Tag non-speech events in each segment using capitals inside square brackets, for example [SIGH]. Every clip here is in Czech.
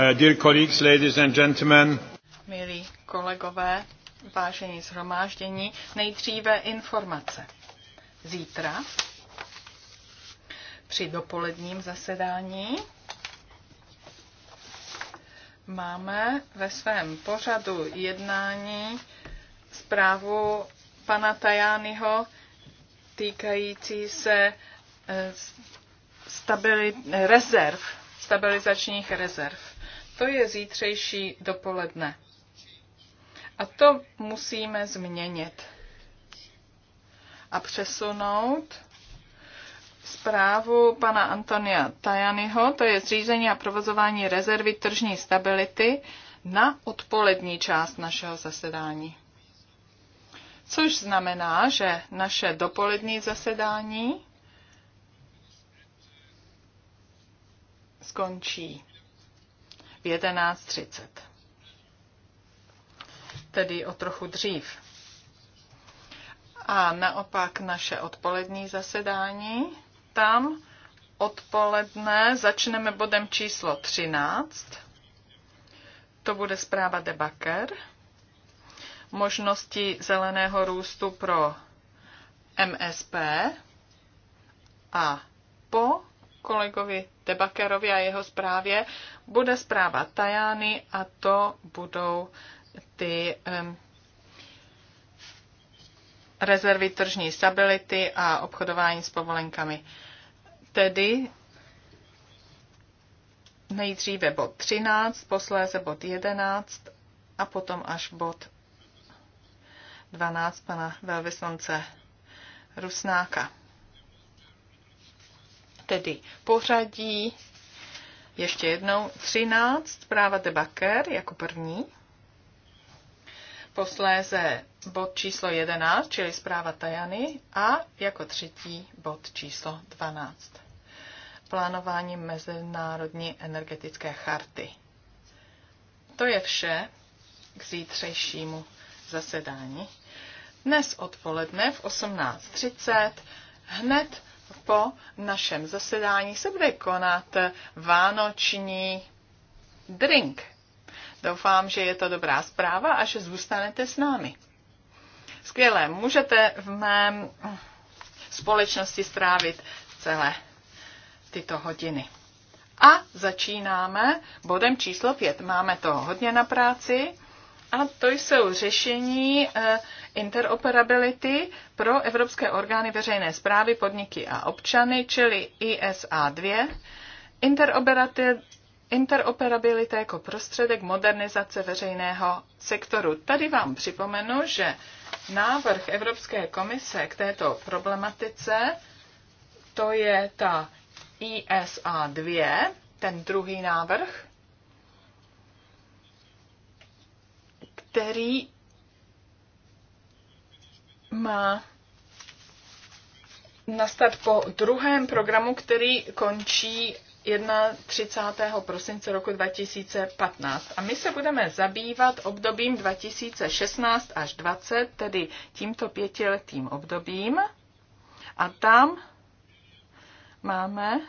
Eh, dear colleagues, ladies and gentlemen. Milí kolegové, vážení zhromáždění, nejdříve informace. Zítra při dopoledním zasedání máme ve svém pořadu jednání zprávu pana Tajányho týkající se eh, stabilit, rezerv, stabilizačních rezerv. To je zítřejší dopoledne. A to musíme změnit a přesunout zprávu pana Antonia Tajanyho, to je zřízení a provozování rezervy tržní stability, na odpolední část našeho zasedání. Což znamená, že naše dopolední zasedání skončí v 11.30. Tedy o trochu dřív. A naopak naše odpolední zasedání tam odpoledne začneme bodem číslo 13. To bude zpráva Debaker. Možnosti zeleného růstu pro MSP. A po kolegovi Debakerovi a jeho zprávě, bude zpráva Tajány a to budou ty um, rezervy tržní stability a obchodování s povolenkami. Tedy nejdříve bod 13, posléze bod 11 a potom až bod 12 pana velvyslance Rusnáka tedy pořadí ještě jednou 13, práva de Baker jako první. Posléze bod číslo 11, čili zpráva Tajany a jako třetí bod číslo 12. Plánování Mezinárodní energetické charty. To je vše k zítřejšímu zasedání. Dnes odpoledne v 18.30 hned po našem zasedání se bude konat vánoční drink. Doufám, že je to dobrá zpráva a že zůstanete s námi. Skvělé, můžete v mém společnosti strávit celé tyto hodiny. A začínáme bodem číslo 5. Máme toho hodně na práci a to jsou řešení eh, interoperability pro evropské orgány veřejné zprávy, podniky a občany, čili ISA 2, interoperabilita jako prostředek modernizace veřejného sektoru. Tady vám připomenu, že návrh Evropské komise k této problematice, to je ta ISA 2, ten druhý návrh, který má nastat po druhém programu, který končí 31. prosince roku 2015. A my se budeme zabývat obdobím 2016 až 20, tedy tímto pětiletým obdobím. A tam máme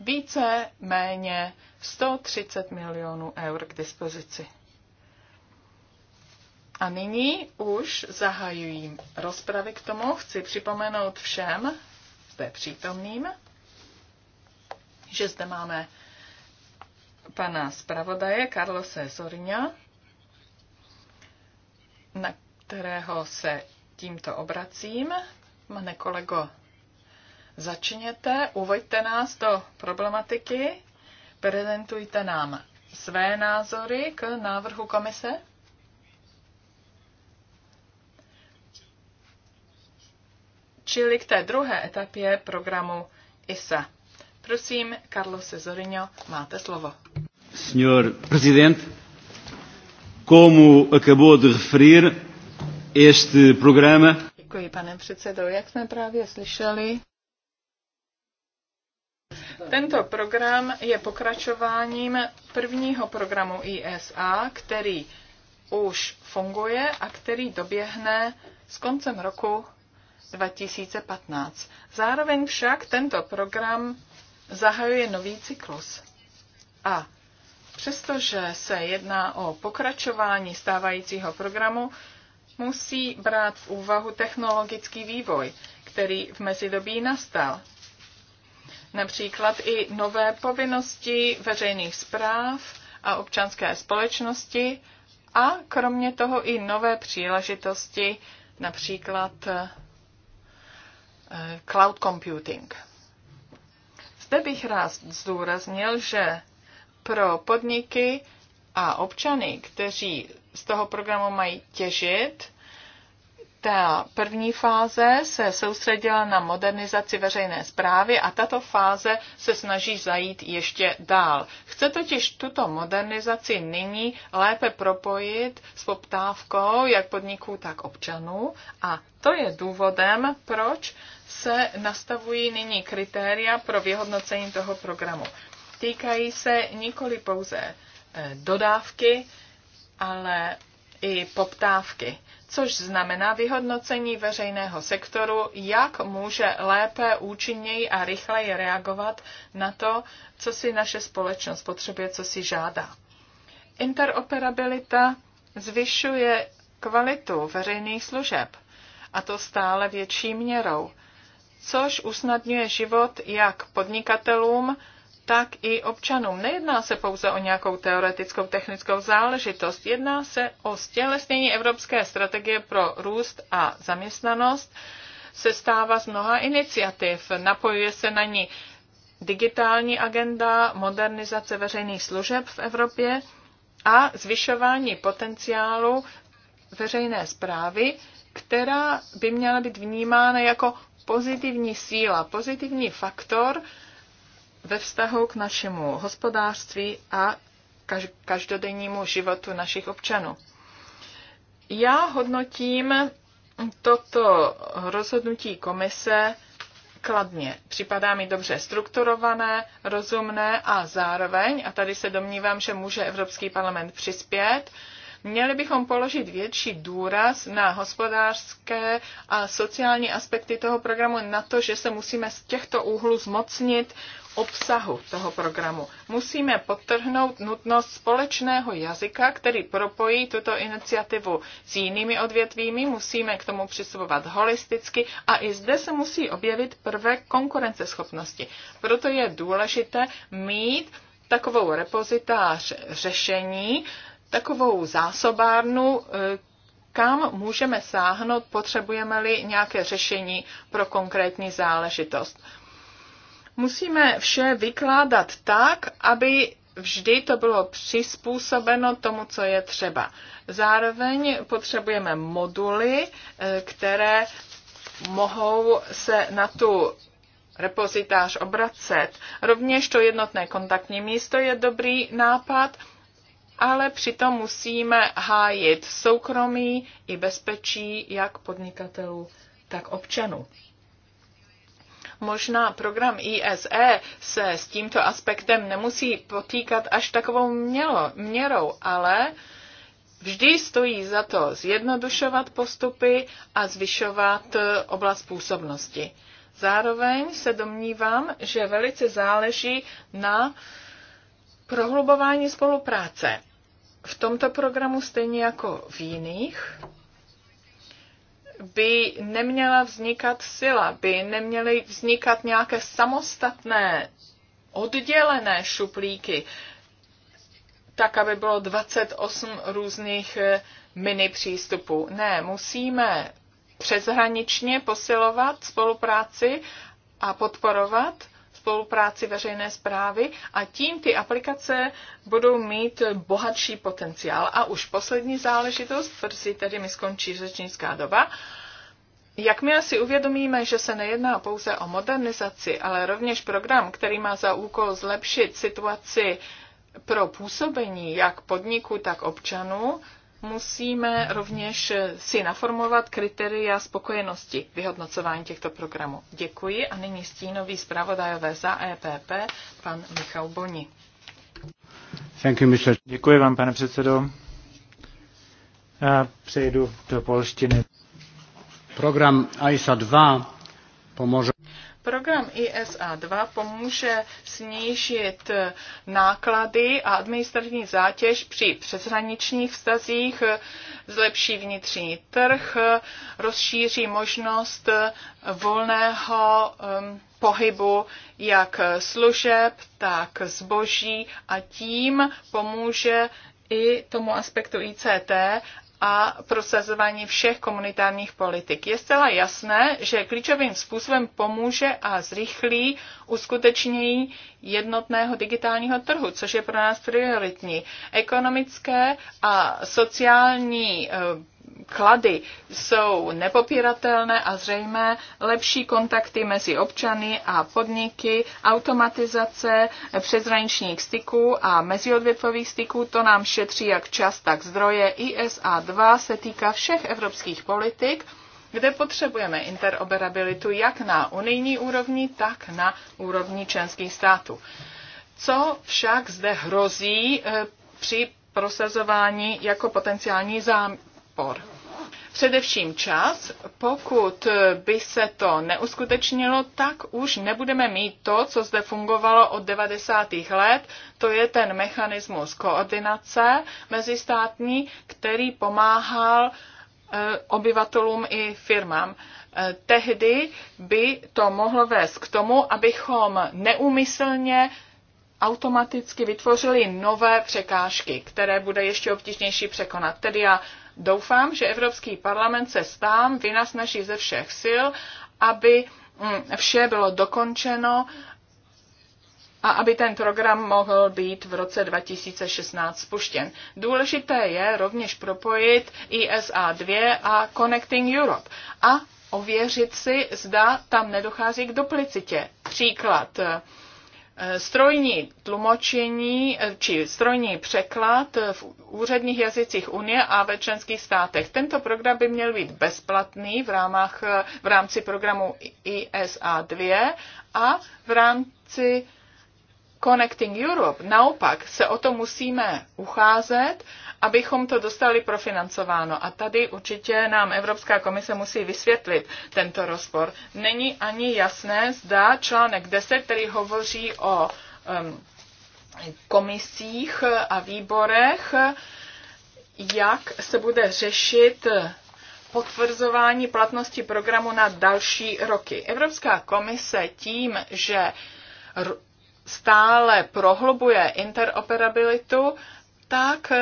více méně 130 milionů eur k dispozici. A nyní už zahajuji rozpravy k tomu. Chci připomenout všem zde přítomným, že zde máme pana zpravodaje Carlose Zorňa, na kterého se tímto obracím. Pane kolego, začněte, uveďte nás do problematiky, prezentujte nám své názory k návrhu komise. čili k té druhé etapě programu ISA. Prosím, Karlo Cezorinho, máte slovo. Senhor President, como acabou de referir, este programa... Děkuji, pane předsedo. Jak jsme právě slyšeli, tento program je pokračováním prvního programu ISA, který už funguje a který doběhne s koncem roku 2015. Zároveň však tento program zahajuje nový cyklus. A přestože se jedná o pokračování stávajícího programu, musí brát v úvahu technologický vývoj, který v mezidobí nastal. Například i nové povinnosti veřejných zpráv a občanské společnosti a kromě toho i nové příležitosti, například Eh, cloud computing. Zde bych rád zdůraznil, že pro podniky a občany, kteří z toho programu mají těžit, ta první fáze se soustředila na modernizaci veřejné zprávy a tato fáze se snaží zajít ještě dál. Chce totiž tuto modernizaci nyní lépe propojit s poptávkou jak podniků, tak občanů a to je důvodem, proč se nastavují nyní kritéria pro vyhodnocení toho programu. Týkají se nikoli pouze eh, dodávky, ale i poptávky což znamená vyhodnocení veřejného sektoru, jak může lépe, účinněji a rychleji reagovat na to, co si naše společnost potřebuje, co si žádá. Interoperabilita zvyšuje kvalitu veřejných služeb, a to stále větší měrou, což usnadňuje život jak podnikatelům, tak i občanům. Nejedná se pouze o nějakou teoretickou technickou záležitost, jedná se o stělesnění Evropské strategie pro růst a zaměstnanost, se stává z mnoha iniciativ, napojuje se na ní digitální agenda, modernizace veřejných služeb v Evropě a zvyšování potenciálu veřejné zprávy, která by měla být vnímána jako pozitivní síla, pozitivní faktor, ve vztahu k našemu hospodářství a každodennímu životu našich občanů. Já hodnotím toto rozhodnutí komise kladně. Připadá mi dobře strukturované, rozumné a zároveň, a tady se domnívám, že může Evropský parlament přispět, měli bychom položit větší důraz na hospodářské a sociální aspekty toho programu, na to, že se musíme z těchto úhlů zmocnit obsahu toho programu. Musíme podtrhnout nutnost společného jazyka, který propojí tuto iniciativu s jinými odvětvími. Musíme k tomu přistupovat holisticky a i zde se musí objevit prvek konkurenceschopnosti. Proto je důležité mít takovou repozitář řešení, takovou zásobárnu, eh, kam můžeme sáhnout, potřebujeme-li nějaké řešení pro konkrétní záležitost musíme vše vykládat tak, aby vždy to bylo přizpůsobeno tomu, co je třeba. Zároveň potřebujeme moduly, eh, které mohou se na tu repozitář obracet. Rovněž to jednotné kontaktní místo je dobrý nápad, ale přitom musíme hájit soukromí i bezpečí jak podnikatelů, tak občanů. Možná program ISE se s tímto aspektem nemusí potýkat až takovou mělo, měrou, ale vždy stojí za to zjednodušovat postupy a zvyšovat eh, oblast působnosti. Zároveň se domnívám, že velice záleží na prohlubování spolupráce. V tomto programu stejně jako v jiných by neměla vznikat sila, by neměly vznikat nějaké samostatné, oddělené šuplíky, tak, aby bylo 28 různých eh, mini přístupů. Ne, musíme přeshraničně posilovat spolupráci a podporovat spolupráci veřejné zprávy a tím ty aplikace budou mít bohatší potenciál. A už poslední záležitost, protože tady mi skončí řečnická doba, Jakmile si uvědomíme, že se nejedná pouze o modernizaci, ale rovněž program, který má za úkol zlepšit situaci pro působení jak podniku, tak občanů, musíme rovněž si naformovat kritéria spokojenosti vyhodnocování těchto programů. Děkuji a nyní stínový zpravodajové za EPP, pan Michal Boni. Thank you, Děkuji vám, pane předsedo. Já přejdu do polštiny. Program ISA 2 pomůže Program ISA 2 pomůže snížit náklady a administrativní zátěž při přeshraničních vztazích, zlepší vnitřní trh, rozšíří možnost volného um, pohybu jak služeb, tak zboží a tím pomůže i tomu aspektu ICT a prosazování všech komunitárních politik. Je zcela jasné, že klíčovým způsobem pomůže a zrychlí uskutečnění jednotného digitálního trhu, což je pro nás prioritní. Ekonomické a sociální eh, klady jsou nepopíratelné a zřejmé, lepší kontakty mezi občany a podniky, automatizace přezraničních styků a meziodvětvových styků, to nám šetří jak čas, tak zdroje. ISA2 se týká všech evropských politik, kde potřebujeme interoperabilitu jak na unijní úrovni, tak na úrovni členských států. Co však zde hrozí eh, při prosazování jako potenciální úspor. Především čas, pokud by se to neuskutečnilo, tak už nebudeme mít to, co zde fungovalo od 90. let, to je ten mechanismus koordinace mezistátní, který pomáhal eh, obyvatelům i firmám. Eh, tehdy by to mohlo vést k tomu, abychom neumyslně automaticky vytvořili nové překážky, které bude ještě obtížnější překonat. Tedy já Doufám, že Evropský parlament se stám vynasnaží ze všech sil, aby mm, vše bylo dokončeno a aby ten program mohl být v roce 2016 spuštěn. Důležité je rovněž propojit ISA 2 a Connecting Europe a ověřit si, zda tam nedochází k duplicitě. Příklad Eh, strojní tlumočení eh, či strojní překlad v úředních jazycích Unie a ve členských státech. Tento program by měl být bezplatný v, rámách, eh, v rámci programu ISA 2 a v rámci Connecting Europe, naopak se o to musíme ucházet, abychom to dostali profinancováno. A tady určitě nám Evropská komise musí vysvětlit tento rozpor. Není ani jasné, zda článek 10, který hovoří o um, komisích a výborech, jak se bude řešit potvrzování platnosti programu na další roky. Evropská komise tím, že stále prohlubuje interoperabilitu, tak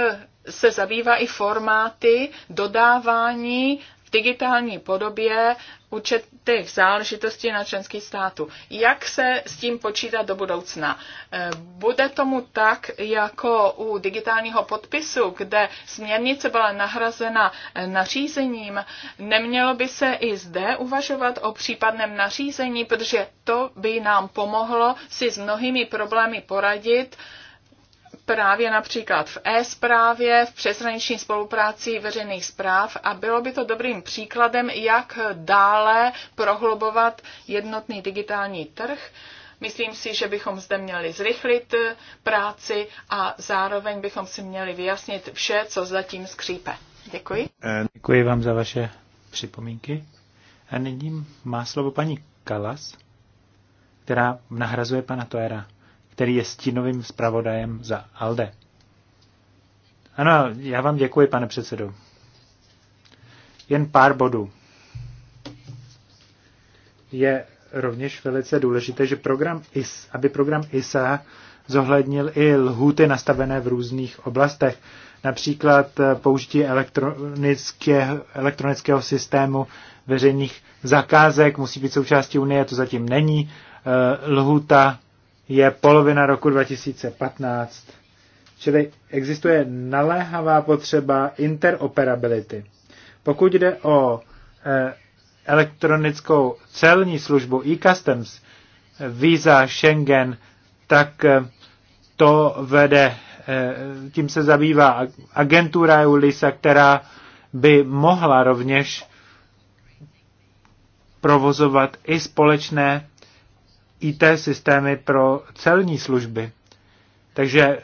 se zabývá i formáty dodávání digitální podobě určitých záležitostí na členský státu. Jak se s tím počítat do budoucna? Eh, bude tomu tak, jako u digitálního podpisu, kde směrnice byla nahrazena eh, nařízením, nemělo by se i zde uvažovat o případném nařízení, protože to by nám pomohlo si s mnohými problémy poradit, právě například v e-správě, v přeshraniční spolupráci veřejných zpráv a bylo by to dobrým příkladem, jak dále prohlubovat jednotný digitální trh. Myslím si, že bychom zde měli zrychlit eh, práci a zároveň bychom si měli vyjasnit vše, co zatím skřípe. Děkuji. Eh, Děkuji vám za vaše připomínky. A nyní má slovo paní Kalas, která nahrazuje pana Toera který je stínovým zpravodajem za ALDE. Ano, já vám děkuji, pane předsedo. Jen pár bodů. Je rovněž velice důležité, že program IS, aby program ISA zohlednil i lhuty nastavené v různých oblastech, například použití elektronické, elektronického systému veřejných zakázek musí být součástí Unie, to zatím není. Eh, Lhuta je polovina roku 2015. Čili existuje naléhavá potřeba interoperability. Pokud jde o eh, elektronickou celní službu e-customs, eh, Visa, Schengen, tak eh, to vede, tím se zabývá agentura EULISA, která by mohla rovněž provozovat i společné IT systémy pro celní služby. Takže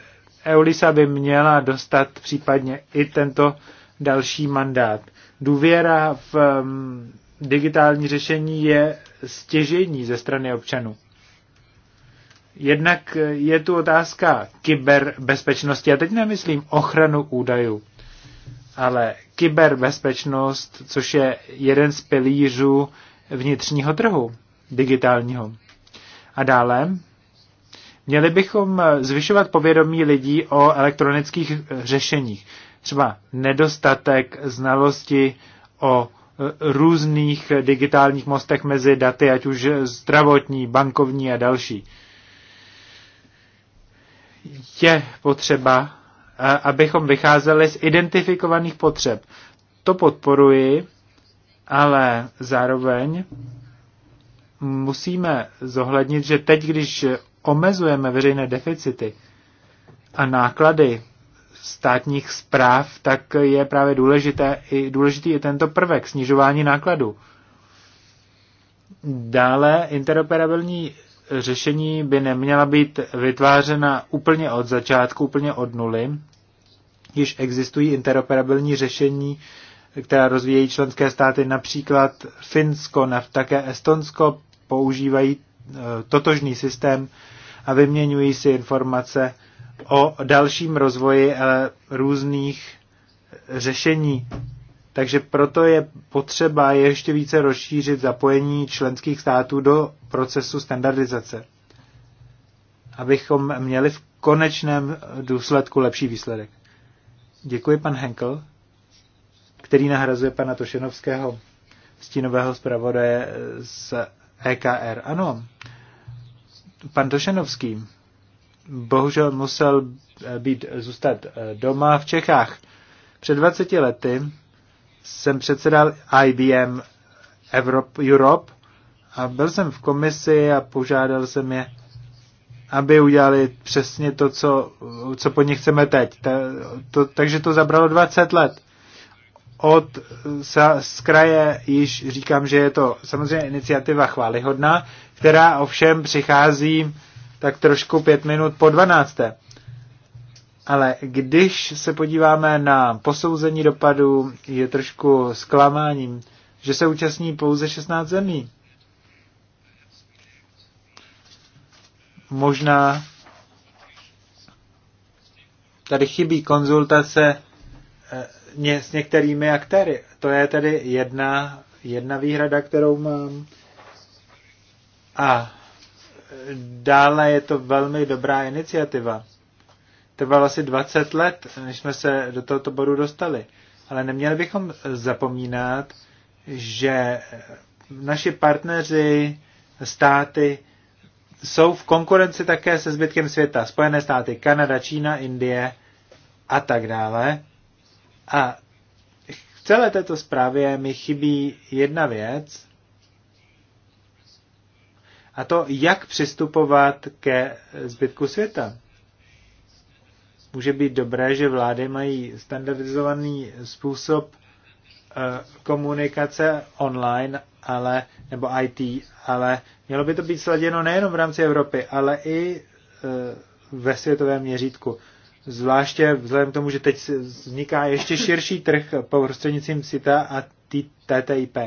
Eulisa by měla dostat případně i tento další mandát. Důvěra v um, digitální řešení je stěžení ze strany občanů. Jednak je tu otázka kyberbezpečnosti. Já teď nemyslím ochranu údajů, ale kyberbezpečnost, což je jeden z pilířů vnitřního trhu digitálního. A dále, měli bychom zvyšovat povědomí lidí o elektronických řešeních. Třeba nedostatek znalosti o e, různých digitálních mostech mezi daty, ať už zdravotní, bankovní a další. Je potřeba, abychom vycházeli z identifikovaných potřeb. To podporuji, ale zároveň musíme zohlednit, že teď, když omezujeme veřejné deficity a náklady státních zpráv, tak je právě důležité, i, důležitý i tento prvek snižování nákladů. Dále interoperabilní řešení by neměla být vytvářena úplně od začátku, úplně od nuly. Již existují interoperabilní řešení, která rozvíjejí členské státy, například Finsko, také Estonsko, používají eh, totožný systém a vyměňují si informace o dalším rozvoji eh, různých řešení. Takže proto je potřeba ještě více rozšířit zapojení členských států do procesu standardizace, abychom měli v konečném důsledku lepší výsledek. Děkuji pan Henkel, který nahrazuje pana Tošenovského, stínového zpravodaje z EKR. Ano, pan Došenovský bohužel musel eh, být, eh, zůstat eh, doma v Čechách. Před 20 lety jsem předsedal IBM Europe, Europe a byl jsem v komisi a požádal jsem je, aby udělali přesně to, co, co po nich chceme teď. Ta, to, takže to zabralo 20 let od z kraje již říkám, že je to samozřejmě iniciativa chválihodná, která ovšem přichází tak trošku pět minut po 12. Ale když se podíváme na posouzení dopadu, je trošku zklamáním, že se účastní pouze 16 zemí. Možná tady chybí konzultace eh, ně, s některými aktéry. To je tedy jedna, jedna výhrada, kterou mám. A dále je to velmi dobrá iniciativa. Trvalo asi 20 let, než jsme se do tohoto bodu dostali. Ale neměli bychom zapomínat, že naši partneři, státy, jsou v konkurenci také se zbytkem světa. Spojené státy, Kanada, Čína, Indie a tak dále. A v celé této zprávě mi chybí jedna věc, a to, jak přistupovat ke zbytku světa. Může být dobré, že vlády mají standardizovaný způsob eh, komunikace online, ale, nebo IT, ale mělo by to být sladěno nejenom v rámci Evropy, ale i eh, ve světovém měřítku zvláště vzhledem k tomu, že teď vzniká ještě širší trh po prostřednicím CITA a TTIP.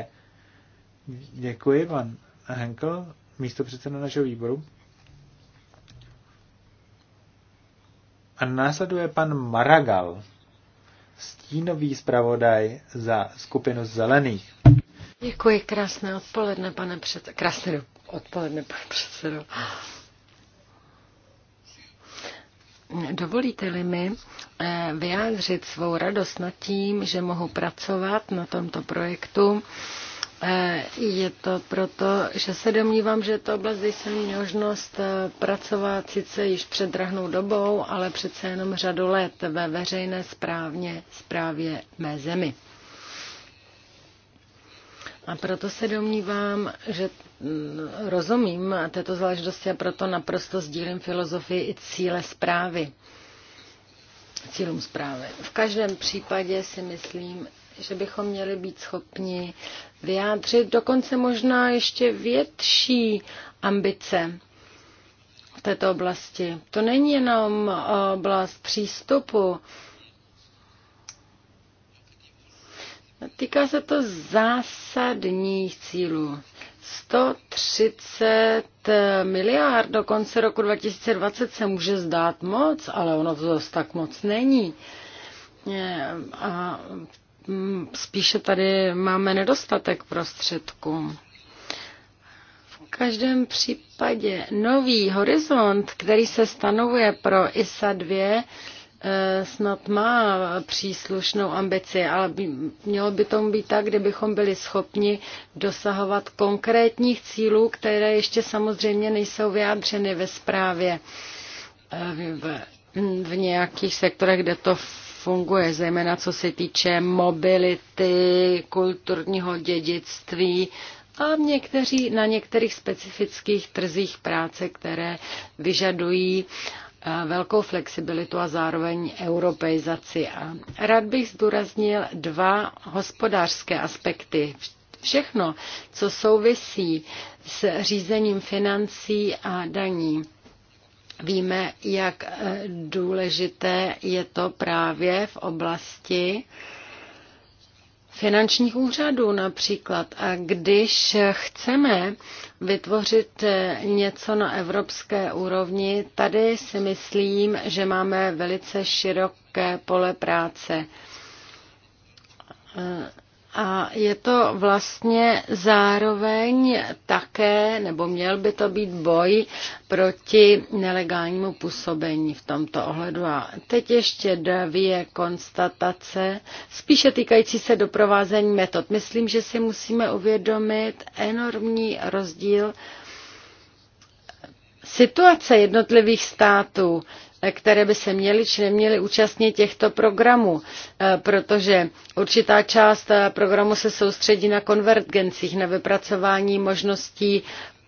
Děkuji, pan Henkel, místo předseda našeho výboru. A následuje pan Maragal, stínový zpravodaj za skupinu zelených. Děkuji, krásné odpoledne, pane předsedo. Krásné odpoledne, pane předsedo. Dovolíte-li mi eh, vyjádřit svou radost nad tím, že mohu pracovat na tomto projektu, eh, je to proto, že se domnívám, že to oblast, kde jsem možnost eh, pracovat sice již před drahnou dobou, ale přece jenom řadu let ve veřejné správně, správě mé zemi. A proto se domnívám, že mm, rozumím této záležitosti a proto naprosto sdílím filozofii i cíle zprávy. Cílům zprávy. V každém případě si myslím, že bychom měli být schopni vyjádřit dokonce možná ještě větší ambice v této oblasti. To není jenom oblast přístupu, Týká se to zásadních cílů. 130 miliard do konce roku 2020 se může zdát moc, ale ono to zase tak moc není. A mm, spíše tady máme nedostatek prostředků. V každém případě nový horizont, který se stanovuje pro ISA 2, Eh, snad má příslušnou ambici, ale mělo by tomu být tak, kdybychom byli schopni dosahovat konkrétních cílů, které ještě samozřejmě nejsou vyjádřeny ve zprávě eh, v, v nějakých sektorech, kde to funguje, zejména co se týče mobility, kulturního dědictví a někteří, na některých specifických trzích práce, které vyžadují uh, velkou flexibilitu a zároveň europeizaci. A rád bych zdůraznil dva hospodářské aspekty. Všechno, co souvisí s řízením financí a daní. Víme, jak eh, důležité je to právě v oblasti finančních úřadů například. A když chceme vytvořit něco na evropské úrovni, tady si myslím, že máme velice široké pole práce. A je to vlastně zároveň také, nebo měl by to být boj proti nelegálnímu působení v tomto ohledu. A teď ještě dvě konstatace, spíše týkající se doprovázení metod. Myslím, že si musíme uvědomit enormní rozdíl situace jednotlivých států které by se měly či neměly účastnit těchto programů, eh, protože určitá část eh, programu se soustředí na konvergencích, na vypracování možností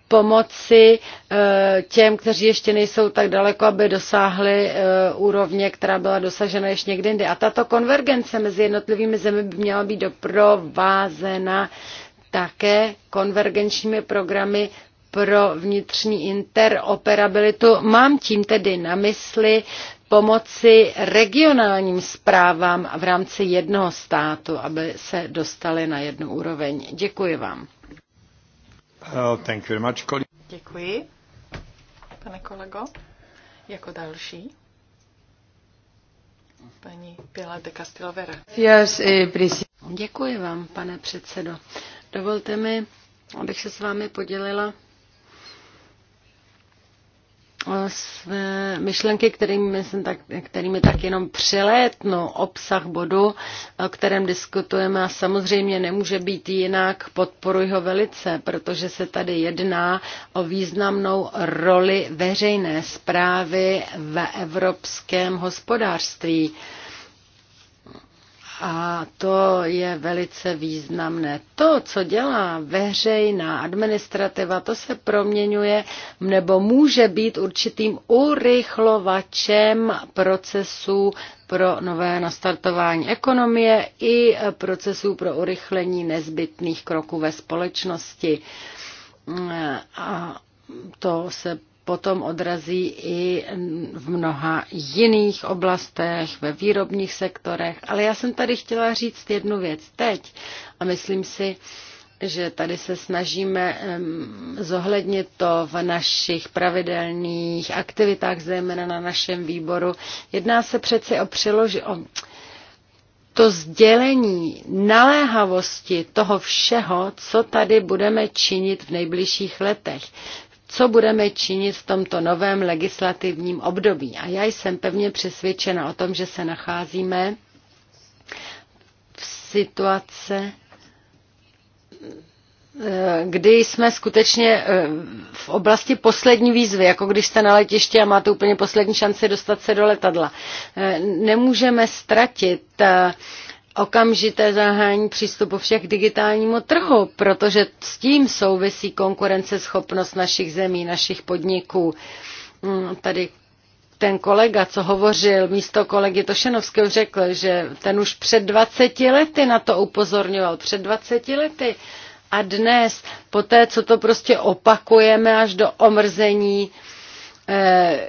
pomoci eh, těm, kteří ještě nejsou tak daleko, aby dosáhli úrovně, která byla dosažena ještě někdy jindy. A tato konvergence mezi jednotlivými zemi by měla být doprovázena také konvergenčními programy pro vnitřní interoperabilitu. Mám tím tedy na mysli pomoci regionálním zprávám v rámci jednoho státu, aby se dostali na jednu úroveň. Děkuji vám. thank you very much, Děkuji, pane kolego. Jako další paní Pilar de Castilovera. Eh, Děkuji vám, pane předsedo. Dovolte mi, abych se s vámi podělila Eh, své myšlenky, kterými, jsem tak, kterými tak jenom přilétnu obsah bodu, o kterém diskutujeme a samozřejmě nemůže být jinak, podporuji ho velice, protože se tady jedná o významnou roli veřejné zprávy v evropském hospodářství. A to je velice významné. To, co dělá veřejná administrativa, to se proměňuje nebo může být určitým urychlovačem procesu pro nové nastartování ekonomie i procesů pro urychlení nezbytných kroků ve společnosti. A to se potom odrazí i v mnoha jiných oblastech, ve výrobních sektorech. Ale já jsem tady chtěla říct jednu věc teď a myslím si, že tady se snažíme zohlednit to v našich pravidelných aktivitách, zejména na našem výboru. Jedná se přece o, přiloži- o to sdělení naléhavosti toho všeho, co tady budeme činit v nejbližších letech co budeme činit v tomto novém legislativním období. A já jsem pevně přesvědčena o tom, že se nacházíme v situace, eh, kdy jsme skutečně eh, v oblasti poslední výzvy, jako když jste na letišti a máte úplně poslední šanci dostat se do letadla. Eh, nemůžeme ztratit okamžité zahání přístupu všech k digitálnímu trhu, protože s tím souvisí konkurenceschopnost našich zemí, našich podniků. Mm, tady ten kolega, co hovořil místo kolegy Tošenovského, řekl, že ten už před 20 lety na to upozorňoval. Před 20 lety. A dnes, po té, co to prostě opakujeme až do omrzení, Eh,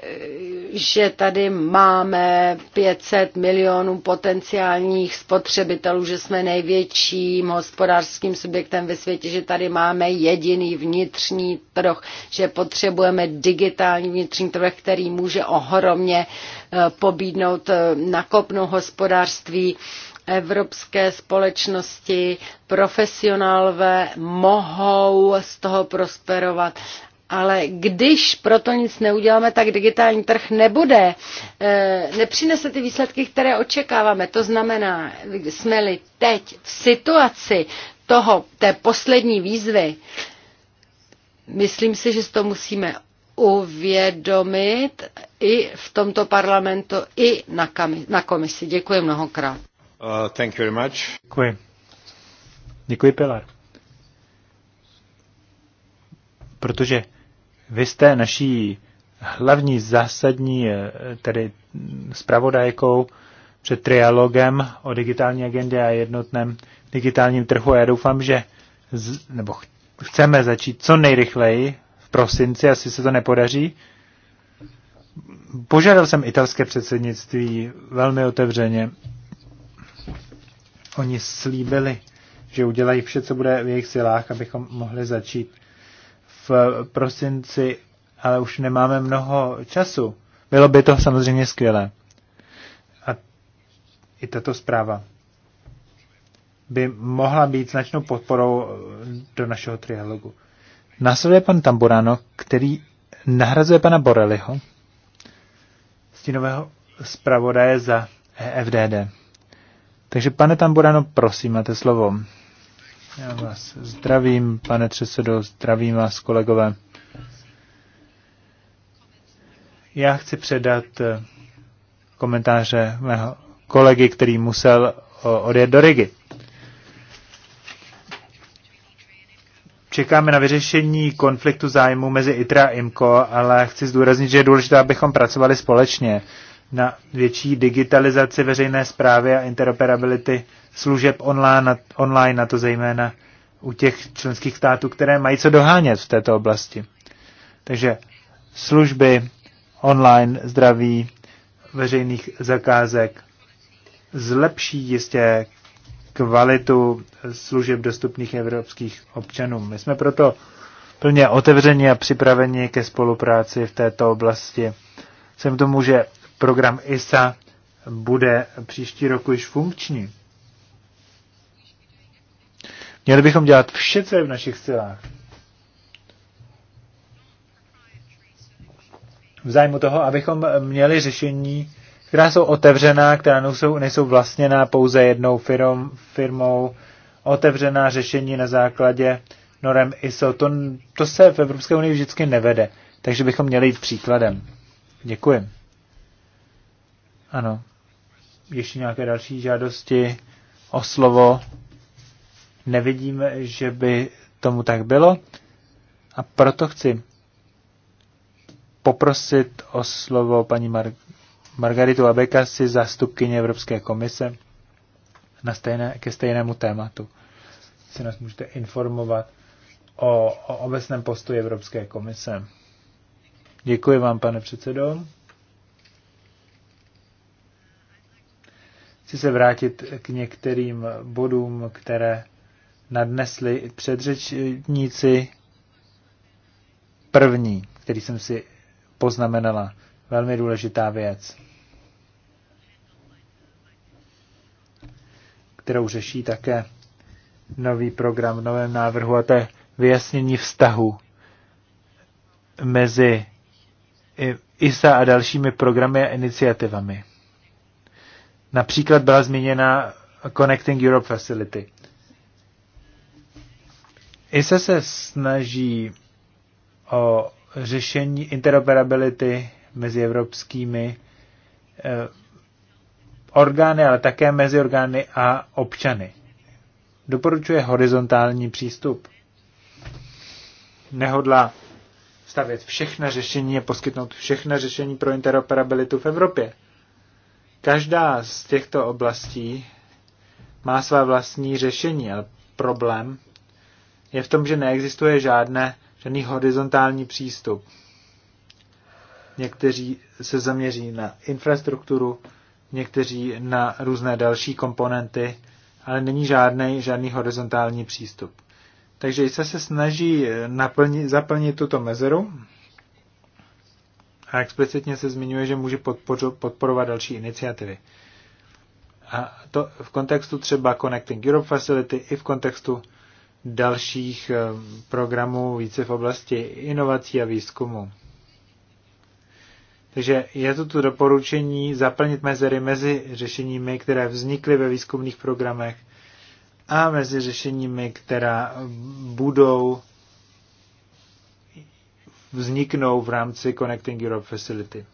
že tady máme 500 milionů potenciálních spotřebitelů, že jsme největším hospodářským subjektem ve světě, že tady máme jediný vnitřní trh, že potřebujeme digitální vnitřní trh, který může ohromně eh, pobídnout eh, nakopnou hospodářství evropské společnosti, profesionálové mohou z toho prosperovat ale když proto nic neuděláme, tak digitální trh nebude, eh, nepřinese ty výsledky, které očekáváme. To znamená, jsme-li teď v situaci toho, té poslední výzvy, myslím si, že to musíme uvědomit i v tomto parlamentu, i na, komisi. Děkuji mnohokrát. Uh, thank you very much. Děkuji. Děkuji, Pilar. Protože vy jste naší hlavní zásadní eh, tedy zpravodajkou před trialogem o digitální agendě a jednotném digitálním trhu a já doufám, že z, nebo ch, chceme začít co nejrychleji v prosinci, asi se to nepodaří. Požádal jsem italské předsednictví velmi otevřeně. Oni slíbili, že udělají vše, co bude v jejich silách, abychom mohli začít v prosinci, ale už nemáme mnoho času. Bylo by to samozřejmě skvělé. A i tato zpráva by mohla být značnou podporou do našeho trialogu. Následuje pan Tamburano, který nahrazuje pana Boreliho, stínového zpravodaje za EFDD. Takže pane Tamburano, prosím, máte slovo. Já vás zdravím, pane předsedo, zdravím vás, kolegové. Já chci předat eh, komentáře mého kolegy, který musel odjet do Rigi. Čekáme na vyřešení konfliktu zájmu mezi ITRA a IMCO, ale chci zdůraznit, že je důležité, abychom pracovali společně na větší digitalizaci veřejné zprávy a interoperability služeb online, online, a to zejména u těch členských států, které mají co dohánět v této oblasti. Takže služby online, zdraví, veřejných zakázek zlepší jistě kvalitu služeb dostupných evropských občanům. My jsme proto plně otevřeni a připraveni ke spolupráci v této oblasti. Jsem tomu, že program ISA bude příští roku již funkční. Měli bychom dělat vše, co je v našich silách. V zájmu toho, abychom měli řešení, která jsou otevřená, která nejsou, nejsou vlastněná pouze jednou firm, firmou, otevřená řešení na základě norem ISO. To, to se v Evropské unii vždycky nevede, takže bychom měli jít příkladem. Děkuji. Ano. Ještě nějaké další žádosti o slovo? Nevidím, že by tomu tak bylo. A proto chci poprosit o slovo paní Mar- Margaritu Abekasi, zastupkyně Evropské komise, na stejné, ke stejnému tématu. Si nás můžete informovat o, o obecném postoji Evropské komise. Děkuji vám, pane předsedo. Chci se vrátit k některým bodům, které nadnesli předřečníci. První, který jsem si poznamenala, velmi důležitá věc, kterou řeší také nový program v novém návrhu, a to je vyjasnění vztahu mezi ISA a dalšími programy a iniciativami. Například byla změněna Connecting Europe Facility. ISA se snaží o řešení interoperability mezi evropskými eh, orgány, ale také mezi orgány a občany. Doporučuje horizontální přístup. Nehodla stavět všechna řešení a poskytnout všechna řešení pro interoperabilitu v Evropě. Každá z těchto oblastí má svá vlastní řešení, ale problém je v tom, že neexistuje žádné, žádný horizontální přístup. Někteří se zaměří na infrastrukturu, někteří na různé další komponenty, ale není žádný, žádný horizontální přístup. Takže ISA se snaží naplnit, zaplnit tuto mezeru a explicitně se zmiňuje, že může podporovat další iniciativy. A to v kontextu třeba Connecting Europe Facility i v kontextu dalších eh, programů více v oblasti inovací a výzkumu. Takže je to tu doporučení zaplnit mezery mezi řešeními, které vznikly ve výzkumných programech a mezi řešeními, která budou vzniknou v rámci Connecting Europe Facility.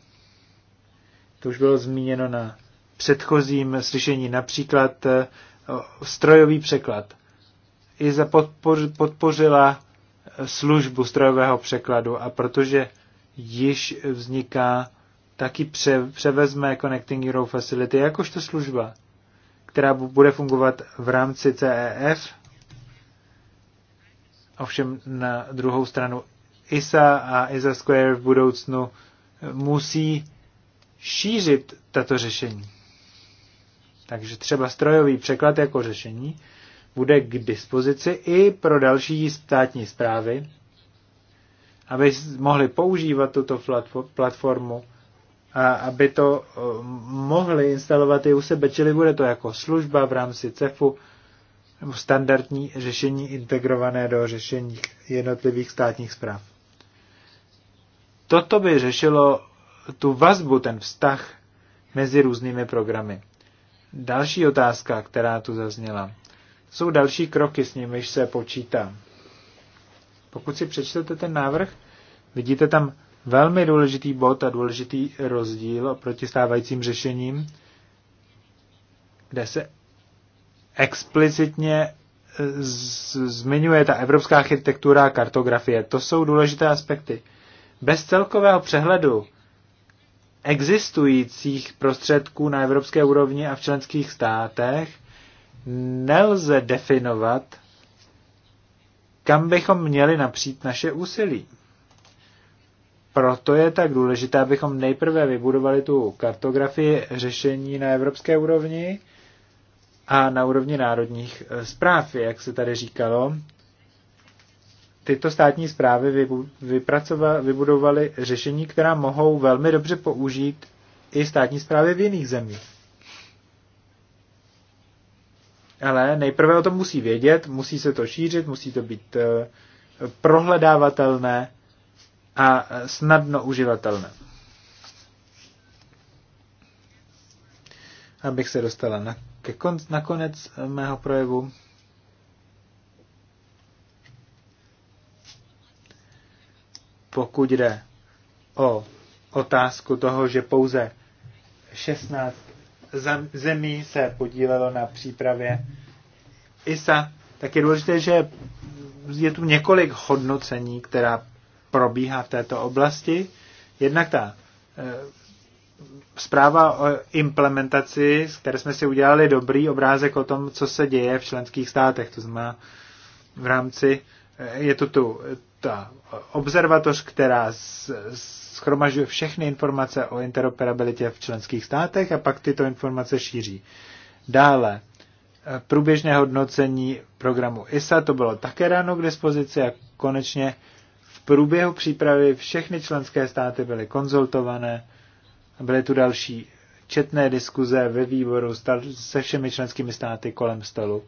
To už bylo zmíněno na předchozím slyšení, například eh, strojový překlad i za podpořila eh, službu strojového překladu a protože již vzniká, taky pře, převezme Connecting Euro Facility jakožto služba, která bude fungovat v rámci CEF. Ovšem na druhou stranu ISA a ISA Square v budoucnu eh, musí šířit tato řešení. Takže třeba strojový překlad jako řešení, bude k dispozici i pro další státní zprávy, aby mohli používat tuto platformu a aby to eh, mohli instalovat i u sebe, čili bude to jako služba v rámci CEFu nebo standardní řešení integrované do řešení jednotlivých státních zpráv. Toto by řešilo tu vazbu, ten vztah mezi různými programy. Další otázka, která tu zazněla jsou další kroky, s nimiž se počítá. Pokud si přečtete ten návrh, vidíte tam velmi důležitý bod a důležitý rozdíl oproti stávajícím řešením, kde se explicitně e, zmiňuje ta evropská architektura a kartografie. To jsou důležité aspekty. Bez celkového přehledu existujících prostředků na evropské úrovni a v členských státech nelze definovat, kam bychom měli napřít naše úsilí. Proto je tak důležité, abychom nejprve vybudovali tu kartografii řešení na evropské úrovni a na úrovni národních eh, zpráv, jak se tady říkalo. Tyto státní zprávy vybudovaly řešení, která mohou velmi dobře použít i státní zprávy v jiných zemích. ale nejprve o tom musí vědět, musí se to šířit, musí to být eh, prohledávatelné a eh, snadno uživatelné. Abych se dostala na, ke kon, na konec eh, mého projevu. Pokud jde o otázku toho, že pouze 16 zemí se podílelo na přípravě ISA, tak je důležité, že je tu několik hodnocení, která probíhá v této oblasti. Jednak ta eh, zpráva o implementaci, z které jsme si udělali dobrý obrázek o tom, co se děje v členských státech. To znamená, v rámci, eh, je to tu ta observatoř, která z, z, schromažďuje všechny informace o interoperabilitě v členských státech a pak tyto informace šíří. Dále, e, průběžné hodnocení programu ISA, to bylo také ráno k dispozici a konečně v průběhu přípravy všechny členské státy byly konzultované a byly tu další četné diskuze ve výboru se všemi členskými státy kolem stolu,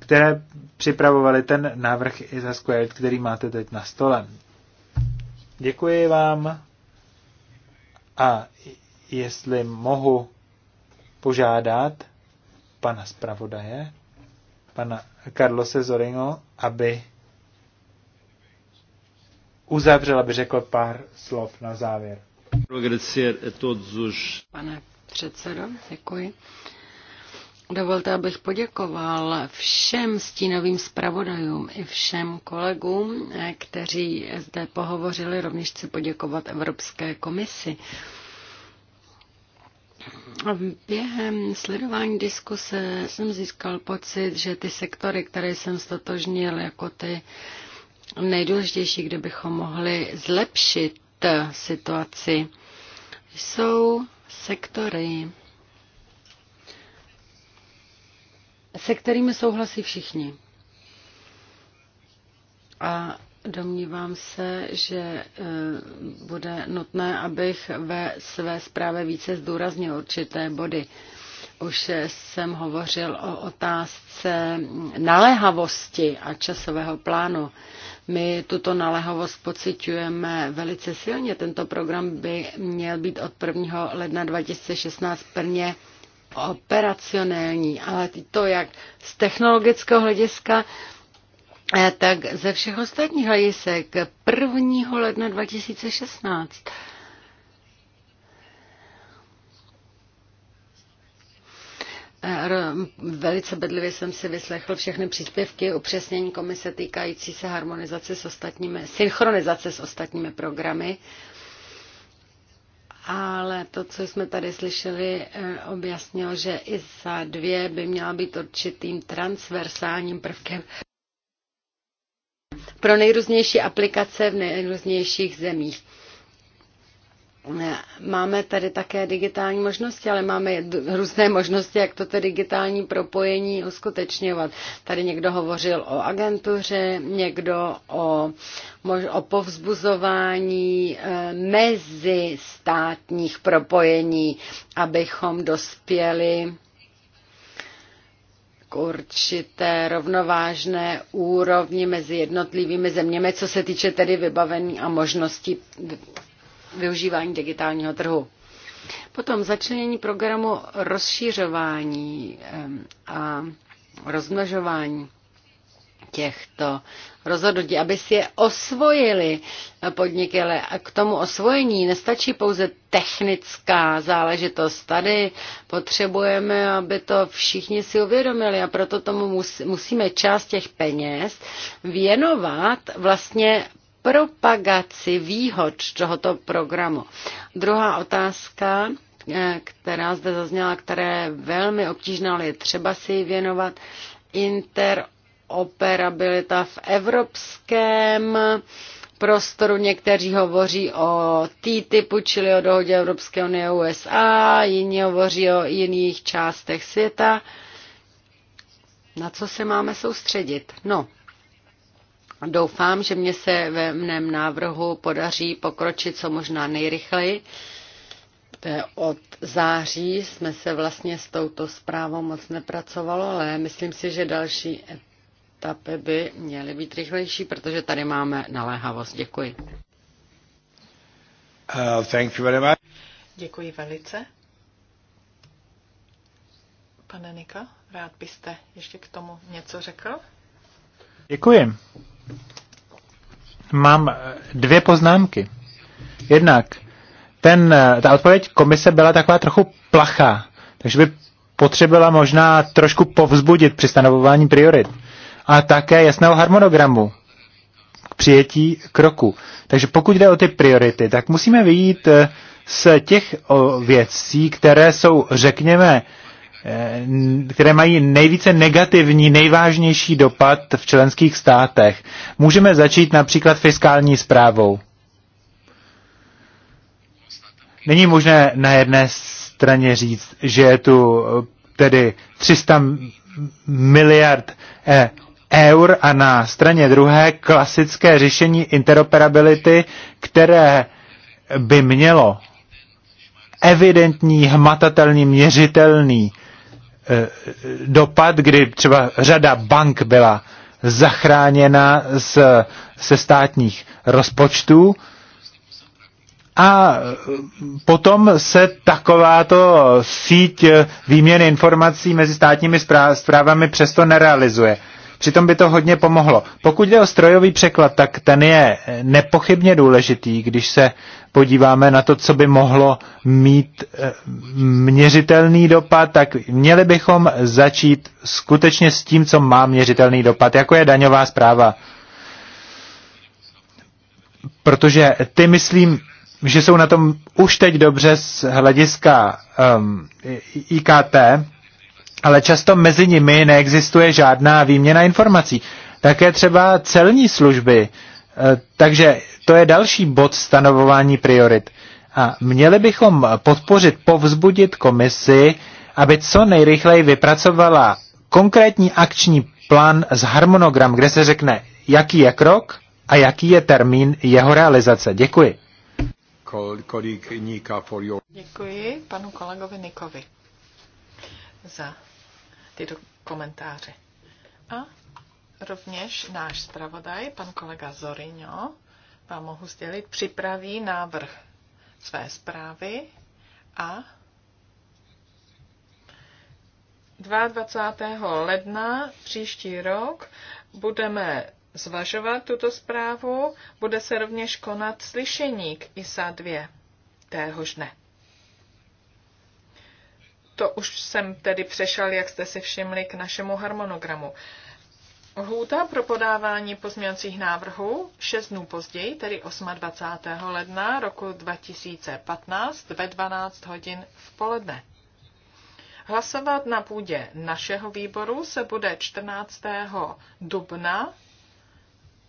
které připravovali ten návrh ISA Squared, který máte teď na stole. Děkuji vám a jestli mohu požádat pana zpravodaje, pana Carlose Zoringo, aby uzavřel, aby řekl pár slov na závěr. Pane předsedo, děkuji. Dovolte, abych poděkoval všem stínovým zpravodajům i všem kolegům, kteří zde pohovořili. Rovněž chci poděkovat Evropské komisi. Během sledování diskuse jsem získal pocit, že ty sektory, které jsem stotožnil jako ty nejdůležitější, kde bychom mohli zlepšit situaci, jsou sektory, se kterými souhlasí všichni. A domnívám se, že e, bude nutné, abych ve své zprávě více zdůraznil určité body. Už jsem hovořil o otázce naléhavosti a časového plánu. My tuto naléhavost pociťujeme velice silně. Tento program by měl být od 1. ledna 2016 prvně operacionální, ale to jak z technologického hlediska, eh, tak ze všech ostatních hledisek 1. ledna 2016 eh, Velice bedlivě jsem si vyslechl všechny příspěvky upřesnění komise týkající se harmonizace s ostatními, synchronizace s ostatními programy ale to, co jsme tady slyšeli, eh, objasnilo, že i za dvě by měla být určitým transversálním prvkem pro nejrůznější aplikace v nejrůznějších zemích. Máme tady také digitální možnosti, ale máme různé možnosti, jak toto digitální propojení uskutečňovat. Tady někdo hovořil o agentuře, někdo o, o povzbuzování eh, mezi státních propojení, abychom dospěli k určité rovnovážné úrovni mezi jednotlivými zeměmi, co se týče tedy vybavení a možností využívání digitálního trhu. Potom začlenění programu rozšířování a rozmnožování těchto rozhodnutí, aby si je osvojili podniky, ale k tomu osvojení nestačí pouze technická záležitost. Tady potřebujeme, aby to všichni si uvědomili a proto tomu musíme část těch peněz věnovat vlastně propagaci výhod tohoto programu. Druhá otázka, eh, která zde zazněla, která je velmi obtížná, ale je třeba si ji věnovat, interoperabilita v evropském prostoru. Někteří hovoří o T-typu, čili o dohodě Evropské unie USA, jiní hovoří o jiných částech světa. Na co se máme soustředit? No, Doufám, že mě se ve mném návrhu podaří pokročit co možná nejrychleji. Od září jsme se vlastně s touto zprávou moc nepracovalo, ale myslím si, že další etapy by měly být rychlejší, protože tady máme naléhavost. Děkuji. Uh, thank you very much. Děkuji velice. Pane Nika, rád byste ještě k tomu něco řekl? Děkuji mám eh, dvě poznámky. Jednak ten, eh, ta odpověď komise byla taková trochu plachá, takže by potřebovala možná trošku povzbudit při stanovování priorit a také jasného harmonogramu k přijetí kroku. Takže pokud jde o ty priority, tak musíme vyjít eh, z těch věcí, které jsou, řekněme, Eh, které mají nejvíce negativní, nejvážnější dopad v členských státech. Můžeme začít například fiskální zprávou. Není možné na jedné straně říct, že je tu eh, tedy 300 miliard eh, eur a na straně druhé klasické řešení interoperability, které by mělo evidentní, hmatatelný, měřitelný Eh, dopad, kdy třeba řada bank byla zachráněna z, se státních rozpočtů. A potom se takováto síť výměny informací mezi státními zprávami přesto nerealizuje. Přitom by to hodně pomohlo. Pokud jde o strojový překlad, tak ten je nepochybně důležitý, když se podíváme na to, co by mohlo mít eh, měřitelný dopad, tak měli bychom začít skutečně s tím, co má měřitelný dopad, jako je daňová zpráva. Protože ty, myslím, že jsou na tom už teď dobře z hlediska um, ehm, IKT, ale často mezi nimi neexistuje žádná výměna informací. Také třeba celní služby. Eh, takže to je další bod stanovování priorit. A měli bychom podpořit, povzbudit komisi, aby co nejrychleji vypracovala konkrétní akční plán z harmonogram, kde se řekne, jaký je krok a jaký je termín jeho realizace. Děkuji. Děkuji panu kolegovi Nikovi za tyto komentáře. A rovněž náš zpravodaj, pan kolega Zorino, vám mohu sdělit, připraví návrh své zprávy a 22. ledna příští rok budeme zvažovat tuto zprávu. Bude se rovněž konat slyšení k ISA 2 téhož dne. To už jsem tedy přešel, jak jste si všimli, k našemu harmonogramu. Lhůta pro podávání pozměňovacích návrhů 6 dnů později, tedy 28. ledna roku 2015 ve 12 hodin v poledne. Hlasovat na půdě našeho výboru se bude 14. dubna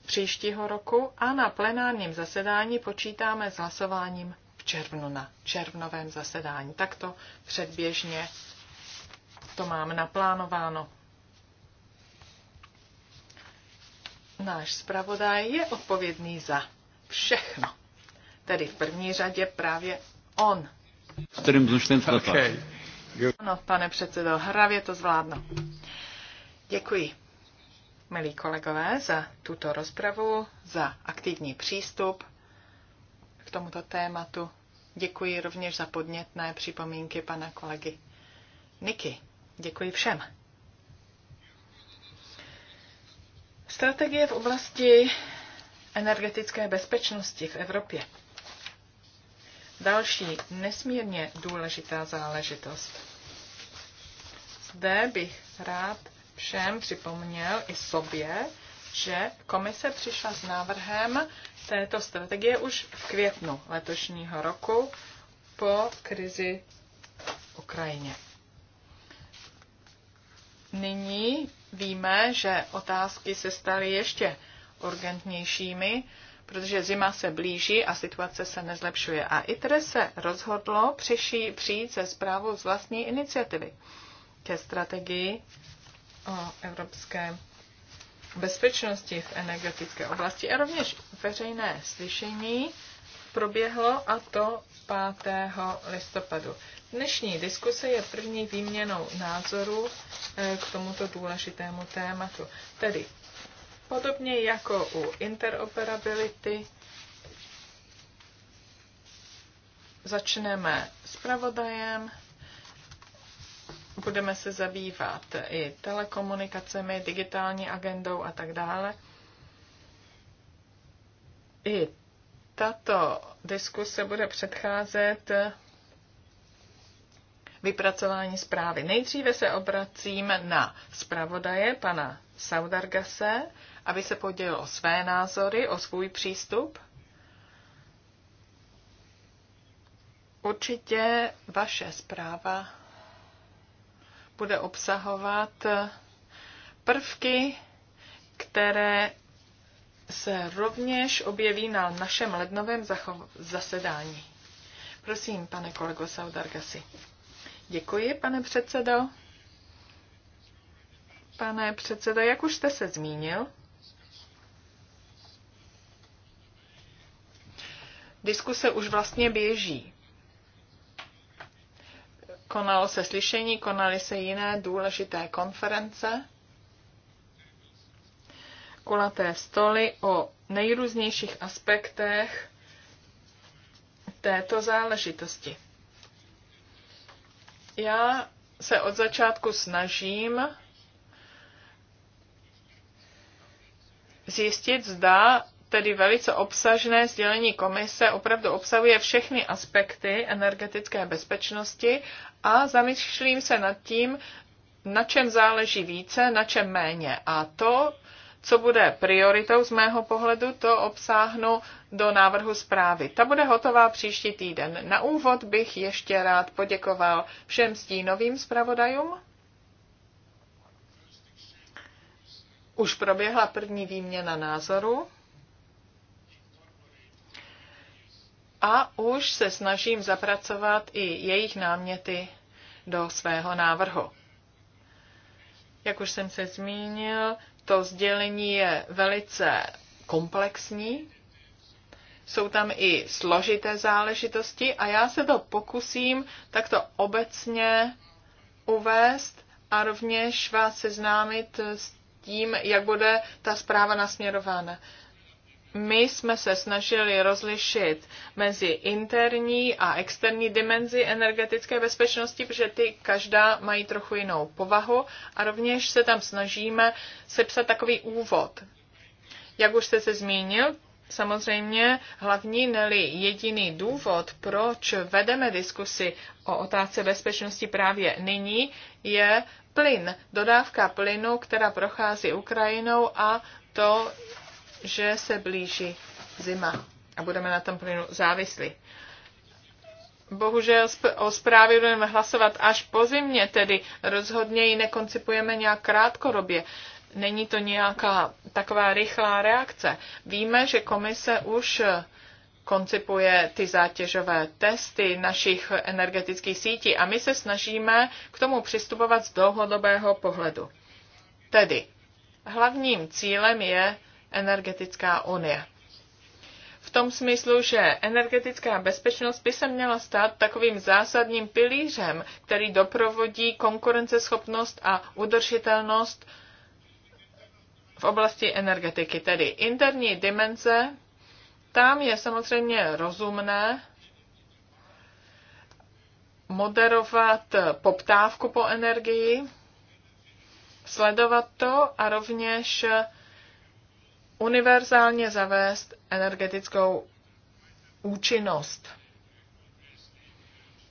příštího roku a na plenárním zasedání počítáme s hlasováním v červnu na červnovém zasedání. Takto předběžně to máme naplánováno. náš zpravodaj je odpovědný za všechno. Tedy v první řadě právě on. S kterým zlučném okay. Ano, pane předsedo, hravě to zvládnu. Děkuji, milí kolegové, za tuto rozpravu, za aktivní přístup k tomuto tématu. Děkuji rovněž za podnětné připomínky pana kolegy Niky. Děkuji všem. Strategie v oblasti energetické bezpečnosti v Evropě. Další nesmírně důležitá záležitost. Zde bych rád všem připomněl i sobě, že komise přišla s návrhem této strategie už v květnu letošního roku po krizi v Ukrajině nyní víme, že otázky se staly ještě urgentnějšími, protože zima se blíží a situace se nezlepšuje. A ITRE se rozhodlo přiší, přijít se zprávou z vlastní iniciativy ke strategii o evropské bezpečnosti v energetické oblasti a rovněž veřejné slyšení proběhlo a to 5. listopadu. Dnešní diskuse je první výměnou názoru eh, k tomuto důležitému tématu. Tedy podobně jako u interoperability začneme s pravodajem, budeme se zabývat i telekomunikacemi, digitální agendou a tak dále. I tato diskuse bude předcházet vypracování zprávy. Nejdříve se obracím na zpravodaje pana Saudargase, aby se podělil o své názory, o svůj přístup. Určitě vaše zpráva bude obsahovat prvky, které se rovněž objeví na našem lednovém zasedání. Prosím, pane kolego Saudargasi. Děkuji, pane předsedo. Pane předsedo, jak už jste se zmínil, diskuse už vlastně běží. Konalo se slyšení, konaly se jiné důležité konference, kulaté stoly o nejrůznějších aspektech této záležitosti. Já se od začátku snažím zjistit, zda tedy velice obsažné sdělení komise opravdu obsahuje všechny aspekty energetické bezpečnosti a zamýšlím se nad tím, na čem záleží více, na čem méně. A to co bude prioritou z mého pohledu, to obsáhnu do návrhu zprávy. Ta bude hotová příští týden. Na úvod bych ještě rád poděkoval všem stínovým zpravodajům. Už proběhla první výměna názoru. A už se snažím zapracovat i jejich náměty do svého návrhu. Jak už jsem se zmínil, to sdělení je velice komplexní, jsou tam i složité záležitosti a já se to pokusím takto obecně uvést a rovněž vás seznámit s tím, jak bude ta zpráva nasměrována my jsme se snažili rozlišit mezi interní a externí dimenzi energetické bezpečnosti, protože ty každá mají trochu jinou povahu a rovněž se tam snažíme sepsat takový úvod. Jak už jste se zmínil, Samozřejmě hlavní, neli jediný důvod, proč vedeme diskusi o otázce bezpečnosti právě nyní, je plyn, dodávka plynu, která prochází Ukrajinou a to že se blíží zima a budeme na tom plynu závislí. Bohužel o zprávě budeme hlasovat až po zimě, tedy rozhodně ji nekoncipujeme nějak krátkodobě. Není to nějaká taková rychlá reakce. Víme, že komise už koncipuje ty zátěžové testy našich energetických sítí a my se snažíme k tomu přistupovat z dlouhodobého pohledu. Tedy hlavním cílem je energetická unie. V tom smyslu, že energetická bezpečnost by se měla stát takovým zásadním pilířem, který doprovodí konkurenceschopnost a udržitelnost v oblasti energetiky, tedy interní dimenze, tam je samozřejmě rozumné moderovat poptávku po energii, sledovat to a rovněž univerzálně zavést energetickou účinnost.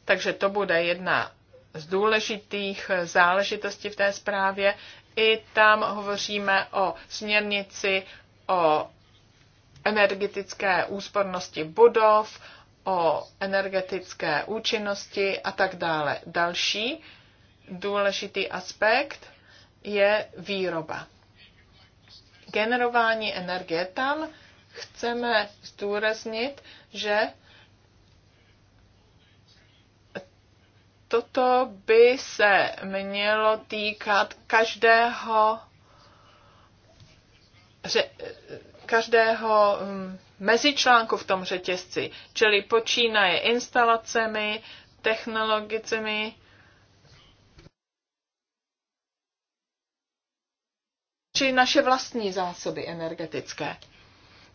Takže to bude jedna z důležitých záležitostí v té zprávě. I tam hovoříme o směrnici, o energetické úspornosti budov, o energetické účinnosti a tak dále. Další důležitý aspekt je výroba generování energie. Tam chceme zdůraznit, že toto by se mělo týkat každého každého mm, mezičlánku v tom řetězci, čili počínaje instalacemi, technologicemi, či naše vlastní zásoby energetické.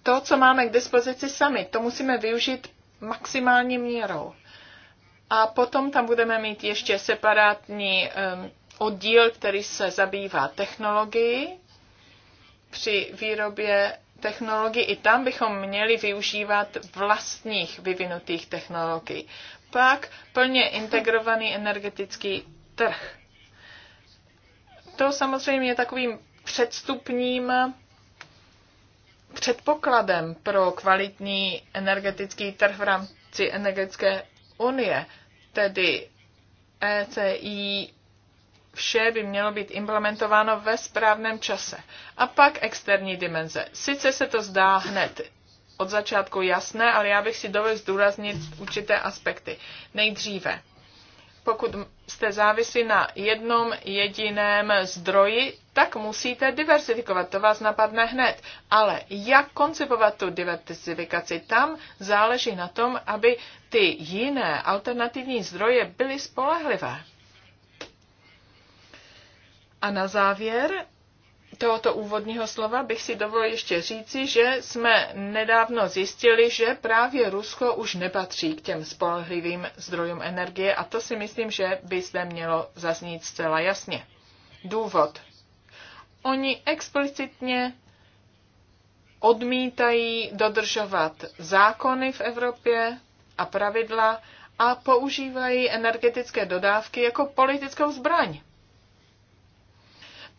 To, co máme k dispozici sami, to musíme využít maximální měrou. A potom tam budeme mít ještě separátní oddíl, který se zabývá technologií. Při výrobě technologií i tam bychom měli využívat vlastních vyvinutých technologií. Pak plně integrovaný energetický trh. To samozřejmě je takovým předstupním předpokladem pro kvalitní energetický trh v rámci energetické unie, tedy ECI, vše by mělo být implementováno ve správném čase. A pak externí dimenze. Sice se to zdá hned od začátku jasné, ale já bych si dovedl zdůraznit určité aspekty. Nejdříve, pokud jste závisí na jednom jediném zdroji, tak musíte diversifikovat, to vás napadne hned. Ale jak koncipovat tu diversifikaci? Tam záleží na tom, aby ty jiné alternativní zdroje byly spolehlivé. A na závěr tohoto úvodního slova bych si dovolil ještě říci, že jsme nedávno zjistili, že právě Rusko už nepatří k těm spolehlivým zdrojům energie a to si myslím, že by zde mělo zaznít zcela jasně. Důvod Oni explicitně odmítají dodržovat zákony v Evropě a pravidla a používají energetické dodávky jako politickou zbraň.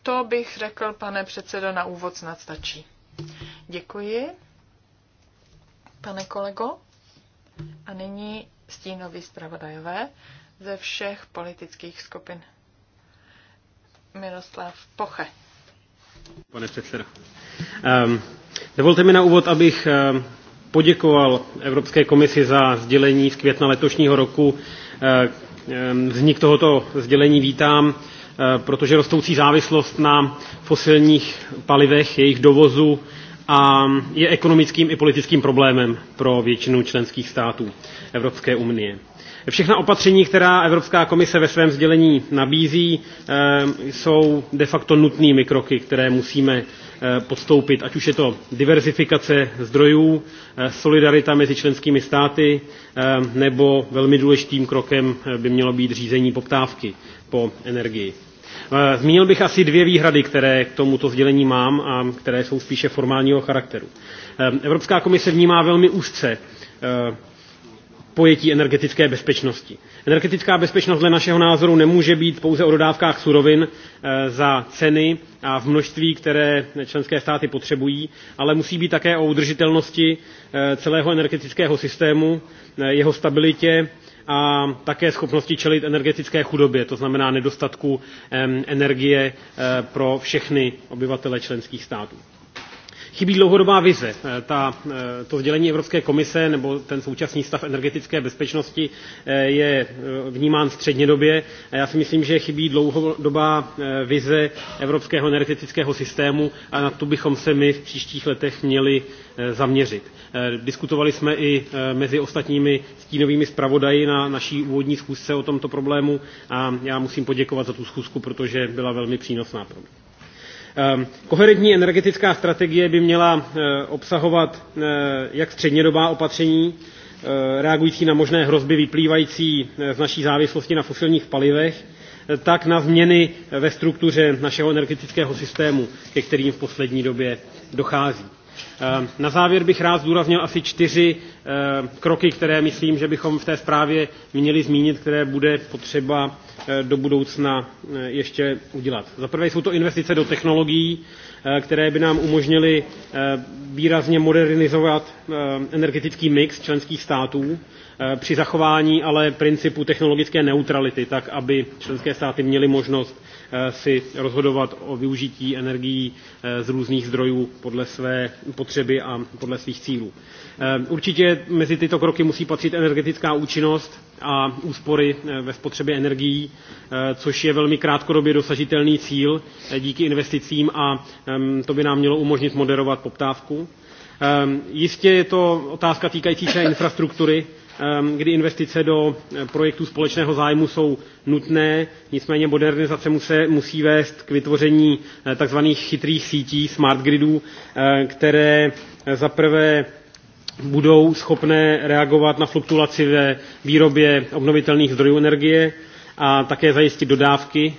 To bych řekl, pane předsedo, na úvod snad stačí. Děkuji, pane kolego. A nyní stínoví zpravodajové ze všech politických skupin. Miroslav Poche. Pane předseda. Um, ehm, dovolte mi na úvod, abych um, poděkoval Evropské komisi za sdělení z května letošního roku. Ehm, vznik tohoto sdělení vítám, eh, protože rostoucí závislost na fosilních palivech, jejich dovozu a je ekonomickým i politickým problémem pro většinu členských států Evropské unie. Všechna opatření, která Evropská komise ve svém sdělení nabízí, eh, jsou de facto nutnými kroky, které musíme eh, podstoupit, ať už je to diverzifikace zdrojů, eh, solidarita mezi členskými státy, nebo velmi důležitým krokem by mělo být řízení poptávky po energii. Zmínil bych asi dvě výhrady, které k tomuto sdělení mám a které jsou spíše formálního charakteru. Evropská komise vnímá velmi úzce pojetí energetické bezpečnosti. Energetická bezpečnost dle našeho názoru nemůže být pouze o dodávkách surovin eh, za ceny a v množství, které členské státy potřebují, ale musí být také o udržitelnosti eh, celého energetického systému, eh, jeho stabilitě a také schopnosti čelit energetické chudobě, to znamená nedostatku energie pro všechny obyvatele členských států. Chybí dlouhodobá vize. Eh, ta, eh, to sdělení Evropské komise nebo ten současný stav energetické bezpečnosti eh, je vnímán střednědobě a já si myslím, že chybí dlouhodobá vize evropského energetického systému a na tu bychom se my v příštích letech měli zaměřit. Diskutovali jsme i mezi ostatními stínovými zpravodaji na naší úvodní schůzce o tomto problému a já musím poděkovat za tu schůzku, protože byla velmi přínosná pro mě. Ehm, koherentní energetická strategie by měla eh, obsahovat eh, jak střednědobá opatření, eh, reagující na možné hrozby vyplývající z naší závislosti na fosilních palivech, tak na změny ve struktuře našeho energetického systému, ke kterým v poslední době dochází. Eh, na závěr bych rád zdůraznil asi čtyři eh, kroky, které myslím, že bychom v té zprávě měli zmínit, které bude potřeba eh, do budoucna ještě udělat. Za prvé jsou to investice do technologií, které by nám umožnily výrazně modernizovat energetický mix členských států při zachování ale principu technologické neutrality, tak aby členské státy měly možnost Eh, si rozhodovat o využití energií eh, z různých zdrojů podle své potřeby a podle svých cílů. Eh, určitě mezi tyto kroky musí patřit energetická účinnost a úspory ve spotřebě energií, což je velmi krátkodobě dosažitelný cíl díky investicím a to by nám mělo umožnit moderovat poptávku. Jistě je to otázka týkající se infrastruktury, Ehm, kdy investice do eh, projektů společného zájmu jsou nutné, nicméně modernizace muse, musí vést k vytvoření eh, tzv. chytrých sítí, smart gridů, eh, které zaprvé budou schopné reagovat na fluktuaci ve výrobě obnovitelných zdrojů energie a také zajistit dodávky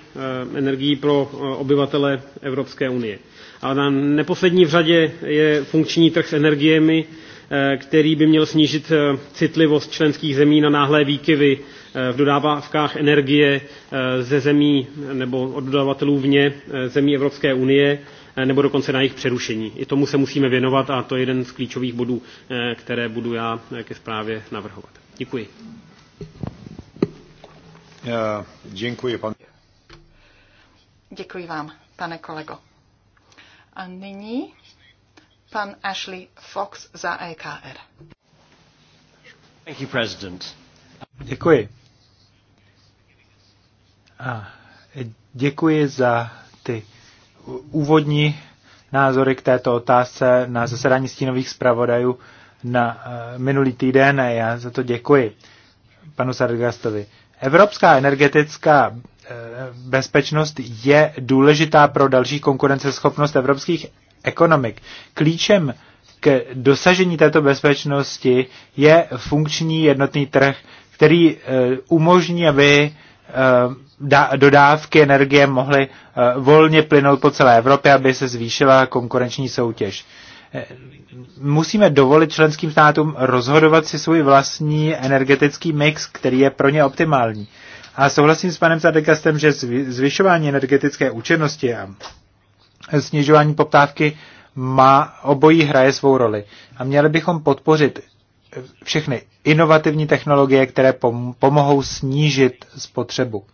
energií pro obyvatele Evropské unie. A na neposlední v řadě je funkční trh s energiemi, Eh, který by měl snížit eh, citlivost členských zemí na náhlé výkyvy eh, v dodávkách energie ze zemí nebo od dodavatelů vně zemí Evropské unie nebo dokonce na jejich přerušení. I tomu se musíme věnovat a to je jeden z klíčových bodů, které budu já ke zprávě navrhovat. Děkuji. Děkuji, pan... Děkuji vám, pane kolego. A nyní pan Ashley Fox za EKR. Thank you, President. Děkuji. A děkuji za ty úvodní názory k této otázce na zasedání stínových zpravodajů na eh, minulý týden. Já za to děkuji panu Sargastovi. Evropská energetická eh, bezpečnost je důležitá pro další konkurenceschopnost evropských ekonomik. Klíčem k dosažení této bezpečnosti je funkční jednotný trh, který eh, umožní, aby eh, dodávky energie mohly eh, volně plynout po celé Evropě, aby se zvýšila konkurenční soutěž. Musíme dovolit členským státům rozhodovat si svůj vlastní energetický mix, který je pro ně optimální. A souhlasím s panem Zadekastem, že zvyšování energetické účinnosti a snižování poptávky má, obojí hraje svou roli. A měli bychom podpořit všechny inovativní technologie, které pomohou snížit spotřebu.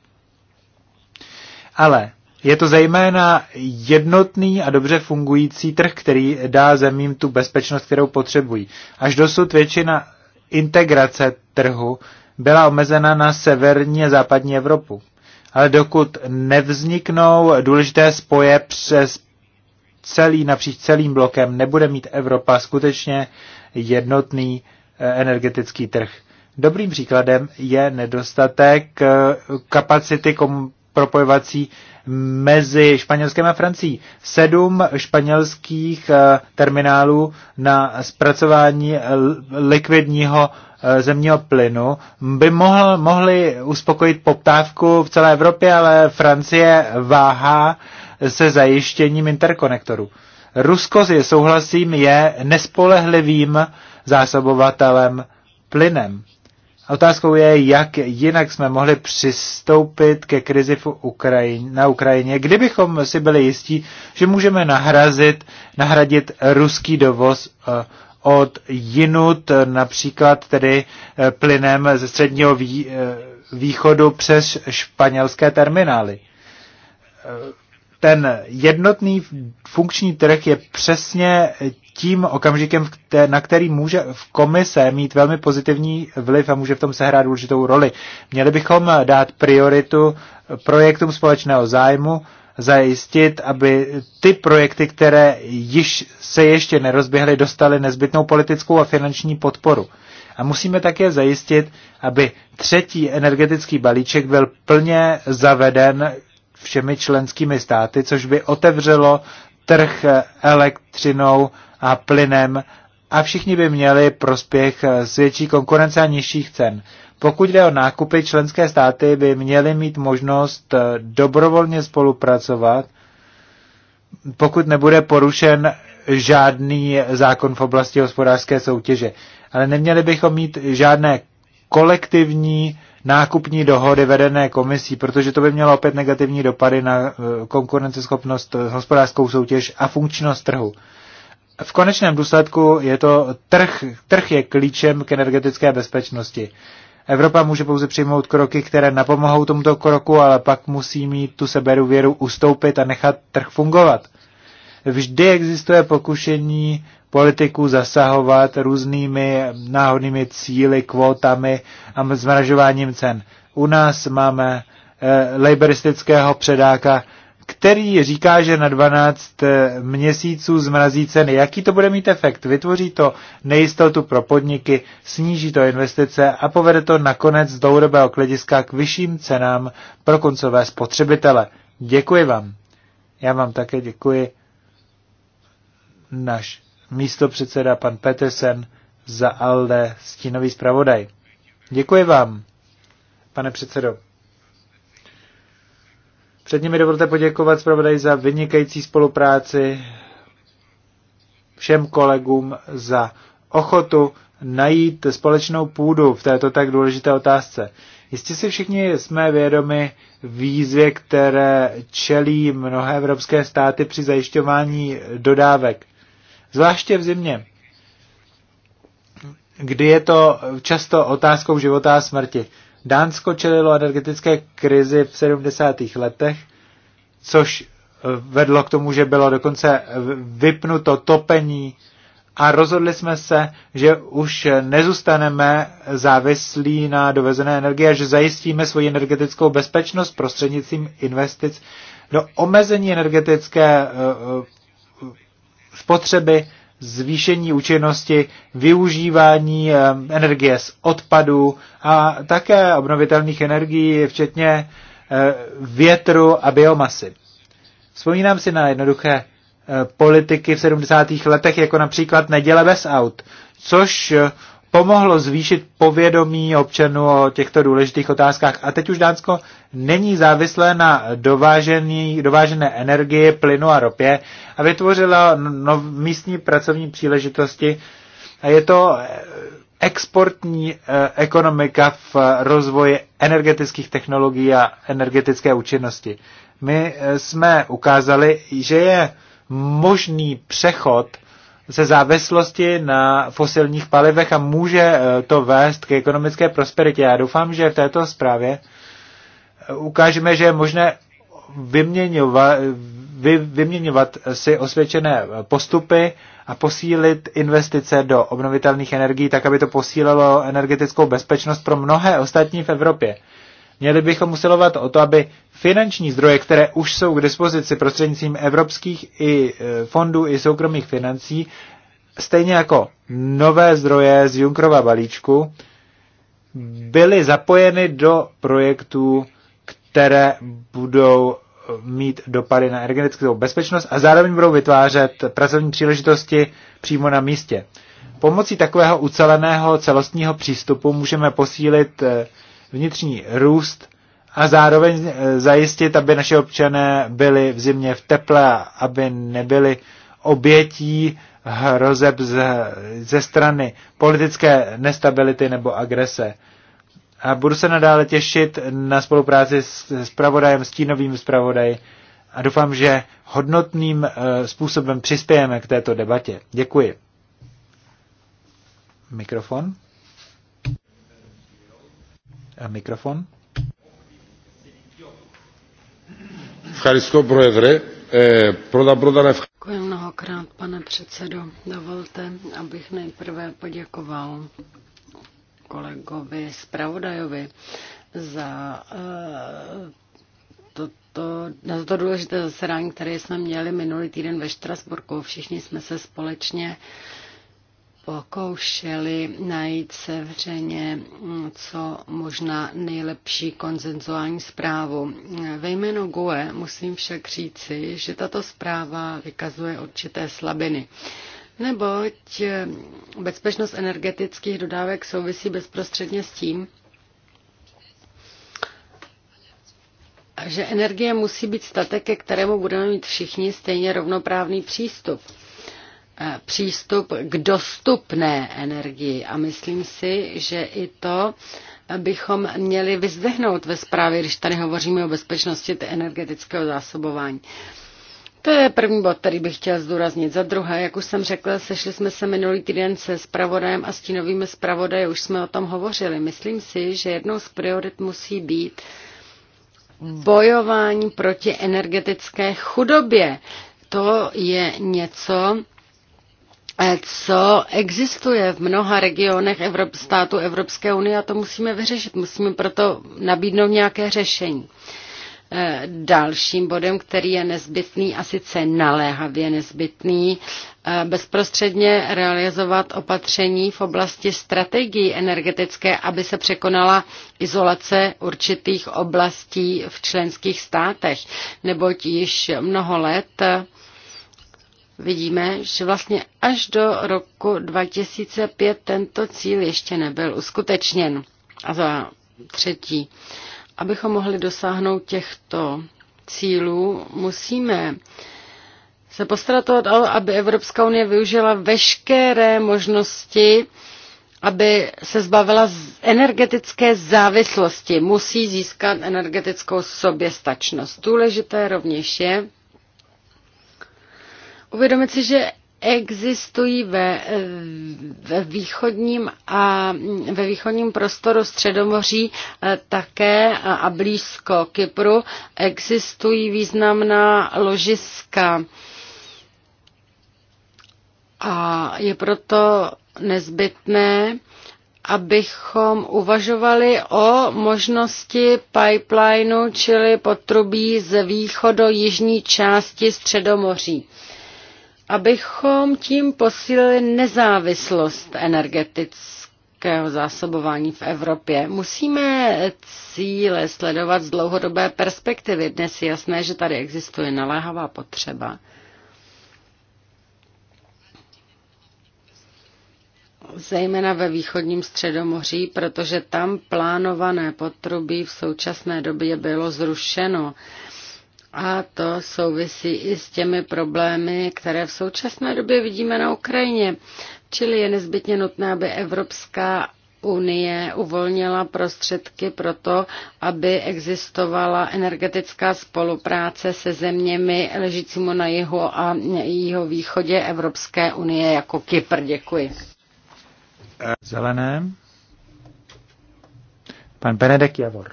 Ale je to zejména jednotný a dobře fungující trh, který dá zemím tu bezpečnost, kterou potřebují. Až dosud většina integrace trhu byla omezena na severní a západní Evropu ale dokud nevzniknou důležité spoje přes celý, napříč celým blokem, nebude mít Evropa skutečně jednotný eh, energetický trh. Dobrým příkladem je nedostatek eh, kapacity propojovací mezi Španělskem a Francií. Sedm španělských eh, terminálů na zpracování likvidního Eh, zemního plynu by mohl, mohli uspokojit poptávku v celé Evropě, ale Francie váhá se zajištěním interkonektorů. Rusko, je, souhlasím, je nespolehlivým zásobovatelem plynem. Otázkou je, jak jinak jsme mohli přistoupit ke krizi v Ukrajin, na Ukrajině, kdybychom si byli jistí, že můžeme nahrazit, nahradit ruský dovoz eh, od jinut, například tedy eh, plynem ze středního eh, východu přes španělské terminály. Eh, ten jednotný funkční trh je přesně tím okamžikem, na který může v komise mít velmi pozitivní vliv a může v tom sehrát důležitou roli. Měli bychom dát prioritu projektům společného zájmu, zajistit, aby ty projekty, které již se ještě nerozběhly, dostaly nezbytnou politickou a finanční podporu. A musíme také zajistit, aby třetí energetický balíček byl plně zaveden všemi členskými státy, což by otevřelo trh elektřinou a plynem a všichni by měli prospěch z větší konkurence a nižších cen. Pokud jde o nákupy, členské státy by měly mít možnost eh, dobrovolně spolupracovat, pokud nebude porušen žádný zákon v oblasti hospodářské soutěže. Ale neměli bychom mít žádné kolektivní nákupní dohody vedené komisí, protože to by mělo opět negativní dopady na eh, konkurenceschopnost, eh, hospodářskou soutěž a funkčnost trhu. V konečném důsledku je to trh, trh je klíčem k energetické bezpečnosti. Evropa může pouze přijmout kroky, které napomohou tomuto kroku, ale pak musí mít tu seberu věru ustoupit a nechat trh fungovat. Vždy existuje pokušení politiku zasahovat různými náhodnými cíly, kvótami a zmražováním cen. U nás máme e, laboristického předáka, který říká, že na 12 eh, měsíců zmrazí ceny. Jaký to bude mít efekt? Vytvoří to nejistotu pro podniky, sníží to investice a povede to nakonec z dlouhodobého klediska k vyšším cenám pro koncové spotřebitele. Děkuji vám. Já vám také děkuji. Náš místopředseda pan Petersen za ALDE stínový zpravodaj. Děkuji vám, pane předsedo. Předně mi dovolte poděkovat zpravodaji za vynikající spolupráci, všem kolegům za ochotu najít společnou půdu v této tak důležité otázce. Jistě si všichni jsme vědomi výzvy, které čelí mnohé evropské státy při zajišťování dodávek. Zvláště v zimě, kdy je to často otázkou života a smrti. Dánsko čelilo energetické krizi v 70. letech, což eh, vedlo k tomu, že bylo dokonce eh, vypnuto topení a rozhodli jsme se, že už nezůstaneme závislí na dovezené energie a že zajistíme svoji energetickou bezpečnost prostřednictvím investic do omezení energetické eh, spotřeby zvýšení účinnosti, využívání eh, energie z odpadu a také obnovitelných energií, včetně eh, větru a biomasy. Vzpomínám si na jednoduché eh, politiky v 70. letech, jako například neděle bez aut, což pomohlo zvýšit povědomí občanů o těchto důležitých otázkách. A teď už Dánsko není závislé na dovážený, dovážené energii, plynu a ropě a vytvořila nov, místní pracovní příležitosti. A je to eh, exportní eh, ekonomika v rozvoji energetických technologií a energetické účinnosti. My eh, jsme ukázali, že je možný přechod ze závislosti na fosilních palivech a může eh, to vést k ekonomické prosperitě. Já doufám, že v této zprávě eh, ukážeme, že je možné vyměňovat, vy, vyměňovat si osvědčené eh, postupy a posílit investice do obnovitelných energií, tak aby to posílilo energetickou bezpečnost pro mnohé ostatní v Evropě. Měli bychom usilovat o to, aby finanční zdroje, které už jsou k dispozici prostřednictvím evropských i e, fondů i soukromých financí, stejně jako nové zdroje z Junkrova balíčku, byly zapojeny do projektů, které budou e, mít dopady na energetickou bezpečnost a zároveň budou vytvářet pracovní příležitosti přímo na místě. Pomocí takového uceleného celostního přístupu můžeme posílit e, vnitřní růst a zároveň eh, zajistit, aby naše občané byli v zimě v teple, aby nebyli obětí hrozeb ze strany politické nestability nebo agrese. A budu se nadále těšit na spolupráci s s tínovým zpravodaj a doufám, že hodnotným eh, způsobem přispějeme k této debatě. Děkuji. Mikrofon. Mikrofon. Děkuji mnohokrát, pane předsedo. Dovolte, abych nejprve poděkoval kolegovi zpravodajovi za eh, toto, uh, to, to důležité zasedání, které jsme měli minulý týden ve Štrasburku. Všichni jsme se společně uh, pokoušeli najít sevřeně mm, co možná nejlepší konzenzuální zprávu. Ve jménu GUE musím však říci, že tato zpráva vykazuje určité slabiny. Neboť mm, bezpečnost energetických dodávek souvisí bezprostředně s tím, že energie musí být statek, ke kterému budeme mít všichni stejně rovnoprávný přístup. Eh, přístup k dostupné energii. A myslím si, že i to bychom měli vyzdehnout ve zprávě, když tady hovoříme o bezpečnosti energetického zásobování. To je první bod, který bych chtěl zdůraznit. Za druhé, jak už jsem řekla, sešli jsme se minulý týden se spravodajem a stínovými spravodaji, už jsme o tom hovořili. Myslím si, že jednou z priorit musí být bojování proti energetické chudobě. To je něco, Eh, co existuje v mnoha regionech Evrop, států Evropské unie a to musíme vyřešit. Musíme proto nabídnout nějaké řešení. Eh, dalším bodem, který je nezbytný a sice naléhavě nezbytný, eh, bezprostředně realizovat opatření v oblasti strategií energetické, aby se překonala izolace určitých oblastí v členských státech, neboť již mnoho let vidíme, že vlastně až do roku 2005 tento cíl ještě nebyl uskutečněn. A za třetí, abychom mohli dosáhnout těchto cílů, musíme se postarat o to, aby Evropská unie využila veškeré možnosti, aby se zbavila z energetické závislosti. Musí získat energetickou soběstačnost. Důležité rovněž je, uvědomit si, že existují ve, ve východním a ve východním prostoru Středomoří eh, také a blízko Kypru existují významná ložiska. A je proto nezbytné, abychom uvažovali o možnosti pipelineu, čili potrubí z východu jižní části Středomoří abychom tím posílili nezávislost energetického zásobování v Evropě. Musíme cíle sledovat z dlouhodobé perspektivy. Dnes je jasné, že tady existuje naléhavá potřeba. zejména ve východním středomoří, protože tam plánované potrubí v současné době bylo zrušeno a to souvisí i s těmi problémy, které v současné době vidíme na Ukrajině. Čili je nezbytně nutné, aby Evropská unie uvolnila prostředky pro to, aby existovala energetická spolupráce se zeměmi ležícímu na jihu a jeho východě Evropské unie jako Kypr. Děkuji. Zelené. Pan Benedek Javor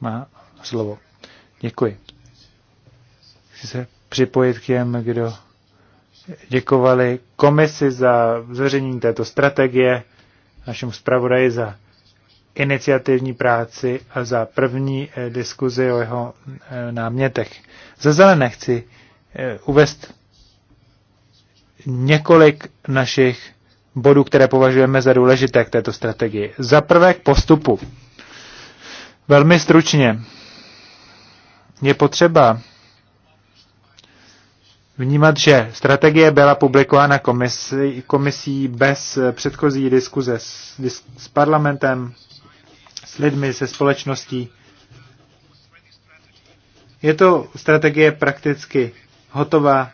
má slovo. Děkuji. Chci se připojit k těm, kdo děkovali komisi za zveřejnění této strategie, našemu zpravodaji za iniciativní práci a za první eh, diskuzi o jeho eh, námětech. Za zelené chci eh, uvést několik našich bodů, které považujeme za důležité k této strategii. Za prvé k postupu. Velmi stručně je potřeba vnímat, že strategie byla publikována komisí, komisí bez předchozí diskuze s, dis, s parlamentem, s lidmi, se společností. Je to strategie prakticky hotová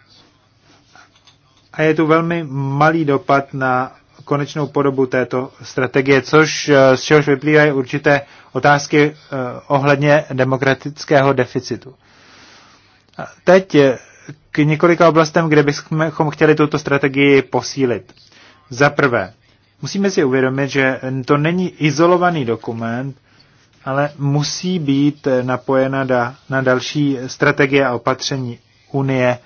a je tu velmi malý dopad na konečnou podobu této strategie, což eh, z čehož vyplývají určité otázky eh, ohledně demokratického deficitu. A teď eh, k několika oblastem, kde bychom chtěli tuto strategii posílit. Za prvé, musíme si uvědomit, že to není izolovaný dokument, ale musí být napojena na další strategie a opatření Unie,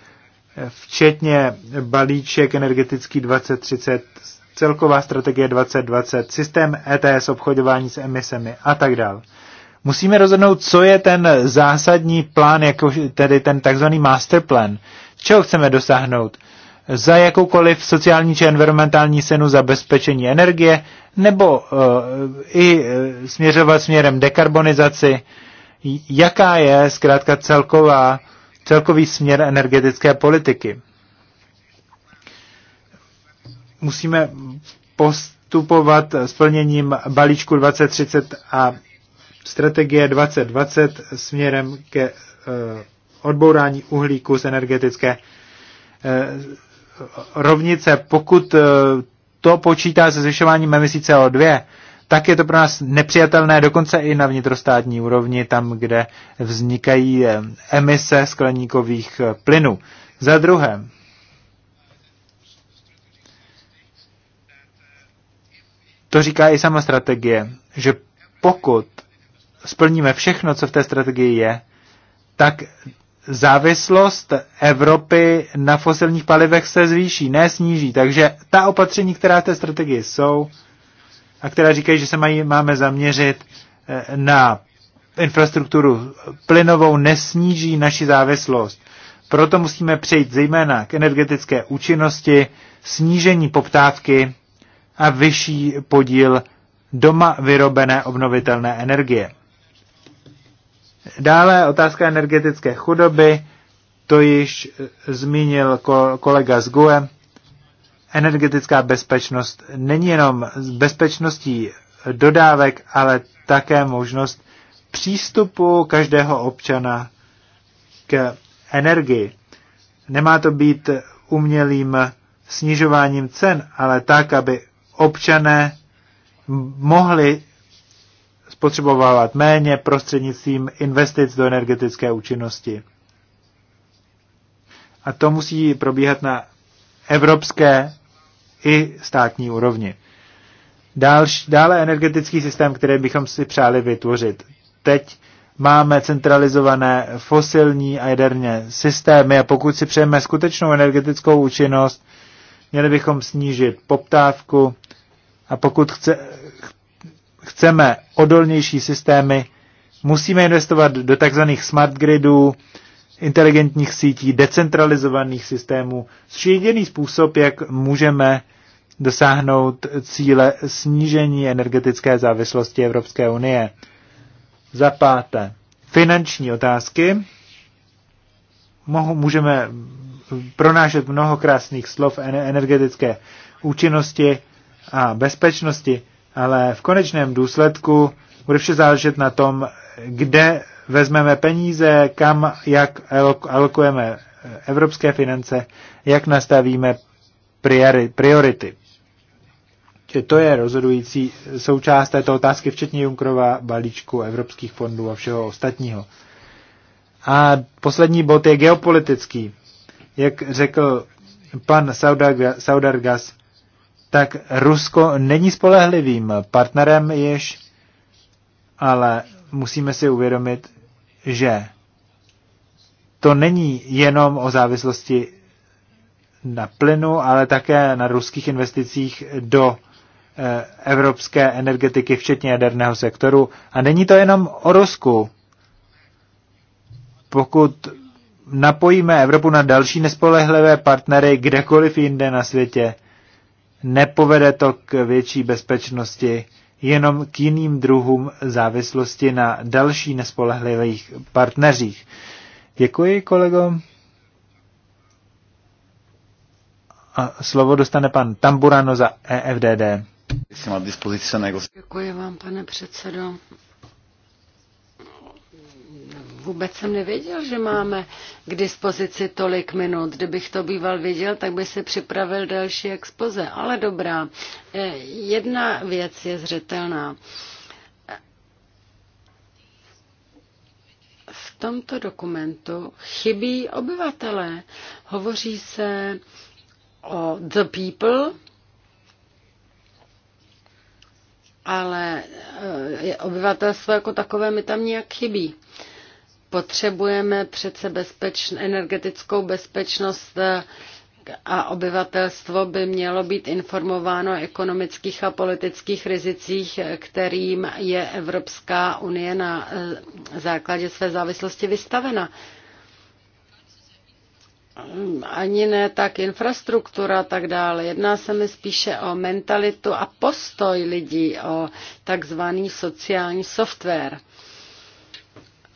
včetně balíček energetický 2030 celková strategie 2020, systém ETS, obchodování s emisemi a tak dále. Musíme rozhodnout, co je ten zásadní plán, jako tedy ten takzvaný master plan, čeho chceme dosáhnout, za jakoukoliv sociální či environmentální cenu zabezpečení energie, nebo uh, i uh, směřovat směrem dekarbonizaci, jaká je zkrátka celková, celkový směr energetické politiky musíme postupovat splněním balíčku 2030 a strategie 2020 směrem ke eh, odbourání uhlíku z energetické eh, rovnice. Pokud eh, to počítá se zvyšováním emisí CO2, tak je to pro nás nepřijatelné dokonce i na vnitrostátní úrovni, tam, kde vznikají emise skleníkových plynů. Za druhé, To říká i sama strategie, že pokud splníme všechno, co v té strategii je, tak závislost Evropy na fosilních palivech se zvýší, ne sníží. Takže ta opatření, která v té strategii jsou a která říkají, že se mají, máme zaměřit eh, na infrastrukturu plynovou, nesníží naši závislost. Proto musíme přejít zejména k energetické účinnosti, snížení poptávky a vyšší podíl doma vyrobené obnovitelné energie. Dále otázka energetické chudoby, to již eh, zmínil kolega z GUE. Energetická bezpečnost není jenom bezpečností dodávek, ale také možnost přístupu každého občana k energii. Nemá to být umělým snižováním cen, ale tak, aby občané mohli spotřebovávat méně prostřednictvím investic do energetické účinnosti. A to musí probíhat na evropské i státní úrovni. Další, dále energetický systém, který bychom si přáli vytvořit. Teď máme centralizované fosilní a jaderné systémy a pokud si přejeme skutečnou energetickou účinnost, měli bychom snížit poptávku, a pokud chce, chceme odolnější systémy, musíme investovat do takzvaných smart gridů, inteligentních sítí, decentralizovaných systémů, což je jediný způsob, jak můžeme dosáhnout cíle snížení energetické závislosti Evropské unie. Za páté, finanční otázky. Mohu, můžeme pronášet mnoho krásných slov energetické účinnosti, a bezpečnosti, ale v konečném důsledku bude vše záležet na tom, kde vezmeme peníze, kam, jak alokujeme eh, evropské finance, jak nastavíme priority. To je rozhodující součást této otázky, včetně Junkrova balíčku evropských fondů a všeho ostatního. A poslední bod je geopolitický. Jak řekl pan Saudargas, tak Rusko není spolehlivým partnerem již, ale musíme si uvědomit, že to není jenom o závislosti na plynu, ale také na ruských investicích do eh, evropské energetiky, včetně jaderného sektoru. A není to jenom o Rusku. Pokud napojíme Evropu na další nespolehlivé partnery kdekoliv jinde na světě, nepovede to k větší bezpečnosti, jenom k jiným druhům závislosti na další nespolehlivých partneřích. Děkuji, kolego. A slovo dostane pan Tamburano za EFDD. Děkuji vám, pane předsedo. Vůbec jsem nevěděl, že máme k dispozici tolik minut. Kdybych to býval věděl, tak by si připravil další expoze. Ale dobrá, eh, jedna věc je zřetelná. V tomto dokumentu chybí obyvatelé. Hovoří se o the people, ale eh, obyvatelstvo jako takové mi tam nějak chybí. Potřebujeme přece bezpečn- energetickou bezpečnost eh, a obyvatelstvo by mělo být informováno o ekonomických a politických rizicích, kterým je Evropská unie na eh, základě své závislosti vystavena. Ani ne tak infrastruktura a tak dále. Jedná se mi spíše o mentalitu a postoj lidí, o takzvaný sociální software.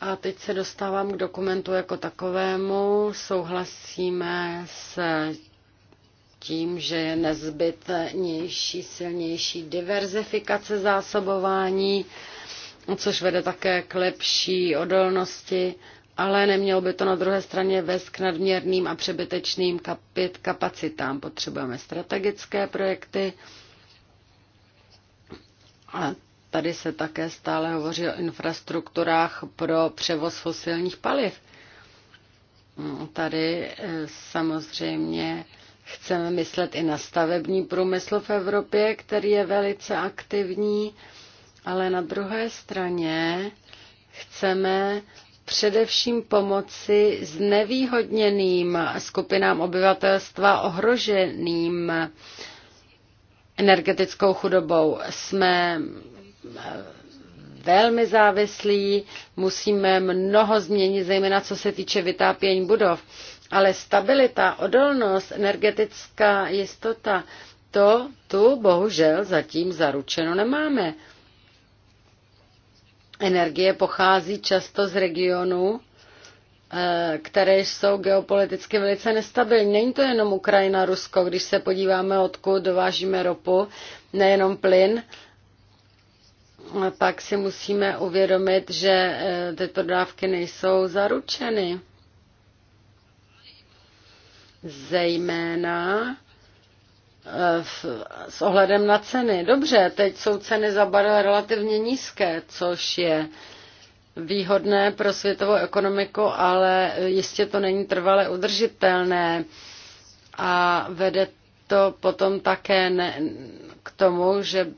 A teď se dostávám k dokumentu jako takovému. Souhlasíme s tím, že je nezbytnější, silnější diverzifikace zásobování, což vede také k lepší odolnosti, ale nemělo by to na druhé straně vést k nadměrným a přebytečným kapacitám. Potřebujeme strategické projekty, a Tady se také stále hovoří o infrastrukturách pro převoz fosilních paliv. Mm, tady eh, samozřejmě chceme myslet i na stavební průmysl v Evropě, který je velice aktivní, ale na druhé straně chceme především pomoci znevýhodněným skupinám obyvatelstva ohroženým energetickou chudobou. Jsme velmi závislí, musíme mnoho změnit, zejména co se týče vytápění budov. Ale stabilita, odolnost, energetická jistota, to tu bohužel zatím zaručeno nemáme. Energie pochází často z regionů, eh, které jsou geopoliticky velice nestabilní. Není to jenom Ukrajina, Rusko, když se podíváme, odkud dovážíme ropu, nejenom plyn, pak si musíme uvědomit, že e, tyto dávky nejsou zaručeny. Zejména e, v, s ohledem na ceny. Dobře, teď jsou ceny za barel relativně nízké, což je výhodné pro světovou ekonomiku, ale jistě to není trvale udržitelné a vede to potom také ne, k tomu, že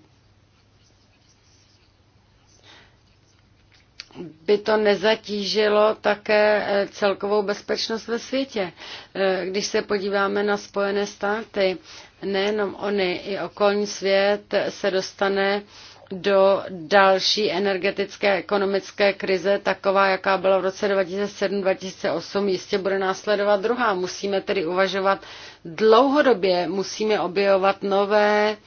by to nezatížilo také eh, celkovou bezpečnost ve světě. Eh, když se podíváme na Spojené státy, nejenom oni, i okolní svět se dostane do další energetické a ekonomické krize, taková, jaká byla v roce 2007-2008, jistě bude následovat druhá. Musíme tedy uvažovat dlouhodobě, musíme objevovat nové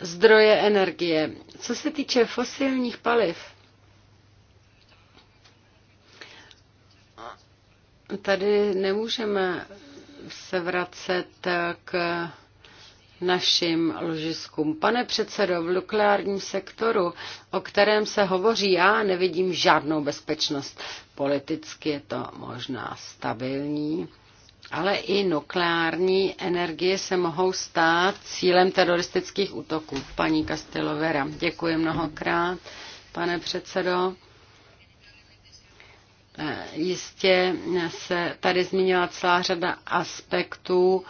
zdroje energie. Co se týče fosilních paliv, tady nemůžeme se vracet k našim ložiskům. Pane předsedo, v nukleárním sektoru, o kterém se hovoří, já nevidím žádnou bezpečnost. Politicky je to možná stabilní, ale i nukleární energie se mohou stát cílem teroristických útoků. Paní Castellovera, děkuji mnohokrát, pane předsedo. Eh, jistě se tady zmínila celá řada aspektů,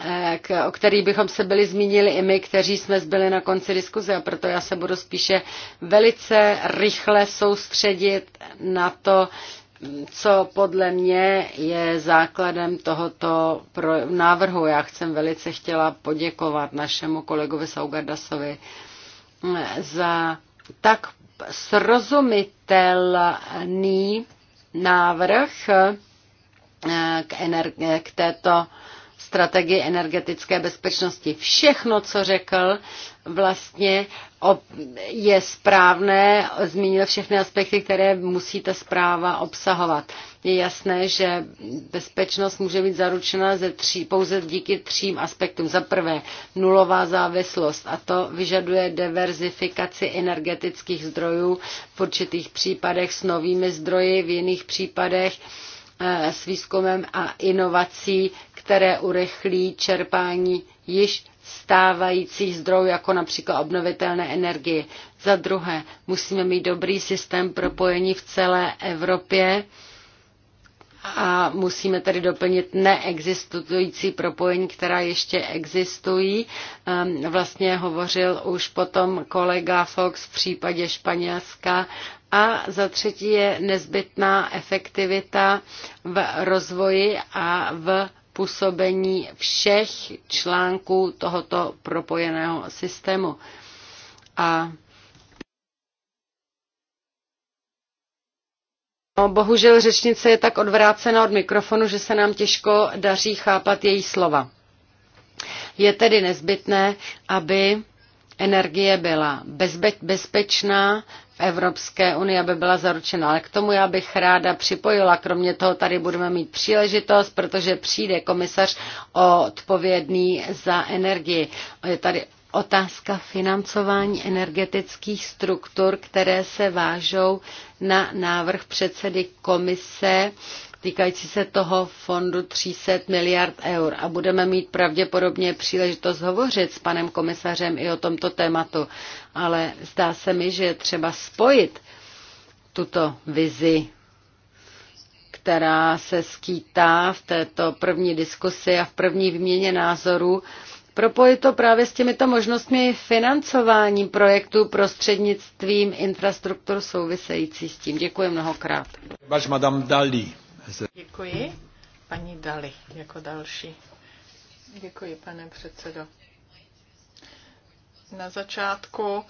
eh, o kterých bychom se byli zmínili i my, kteří jsme zbyli na konci diskuze, a proto já se budu spíše velice rychle soustředit na to, co podle mě je základem tohoto návrhu. Já jsem velice chtěla poděkovat našemu kolegovi Saugardasovi mm, za tak srozumitelný návrh mm, k, k této strategii energetické bezpečnosti. Všechno, co řekl, vlastně je správné zmínil všechny aspekty, které musí ta zpráva obsahovat. Je jasné, že bezpečnost může být zaručena ze tří, pouze díky třím aspektům. Za prvé, nulová závislost a to vyžaduje diverzifikaci energetických zdrojů v určitých případech s novými zdroji, v jiných případech eh, s výzkumem a inovací, které urychlí čerpání již stávajících zdrojů, jako například obnovitelné energie. Za druhé, musíme mít dobrý systém propojení v celé Evropě a musíme tedy doplnit neexistující propojení, která ještě existují. Ehm, vlastně hovořil už potom kolega Fox v případě Španělska. A za třetí je nezbytná efektivita v rozvoji a v působení všech článků tohoto propojeného systému. A No, bohužel řečnice je tak odvrácena od mikrofonu, že se nám těžko daří chápat její slova. Je tedy nezbytné, aby energie byla bezbe- bezpečná, Evropské unie, aby byla zaručena. Ale k tomu já bych ráda připojila. Kromě toho tady budeme mít příležitost, protože přijde komisař odpovědný za energii. Je tady otázka financování energetických struktur, které se vážou na návrh předsedy komise týkající se toho fondu 300 miliard eur a budeme mít pravděpodobně příležitost hovořit s panem komisařem i o tomto tématu, ale zdá se mi, že je třeba spojit tuto vizi která se skýtá v této první diskusi a v první výměně názorů, propojit to právě s těmito možnostmi financování projektů prostřednictvím infrastruktur související s tím. Děkuji mnohokrát. Váš madam Dalí. Děkuji. Paní Dali jako další. Děkuji, pane předsedo. Na začátku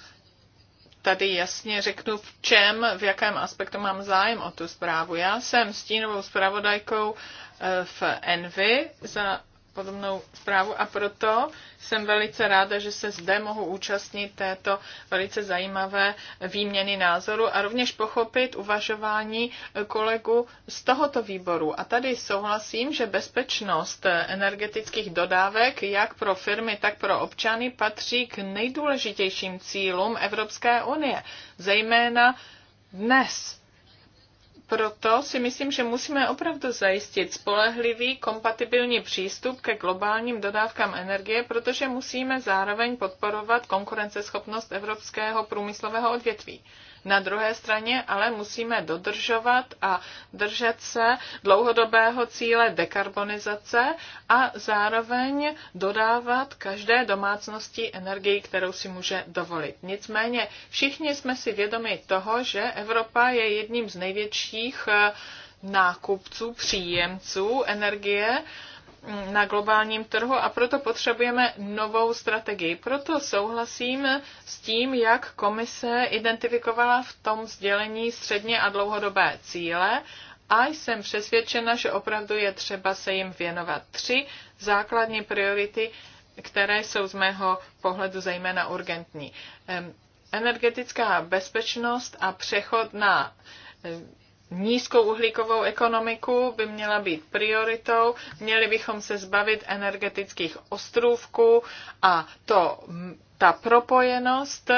tady jasně řeknu, v čem, v jakém aspektu mám zájem o tu zprávu. Já jsem stínovou zpravodajkou eh, v Envy za podobnou zprávu a proto jsem velice ráda, že se zde mohu účastnit této velice zajímavé výměny názoru a rovněž pochopit uvažování kolegu z tohoto výboru. A tady souhlasím, že bezpečnost energetických dodávek jak pro firmy, tak pro občany patří k nejdůležitějším cílům Evropské unie, zejména dnes proto si myslím, že musíme opravdu zajistit spolehlivý, kompatibilní přístup ke globálním dodávkám energie, protože musíme zároveň podporovat konkurenceschopnost evropského průmyslového odvětví. Na druhé straně ale musíme dodržovat a držet se dlouhodobého cíle dekarbonizace a zároveň dodávat každé domácnosti energii, kterou si může dovolit. Nicméně všichni jsme si vědomi toho, že Evropa je jedním z největších eh, nákupců, příjemců energie, na globálním trhu a proto potřebujeme novou strategii. Proto souhlasím s tím, jak komise identifikovala v tom sdělení středně a dlouhodobé cíle a jsem přesvědčena, že opravdu je třeba se jim věnovat. Tři základní priority, které jsou z mého pohledu zejména urgentní. Energetická bezpečnost a přechod na nízkouhlíkovou ekonomiku by měla být prioritou. Měli bychom se zbavit energetických ostrůvků a to, ta propojenost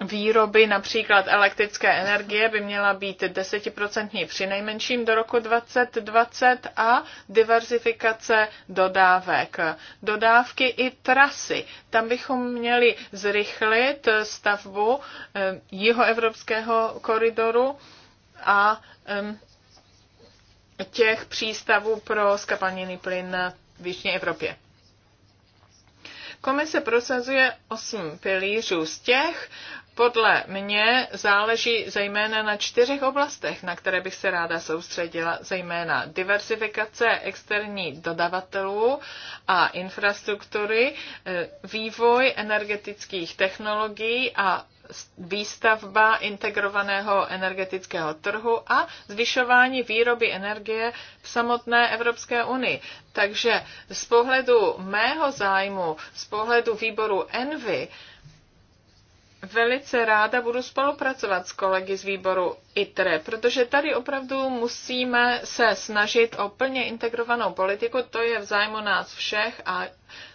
výroby například elektrické energie by měla být 10% při nejmenším do roku 2020 a diversifikace dodávek. Dodávky i trasy. Tam bychom měli zrychlit stavbu eh, jihoevropského koridoru a těch přístavů pro skapaněný plyn v Jižní Evropě. Komise prosazuje osm pilířů z těch, podle mě záleží zejména na čtyřech oblastech, na které bych se ráda soustředila, zejména diversifikace externí dodavatelů a infrastruktury, eh, vývoj energetických technologií a výstavba integrovaného energetického trhu a zvyšování výroby energie v samotné Evropské unii. Takže z pohledu mého zájmu, z pohledu výboru Envy, velice ráda budu spolupracovat s kolegy z výboru ITRE, protože tady opravdu musíme se snažit o plně integrovanou politiku, to je v zájmu nás všech a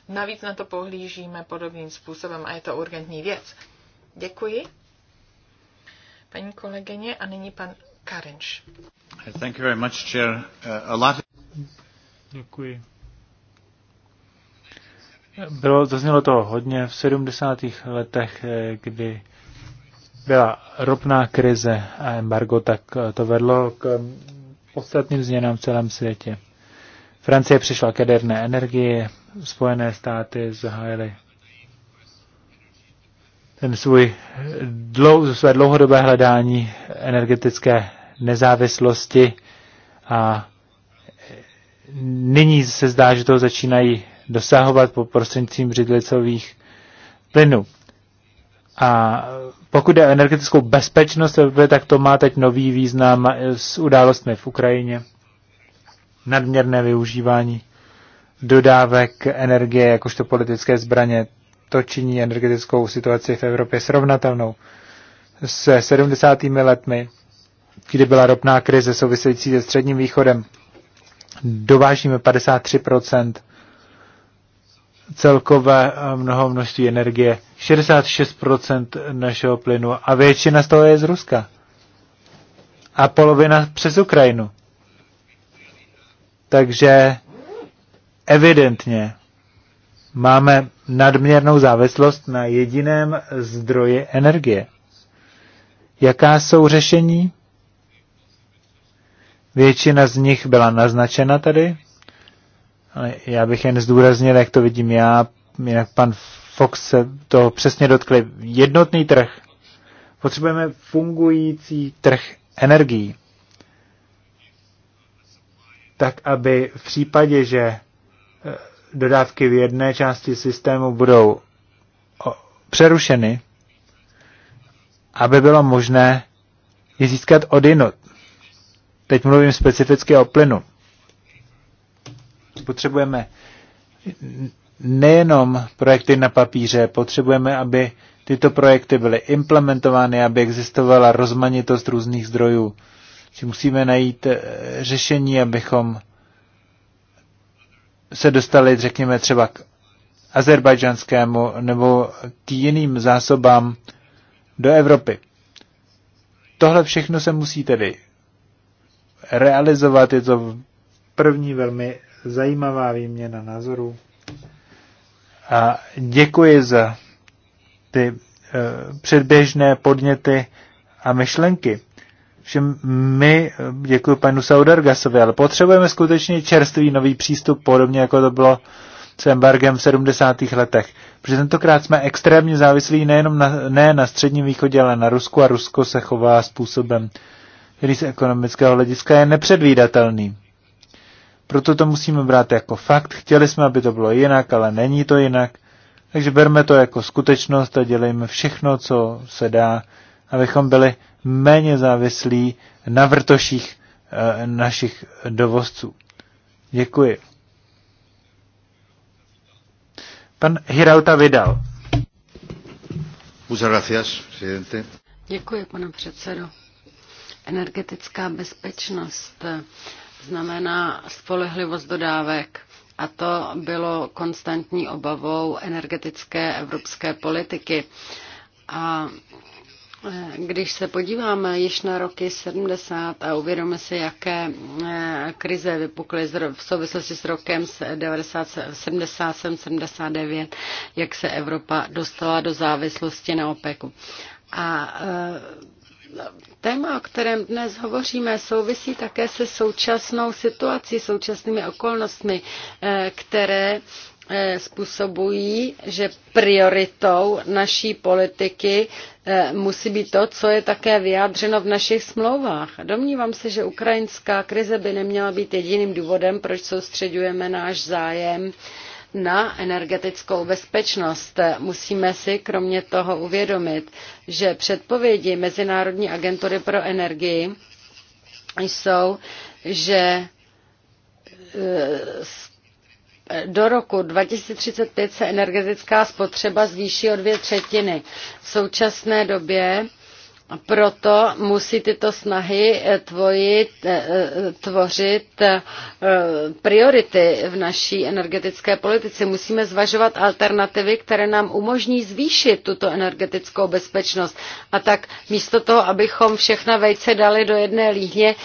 navíc na to pohlížíme podobným způsobem a je to urgentní věc. Děkuji. Paní kolegyně a nyní pan Karinč. Thank you very much, Chair. Uh, a lot... Děkuji. Bylo, zaznělo to hodně v 70. letech, eh, kdy byla ropná krize a embargo, tak eh, to vedlo k podstatným změnám v celém světě. Francie přišla k jaderné energii, Spojené státy zahájily ten svůj dlou, své dlouhodobé hledání energetické nezávislosti a nyní se zdá, že to začínají dosahovat po prostřednictvím břidlicových plynů. A pokud je o energetickou bezpečnost tak to má teď nový význam eh, s událostmi v Ukrajině. Nadměrné využívání dodávek energie jakožto politické zbraně, to činí energetickou situaci v Evropě srovnatelnou se 70. letmi, kdy byla ropná krize související se Středním východem. Dovážíme 53% celkové mnoho množství energie. 66% našeho plynu a většina z toho je z Ruska. A polovina přes Ukrajinu. Takže evidentně máme nadměrnou závislost na jediném zdroji energie. Jaká jsou řešení? Většina z nich byla naznačena tady. Ale já bych jen zdůraznil, jak to vidím já, jinak pan Fox se toho přesně dotkli. Jednotný trh. Potřebujeme fungující trh energií. Tak, aby v případě, že eh, dodávky v jedné části systému budou přerušeny, aby bylo možné je získat jinot. Teď mluvím specificky o plynu. Potřebujeme nejenom projekty na papíře, potřebujeme, aby tyto projekty byly implementovány, aby existovala rozmanitost různých zdrojů. Si musíme najít eh, řešení, abychom se dostali, řekněme, třeba k azerbajdžanskému nebo k jiným zásobám do Evropy. Tohle všechno se musí tedy realizovat, je to první velmi zajímavá výměna názorů. A děkuji za ty e, předběžné podněty a myšlenky. Všem my, eh, děkuji panu Saudargasovi, ale potřebujeme skutečně čerstvý nový přístup, podobně jako to bylo s embargem v 70. letech. Protože tentokrát jsme extrémně závislí nejenom na, ne na středním východě, ale na Rusku a Rusko se chová způsobem, který z ekonomického hlediska je nepředvídatelný. Proto to musíme brát jako fakt. Chtěli jsme, aby to bylo jinak, ale není to jinak. Takže berme to jako skutečnost a dělejme všechno, co se dá, abychom byli méně závislí na vrtoších e, našich dovozců. Děkuji. Pan Hirauta vydal. Děkuji, pane předsedo. Energetická bezpečnost znamená spolehlivost dodávek. A to bylo konstantní obavou energetické evropské politiky. A eh, když se podíváme již na roky 70 a uvědomíme si, jaké eh, krize vypukly v souvislosti s rokem 77-79, jak se Evropa dostala do závislosti na OPECu. A eh, Téma, o kterém dnes hovoříme, souvisí také se současnou situací, současnými okolnostmi, eh, které eh, způsobují, že prioritou naší politiky eh, musí být to, co je také vyjádřeno v našich smlouvách. Domnívám se, že ukrajinská krize by neměla být jediným důvodem, proč soustředujeme náš zájem na energetickou bezpečnost. Musíme si kromě toho uvědomit, že předpovědi Mezinárodní agentury pro energii jsou, že eh, do roku 2035 se energetická spotřeba zvýší o dvě třetiny. V současné době proto musí tyto snahy eh, tvoji, eh, eh, tvořit priority v naší energetické politice. Musíme zvažovat alternativy, které nám umožní zvýšit tuto energetickou bezpečnost. A tak místo toho, abychom všechna vejce dali do jedné líhně,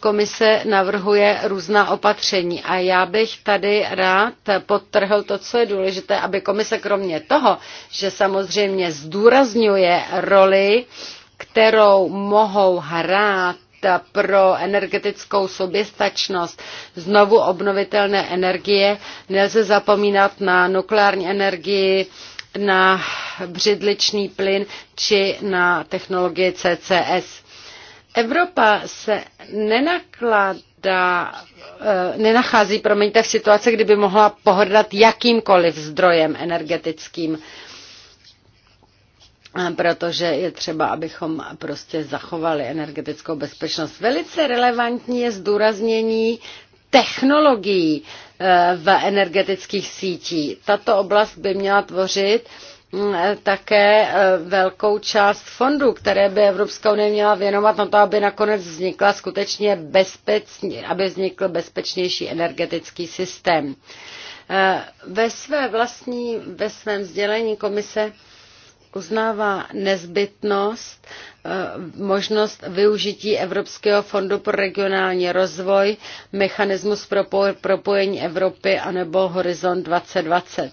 komise navrhuje různá opatření. A já bych tady rád podtrhl to, co je důležité, aby komise kromě toho, že samozřejmě zdůrazňuje roli, kterou mohou hrát pro energetickou soběstačnost znovu obnovitelné energie. Nelze zapomínat na nukleární energii, na břidličný plyn či na technologie CCS. Evropa se nenakládá, eh, nenachází promiňte, v situaci, kdyby mohla pohrdat jakýmkoliv zdrojem energetickým protože je třeba, abychom prostě zachovali energetickou bezpečnost. Velice relevantní je zdůraznění technologií eh, v energetických sítí. Tato oblast by měla tvořit mm, také eh, velkou část fondů, které by Evropská unie měla věnovat na to, aby nakonec vznikla skutečně bezpečný, aby vznikl bezpečnější energetický systém. Eh, ve, své vlastní, ve svém sdělení komise uznává nezbytnost, eh, možnost využití Evropského fondu pro regionální rozvoj, mechanismus pro propojení Evropy anebo Horizont 2020.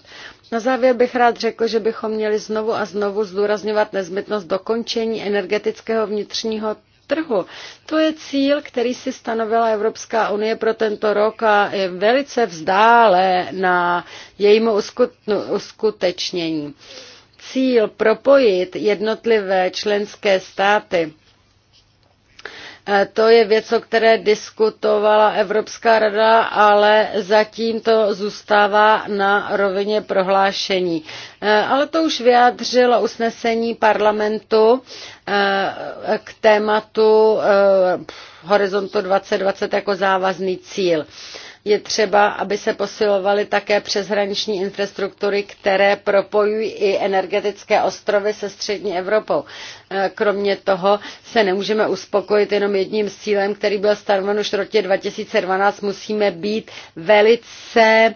Na závěr bych rád řekl, že bychom měli znovu a znovu zdůrazňovat nezbytnost dokončení energetického vnitřního trhu. To je cíl, který si stanovila Evropská unie pro tento rok a je velice vzdále na jejímu uskutečnění cíl propojit jednotlivé členské státy, e, to je věc, o které diskutovala Evropská rada, ale zatím to zůstává na rovině prohlášení. E, ale to už vyjádřilo usnesení parlamentu e, k tématu Horizontu 2020 jako závazný cíl je třeba, aby se posilovaly také přeshraniční infrastruktury, které propojují i energetické ostrovy se střední Evropou. E, kromě toho se nemůžeme uspokojit jenom jedním cílem, který byl stanoven už v roce 2012. Musíme být velice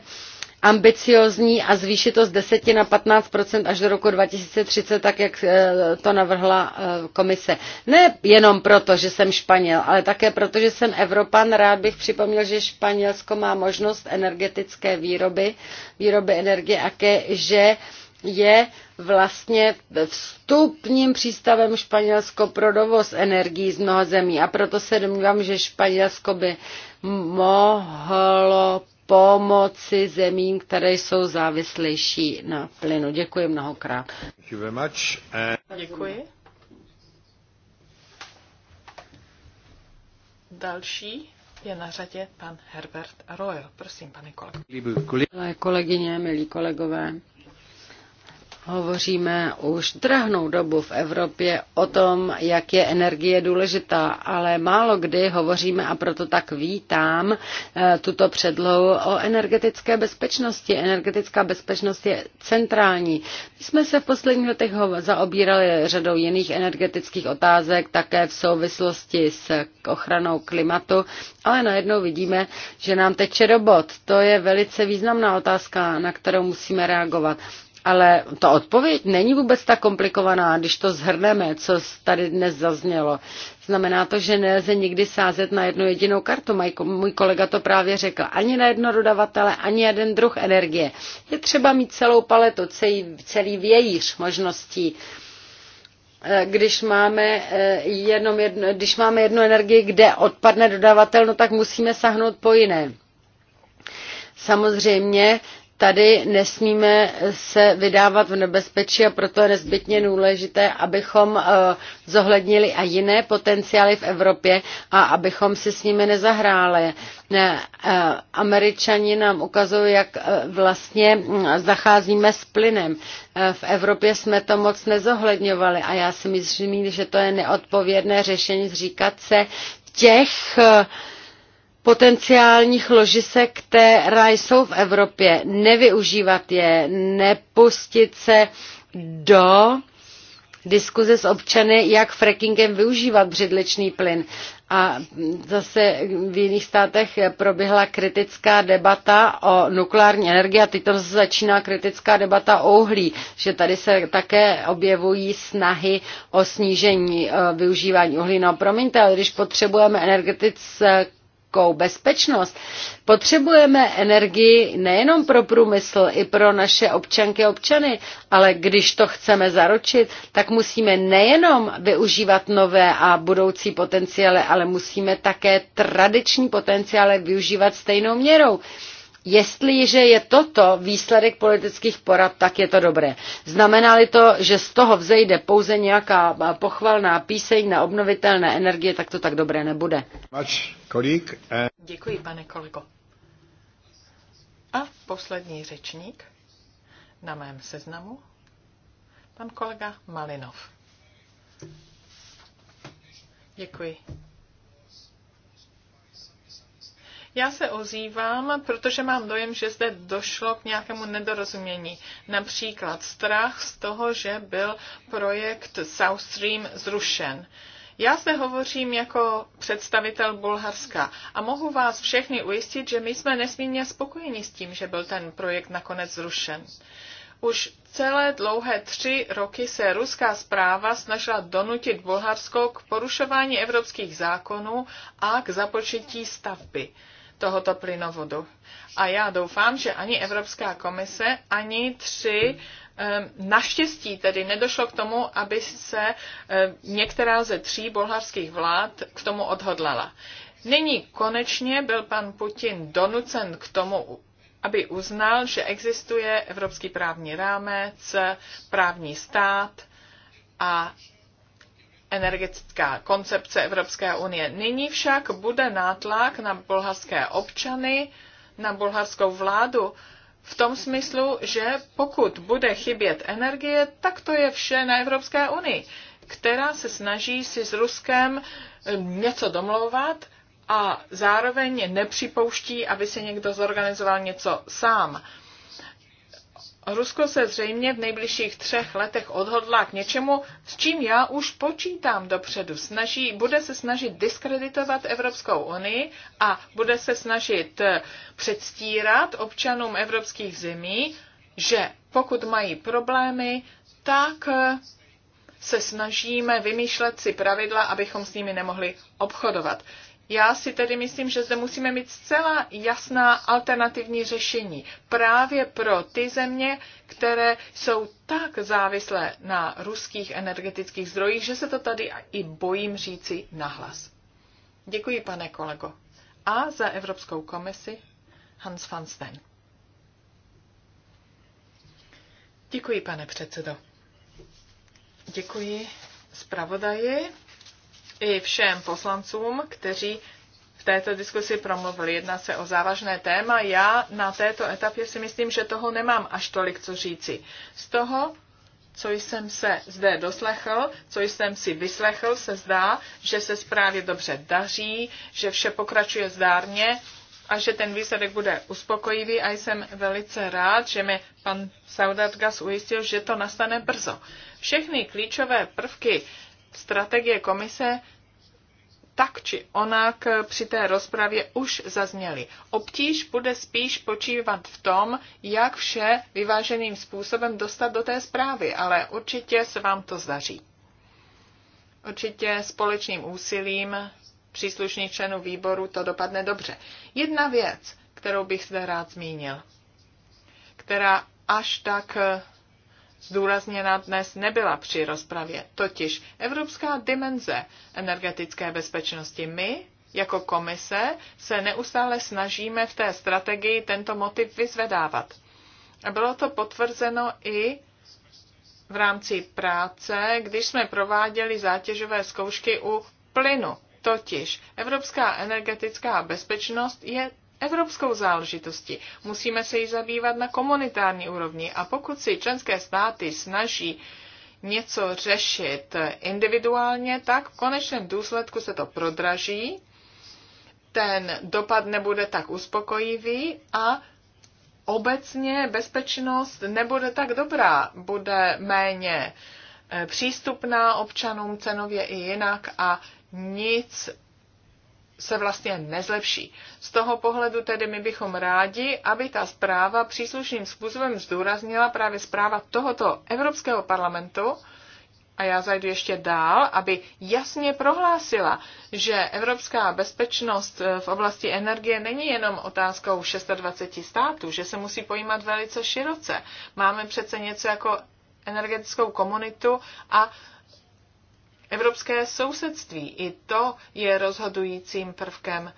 Ambiciózní a zvýšit to z 10 na 15 až do roku 2030, tak jak eh, to navrhla eh, komise. Ne jenom proto, že jsem Španěl, ale také proto, že jsem Evropan. Rád bych připomněl, že Španělsko má možnost energetické výroby, výroby energie a ke, že je vlastně vstupním přístavem Španělsko pro dovoz energií z mnoha zemí a proto se domnívám, že Španělsko by mohlo pomoci zemím, které jsou závislejší na plynu. Děkuji mnohokrát. Děkuji. Další je na řadě pan Herbert Royal. Prosím, pane kolego. Milé kolegyně, milí kolegové, Hovoříme už drahnou dobu v Evropě o tom, jak je energie důležitá, ale málo kdy hovoříme a proto tak vítám eh, tuto předlohu o energetické bezpečnosti. Energetická bezpečnost je centrální. My jsme se v posledních letech zaobírali řadou jiných energetických otázek, také v souvislosti s ochranou klimatu, ale najednou vidíme, že nám teče robot. To je velice významná otázka, na kterou musíme reagovat. Ale ta odpověď není vůbec tak komplikovaná, když to zhrneme, co tady dnes zaznělo. Znamená to, že nelze nikdy sázet na jednu jedinou kartu. Můj kolega to právě řekl. Ani na jedno dodavatele, ani jeden druh energie. Je třeba mít celou paletu, celý, celý vějíř možností eh, když máme, eh, jenom jedno, když máme jednu energii, kde odpadne dodavatel, no tak musíme sahnout po jiné. Samozřejmě tady nesmíme se vydávat v nebezpečí a proto je nezbytně důležité, abychom eh, zohlednili a jiné potenciály v Evropě a abychom si s nimi nezahráli. Eh, Američani nám ukazují, jak eh, vlastně hm, zacházíme s plynem. V Evropě jsme to moc nezohledňovali a já si myslím, že to je neodpovědné řešení zříkat se těch uh, potenciálních ložisek, která jsou v Evropě, nevyužívat je, nepustit se do diskuze s občany, jak frackingem využívat břidličný plyn. A zase v jiných státech proběhla kritická debata o nukleární energii a teď tam zase začíná kritická debata o uhlí, že tady se také objevují snahy o snížení eh, využívání uhlí. No promiňte, ale když potřebujeme energetické energetickou bezpečnost, potřebujeme energii nejenom pro průmysl, i pro naše občanky a občany, ale když to chceme zaručit, tak musíme nejenom využívat nové a budoucí potenciály, ale musíme také tradiční potenciály využívat stejnou měrou Jestliže je toto výsledek politických porad, tak je to dobré. Znamená-li to, že z toho vzejde pouze nějaká pochvalná píseň na obnovitelné energie, tak to tak dobré nebude. Děkuji, pane kolego. A poslední řečník na mém seznamu, pan kolega Malinov. Děkuji. Já se ozývám, protože mám dojem, že zde došlo k nějakému nedorozumění. Například strach z toho, že byl projekt South Stream zrušen. Já zde hovořím jako představitel Bulharska a mohu vás všechny ujistit, že my jsme nesmírně spokojeni s tím, že byl ten projekt nakonec zrušen. Už celé dlouhé tři roky se ruská zpráva snažila donutit Bulharsko k porušování evropských zákonů a k započetí stavby tohoto plynovodu. A já doufám, že ani Evropská komise, ani tři Naštěstí tedy nedošlo k tomu, aby se některá ze tří bulharských vlád k tomu odhodlala. Nyní konečně byl pan Putin donucen k tomu, aby uznal, že existuje evropský právní rámec, právní stát a energetická koncepce Evropské unie. Nyní však bude nátlak na bulharské občany, na bulharskou vládu, v tom smyslu, že pokud bude chybět energie, tak to je vše na Evropské unii, která se snaží si s Ruskem eh, něco domlouvat a zároveň nepřipouští, aby si někdo zorganizoval něco sám. Rusko se zřejmě v nejbližších třech letech odhodlá k něčemu, s čím já už počítám dopředu. Snaží, bude se snažit diskreditovat Evropskou unii a bude se snažit eh, předstírat občanům evropských zemí, že pokud mají problémy, tak eh, se snažíme vymýšlet si pravidla, abychom s nimi nemohli obchodovat. Já si tedy myslím, že zde musíme mít zcela jasná alternativní řešení právě pro ty země, které jsou tak závislé na ruských energetických zdrojích, že se to tady i bojím říci nahlas. Děkuji, pane kolego. A za Evropskou komisi Hans van Sten. Děkuji, pane předsedo. Děkuji zpravodaji i všem poslancům, kteří v této diskusi promluvili. Jedná se o závažné téma. Já na této etapě si myslím, že toho nemám až tolik co říci. Z toho, co jsem se zde doslechl, co jsem si vyslechl, se zdá, že se zprávě dobře daří, že vše pokračuje zdárně a že ten výsledek bude uspokojivý a jsem velice rád, že mi pan Saudat Gas ujistil, že to nastane brzo. Všechny klíčové prvky strategie komise tak či onak při té rozpravě už zazněly. Obtíž bude spíš počívat v tom, jak vše vyváženým způsobem dostat do té zprávy, ale určitě se vám to zdaří. Určitě společným úsilím příslušných členů výboru to dopadne dobře. Jedna věc, kterou bych zde rád zmínil, která až tak zdůrazněna dnes nebyla při rozpravě, totiž evropská dimenze energetické bezpečnosti. My jako komise se neustále snažíme v té strategii tento motiv vyzvedávat. A bylo to potvrzeno i v rámci práce, když jsme prováděli zátěžové zkoušky u plynu. Totiž evropská energetická bezpečnost je evropskou záležitostí. Musíme se jí zabývat na komunitární úrovni a pokud si členské státy snaží něco řešit individuálně, tak v konečném důsledku se to prodraží, ten dopad nebude tak uspokojivý a obecně bezpečnost nebude tak dobrá, bude méně eh, přístupná občanům cenově i jinak a nic se vlastně nezlepší. Z toho pohledu tedy my bychom rádi, aby ta zpráva příslušným způsobem zdůraznila právě zpráva tohoto Evropského parlamentu, a já zajdu ještě dál, aby jasně prohlásila, že evropská bezpečnost eh, v oblasti energie není jenom otázkou 26 států, že se musí pojímat velice široce. Máme přece něco jako energetickou komunitu a Evropské sousedství, i to je rozhodujícím prvkem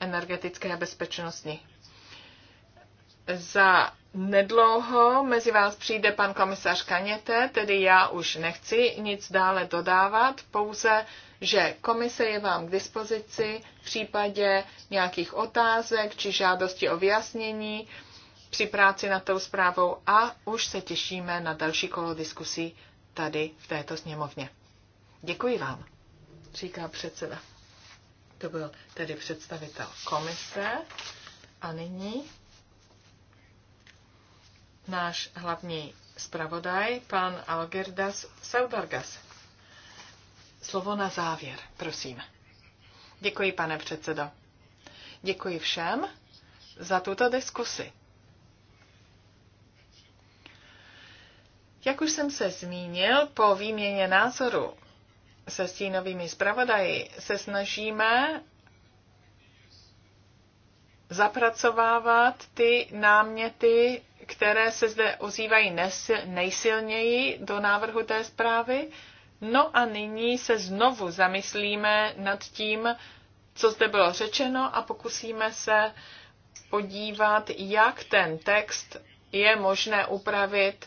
energetické bezpečnosti. Za nedlouho mezi vás přijde pan komisař Kaněte, tedy já už nechci nic dále dodávat, pouze, že komise je vám k dispozici v případě nějakých otázek či žádosti o vyjasnění při práci nad tou zprávou a už se těšíme na další kolo diskusí tady v této sněmovně. Děkuji vám, říká předseda. To byl tedy představitel komise. A nyní náš hlavní zpravodaj, pan Algerdas Saudargas. Slovo na závěr, prosím. Děkuji, pane předsedo. Děkuji všem za tuto diskusi. Jak už jsem se zmínil, po výměně názoru se stínovými zpravodaji se snažíme zapracovávat ty náměty, které se zde ozývají nejsilněji do návrhu té zprávy. No a nyní se znovu zamyslíme nad tím, co zde bylo řečeno a pokusíme se podívat, jak ten text je možné upravit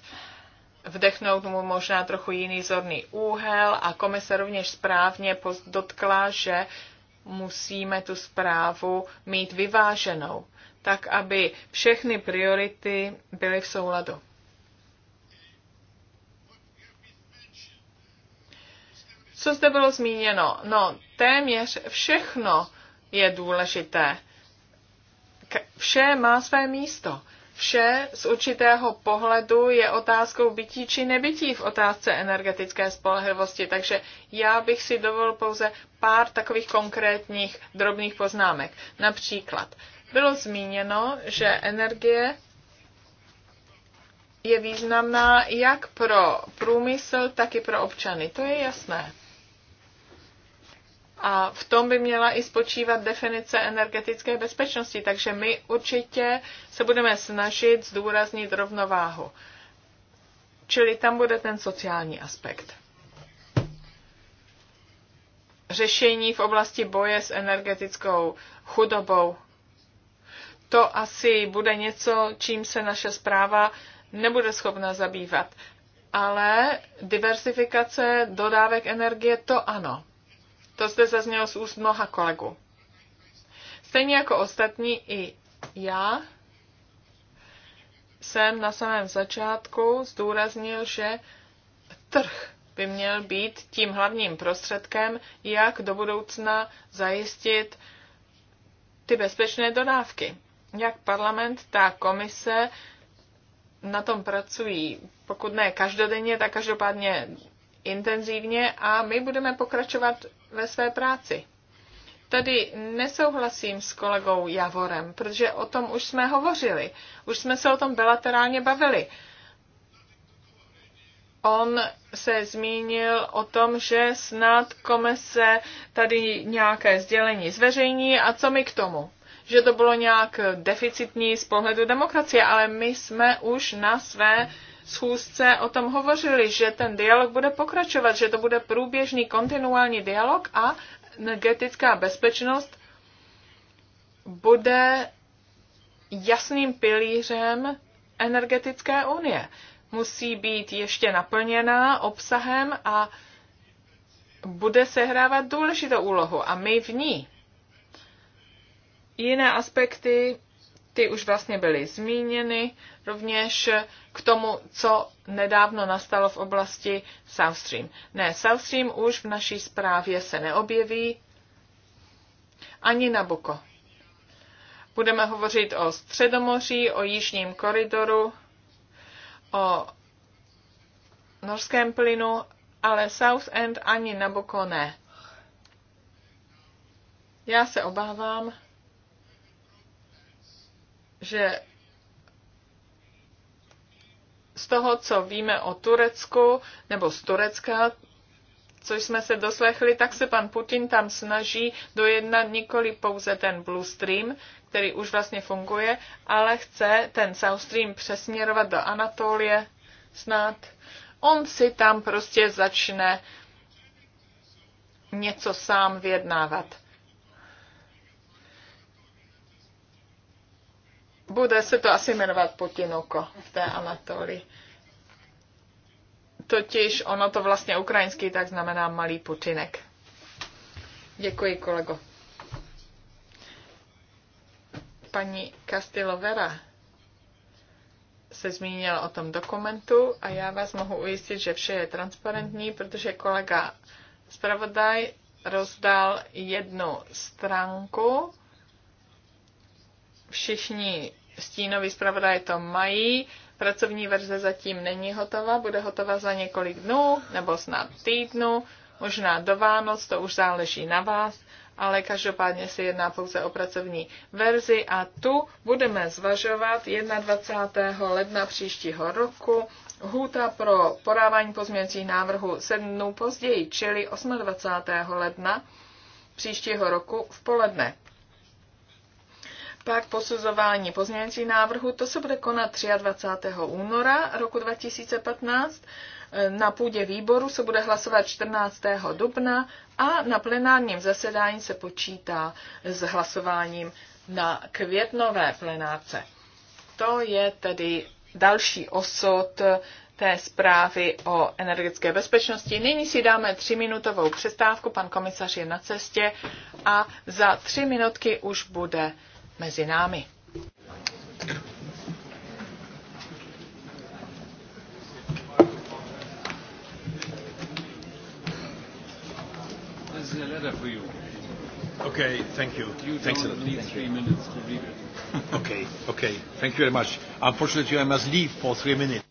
vdechnout mu možná trochu jiný zorný úhel a komise rovněž správně dotkla, že musíme tu zprávu mít vyváženou, tak aby všechny priority byly v souladu. Co zde bylo zmíněno? No, téměř všechno je důležité. Vše má své místo vše z určitého pohledu je otázkou bytí či nebytí v otázce energetické spolehlivosti. Takže já bych si dovolil pouze pár takových konkrétních drobných poznámek. Například bylo zmíněno, že energie je významná jak pro průmysl, tak i pro občany. To je jasné. A v tom by měla i spočívat definice energetické bezpečnosti. Takže my určitě se budeme snažit zdůraznit rovnováhu. Čili tam bude ten sociální aspekt. Řešení v oblasti boje s energetickou chudobou. To asi bude něco, čím se naše zpráva nebude schopna zabývat. Ale diversifikace dodávek energie, to ano to zde zaznělo z úst mnoha kolegu. Stejně jako ostatní i já jsem na samém začátku zdůraznil, že trh by měl být tím hlavním prostředkem, jak do budoucna zajistit ty bezpečné dodávky. Jak parlament, tak komise na tom pracují, pokud ne každodenně, tak každopádně intenzivně a my budeme pokračovat ve své práci. Tady nesouhlasím s kolegou Javorem, protože o tom už jsme hovořili. Už jsme se o tom bilaterálně bavili. On se zmínil o tom, že snad komise tady nějaké sdělení zveřejní a co my k tomu? Že to bylo nějak deficitní z pohledu demokracie, ale my jsme už na své uh, schůzce o tom hovořili, že ten dialog bude pokračovat, že to bude průběžný kontinuální dialog a energetická bezpečnost bude jasným pilířem energetické unie. Musí být ještě naplněná obsahem a bude sehrávat důležitou úlohu a my v ní. Jiné aspekty ty už vlastně byly zmíněny, rovněž k tomu, co nedávno nastalo v oblasti South Stream. Ne, South Stream už v naší zprávě se neobjeví ani na Boko. Budeme hovořit o Středomoří, o Jižním koridoru, o norském plynu, ale South End ani Nabucco ne. Já se obávám, že z toho, co víme o Turecku nebo z Turecka, což jsme se doslechli, tak se pan Putin tam snaží dojednat nikoli pouze ten Blue Stream, který už vlastně funguje, ale chce ten South Stream přesměrovat do Anatolie snad. On si tam prostě začne něco sám vyjednávat. Bude se to asi jmenovat Putinuko v té Anatolii. Totiž ono to vlastně ukrajinský tak znamená malý Putinek. Děkuji, kolego. Paní Castilovera se zmínila o tom dokumentu a já vás mohu ujistit, že vše je transparentní, protože kolega zpravodaj rozdal jednu stránku Všichni stínoví zpravodaj to mají. Pracovní verze zatím není hotová, bude hotová za několik dnů nebo snad týdnu, možná do Vánoc, to už záleží na vás, ale každopádně se jedná pouze o pracovní verzi a tu budeme zvažovat 21. ledna příštího roku. Hůta pro podávání pozměňovacích návrhů 7 dnů později, čili 28. ledna příštího roku v poledne. Pak posuzování pozměňovacích návrhů, to se bude konat 23. února roku 2015. Na půdě výboru se bude hlasovat 14. dubna a na plenárním zasedání se počítá s hlasováním na květnové plenáce. To je tedy další osud té zprávy o energetické bezpečnosti. Nyní si dáme třiminutovou přestávku, pan komisař je na cestě a za tři minutky už bude mezi námi. Okay, thank you. You Thanks a lot. need three minutes to read it. [LAUGHS] okay, okay. Thank you very much. Unfortunately, I must leave for three minutes.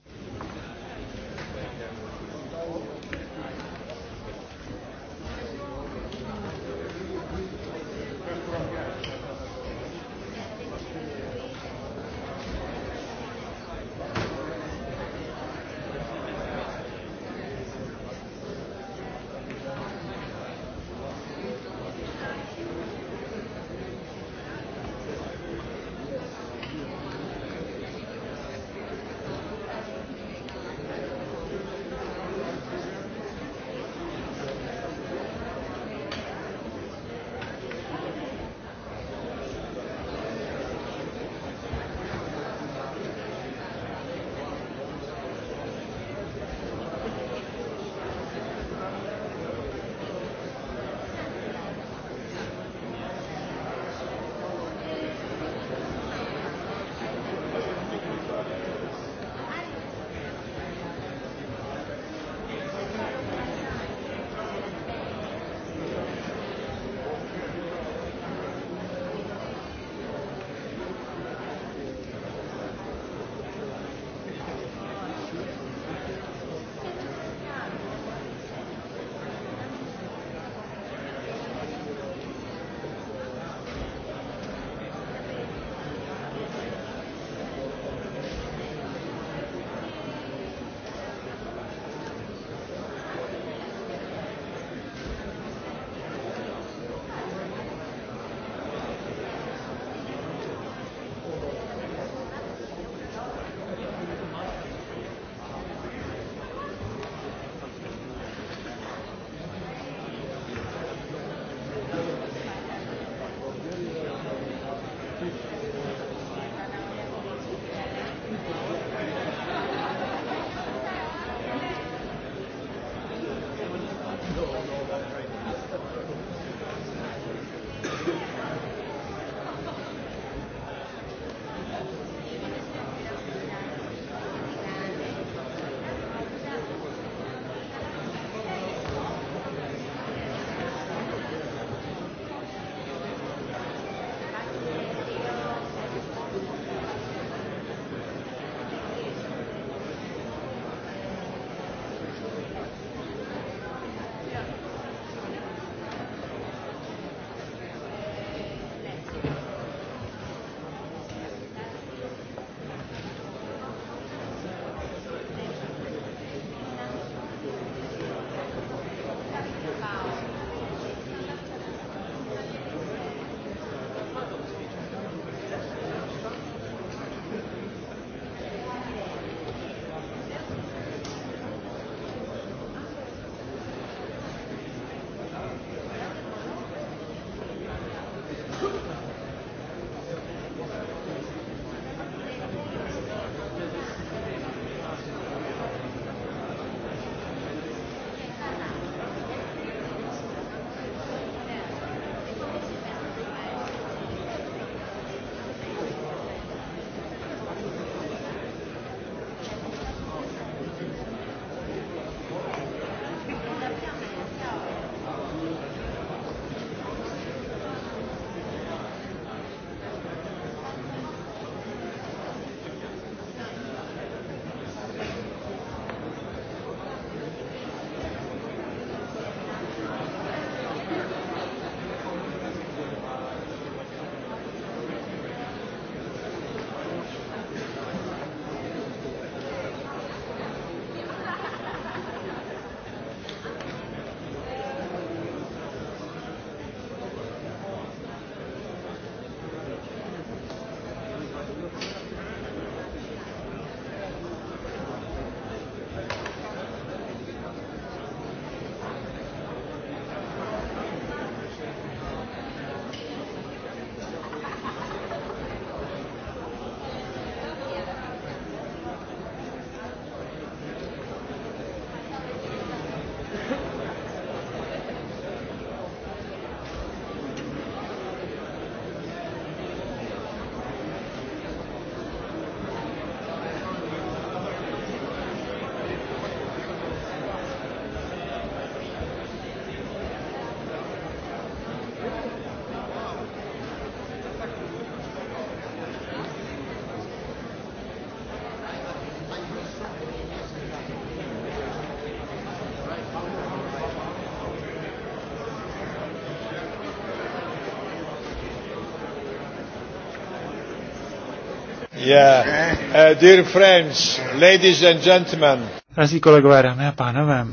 Yeah. Uh, dear friends, ladies and gentlemen. Drazí kolegové, dámy a pánové.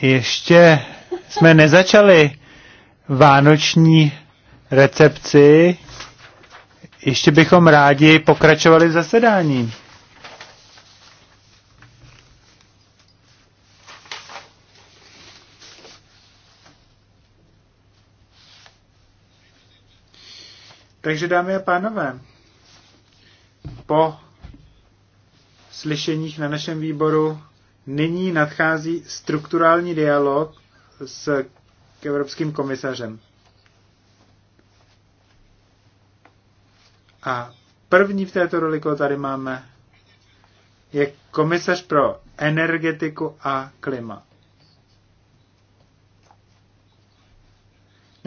Ještě jsme nezačali vánoční recepci. Ještě bychom rádi pokračovali v zasedání. Takže dámy a pánové, po slyšeních na našem výboru nyní nadchází strukturální dialog s evropským komisařem. A první v této roli, kterou tady máme, je komisař pro energetiku a klima.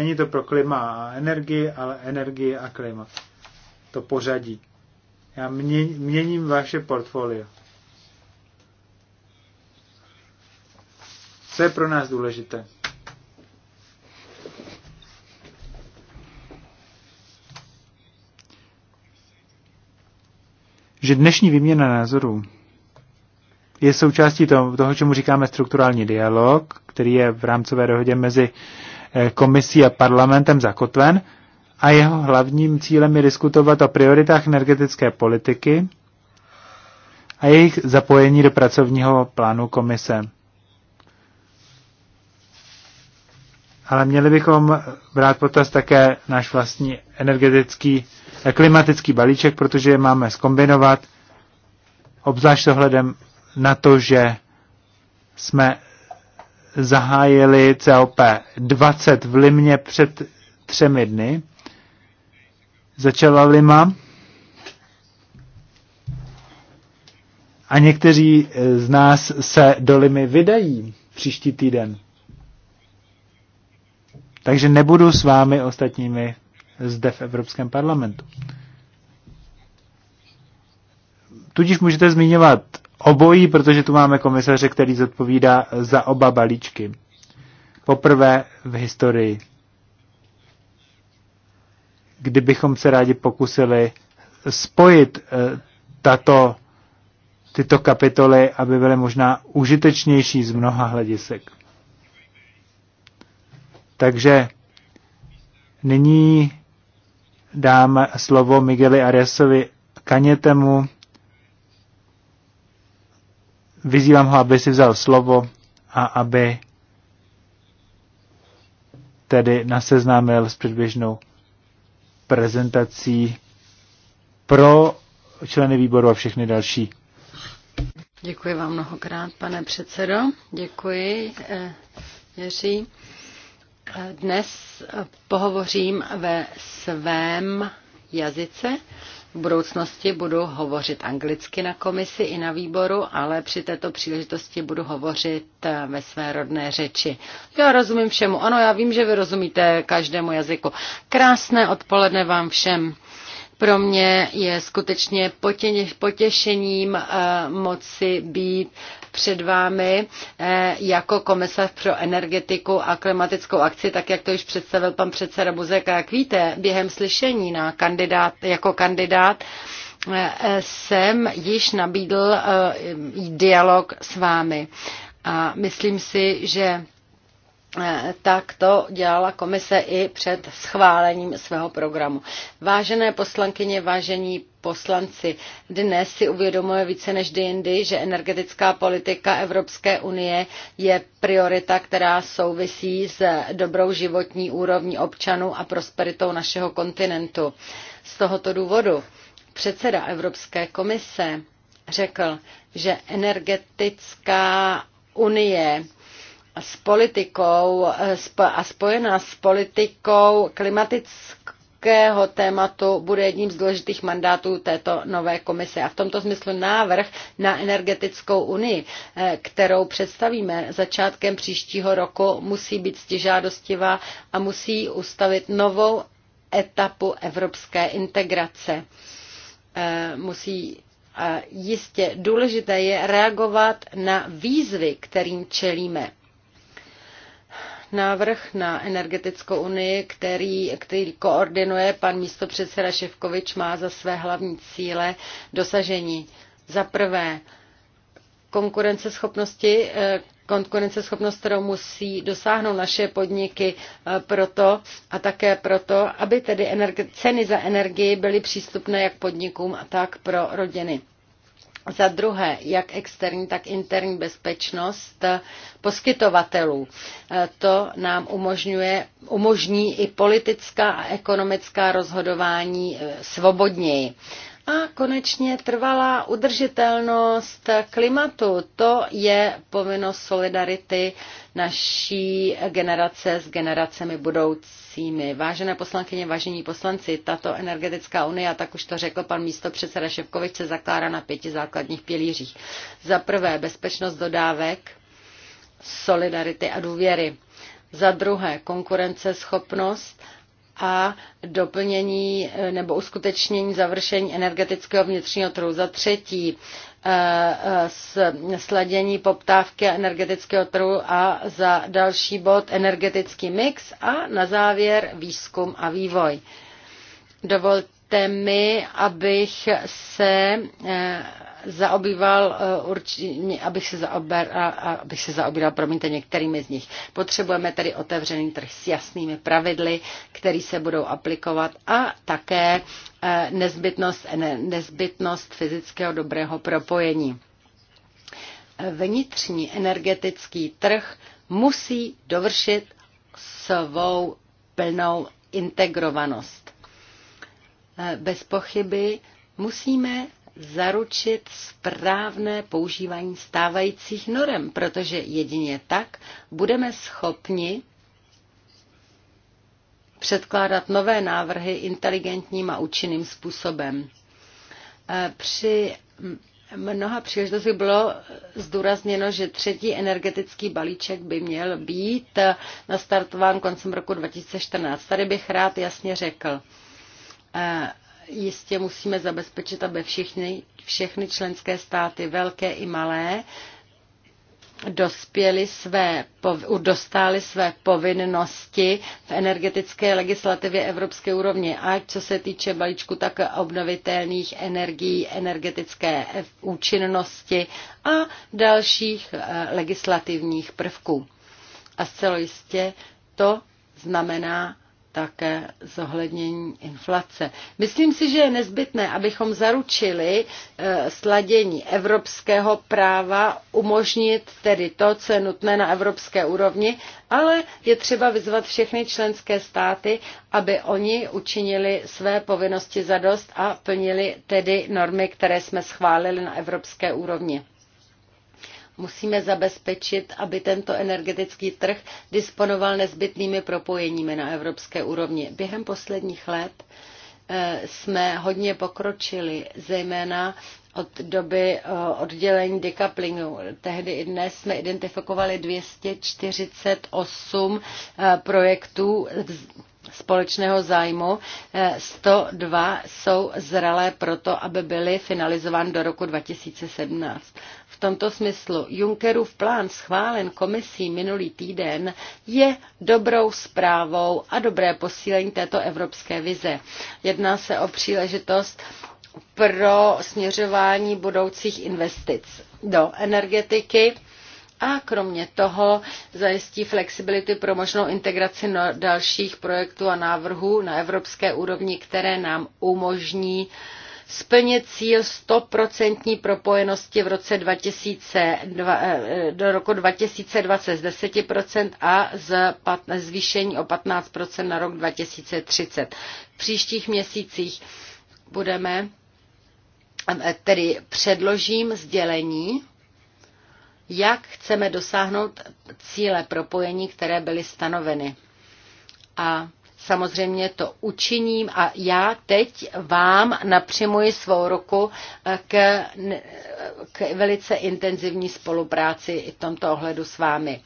Není to pro klima a energii, ale energie a klima. To pořadí. Já měním vaše portfolio. Co je pro nás důležité? Že dnešní výměna názorů je součástí toho, toho, čemu říkáme strukturální dialog, který je v rámcové dohodě mezi Eh, komisí a parlamentem zakotven a jeho hlavním cílem je diskutovat o prioritách energetické politiky a jejich zapojení do pracovního plánu komise. Ale měli bychom brát potaz také náš vlastní energetický eh, klimatický balíček, protože je máme skombinovat, obzvlášť ohledem na to, že jsme zahájili CLP 20 v Limě před třemi dny. Začala Lima a někteří eh, z nás se do Limy vydají příští týden. Takže nebudu s vámi ostatními zde v Evropském parlamentu. Tudíž můžete zmiňovat obojí, protože tu máme komisaře, který zodpovídá za oba balíčky. Poprvé v historii. Kdybychom se rádi pokusili spojit eh, tato, tyto kapitoly, aby byly možná užitečnější z mnoha hledisek. Takže nyní dám slovo Migueli Ariasovi Kanětemu, Vyzývám ho, aby si vzal slovo a aby tedy naseznámil s předběžnou prezentací pro členy výboru a všechny další. Děkuji vám mnohokrát, pane předsedo. Děkuji, eh, Jiří. Eh, dnes eh, pohovořím ve svém jazyce v budoucnosti budu hovořit anglicky na komisi i na výboru, ale při této příležitosti budu hovořit eh, ve své rodné řeči. Já rozumím všemu. Ano, já vím, že vy rozumíte každému jazyku. Krásné odpoledne vám všem. Pro mě je skutečně potěšením eh, moci být před vámi eh, jako komisař pro energetiku a klimatickou akci, tak jak to již představil pan předseda Buzek. A jak víte, během slyšení na kandidát, jako kandidát eh, jsem již nabídl eh, dialog s vámi. A myslím si, že Eh, tak to dělala komise i před schválením svého programu. Vážené poslankyně, vážení poslanci, dnes si uvědomuje více než jindy, že energetická politika Evropské unie je priorita, která souvisí s dobrou životní úrovní občanů a prosperitou našeho kontinentu. Z tohoto důvodu předseda Evropské komise řekl, že energetická unie s politikou eh, a spojená s politikou klimatického tématu bude jedním z důležitých mandátů této nové komise. A v tomto smyslu návrh na energetickou unii, eh, kterou představíme začátkem příštího roku, musí být stěžádostivá a musí ustavit novou etapu evropské integrace. Eh, musí a jistě důležité je reagovat na výzvy, kterým čelíme návrh na energetickou unii, který, který koordinuje pan místopředseda Ševkovič, má za své hlavní cíle dosažení. Za prvé, konkurenceschopnosti, eh, konkurenceschopnost, kterou musí dosáhnout naše podniky eh, proto a také proto, aby tedy energi- ceny za energii byly přístupné jak podnikům, tak pro rodiny. Za druhé, jak externí, tak interní bezpečnost poskytovatelů. E, to nám umožňuje, umožní i politická a ekonomická rozhodování e, svobodněji. A konečně trvalá udržitelnost klimatu, to je povinnost solidarity naší generace s generacemi budoucími. Vážené poslankyně, vážení poslanci, tato energetická unie, a tak už to řekl pan místo předseda Ševkovič, se zakládá na pěti základních pilířích. Za prvé bezpečnost dodávek, solidarity a důvěry. Za druhé konkurenceschopnost a doplnění eh, nebo uskutečnění završení energetického vnitřního trhu. Za třetí, eh, eh, sladění poptávky a energetického trhu a za další bod energetický mix a na závěr výzkum a vývoj. Dovolte mi, abych se zaobýval, eh, abych se zaobíral, abych se zaobíral, promiňte, některými z nich. Potřebujeme tedy otevřený trh s jasnými pravidly, které se budou aplikovat a také eh, nezbytnost, nezbytnost fyzického dobrého propojení. Vnitřní energetický trh musí dovršit svou plnou integrovanost. Eh, bez pochyby musíme zaručit správné používání stávajících norem, protože jedině tak budeme schopni předkládat nové návrhy inteligentním a účinným způsobem. E, při mnoha příležitostech bylo zdůrazněno, že třetí energetický balíček by měl být nastartován koncem roku 2014. Tady bych rád jasně řekl, e, jistě musíme zabezpečit, aby všichni, všechny členské státy, velké i malé, dospěli své, dostály své povinnosti v energetické legislativě evropské úrovně, ať co se týče balíčku tak obnovitelných energií, energetické e- účinnosti a dalších e, legislativních prvků. A zcelo jistě to znamená také zohlednění inflace. Myslím si, že je nezbytné, abychom zaručili eh, sladění evropského práva, umožnit tedy to, co je nutné na evropské úrovni, ale je třeba vyzvat všechny členské státy, aby oni učinili své povinnosti zadost a plnili tedy normy, které jsme schválili na evropské úrovni musíme zabezpečit, aby tento energetický trh disponoval nezbytnými propojeními na evropské úrovni. Během posledních let eh, jsme hodně pokročili, zejména od doby eh, oddělení decouplingu. Tehdy i dnes jsme identifikovali 248 eh, projektů společného zájmu. 102 jsou zralé proto, aby byly finalizovány do roku 2017 tomto smyslu Junckerův plán schválen komisí minulý týden je dobrou zprávou a dobré posílení této evropské vize. Jedná se o příležitost pro směřování budoucích investic do energetiky a kromě toho zajistí flexibility pro možnou integraci dalších projektů a návrhů na evropské úrovni, které nám umožní uh, splnit cíl 100% propojenosti v roce 2000, eh, eh, do roku 2020 z 10% a z zvýšení o 15% na rok 2030. V příštích měsících budeme, eh, tedy předložím sdělení, jak chceme dosáhnout cíle propojení, které byly stanoveny. A Samozřejmě to učiním a já teď vám napřimuji svou ruku eh, k, k velice intenzivní spolupráci i v tomto ohledu s vámi.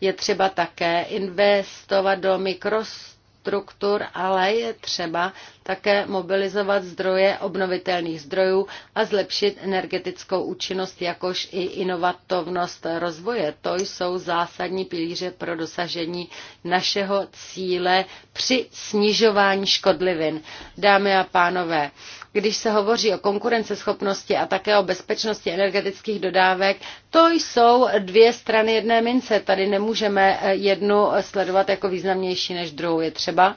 Je třeba také investovat do mikrostů struktur, ale je třeba také mobilizovat zdroje obnovitelných zdrojů a zlepšit energetickou účinnost, jakož i inovativnost rozvoje. To jsou zásadní pilíře pro dosažení našeho cíle při snižování škodlivin. Dámy a pánové, když se hovoří o konkurenceschopnosti a také o bezpečnosti energetických dodávek, to jsou dvě strany jedné mince. Tady nemůžeme eh, jednu sledovat jako významnější než druhou. Je třeba,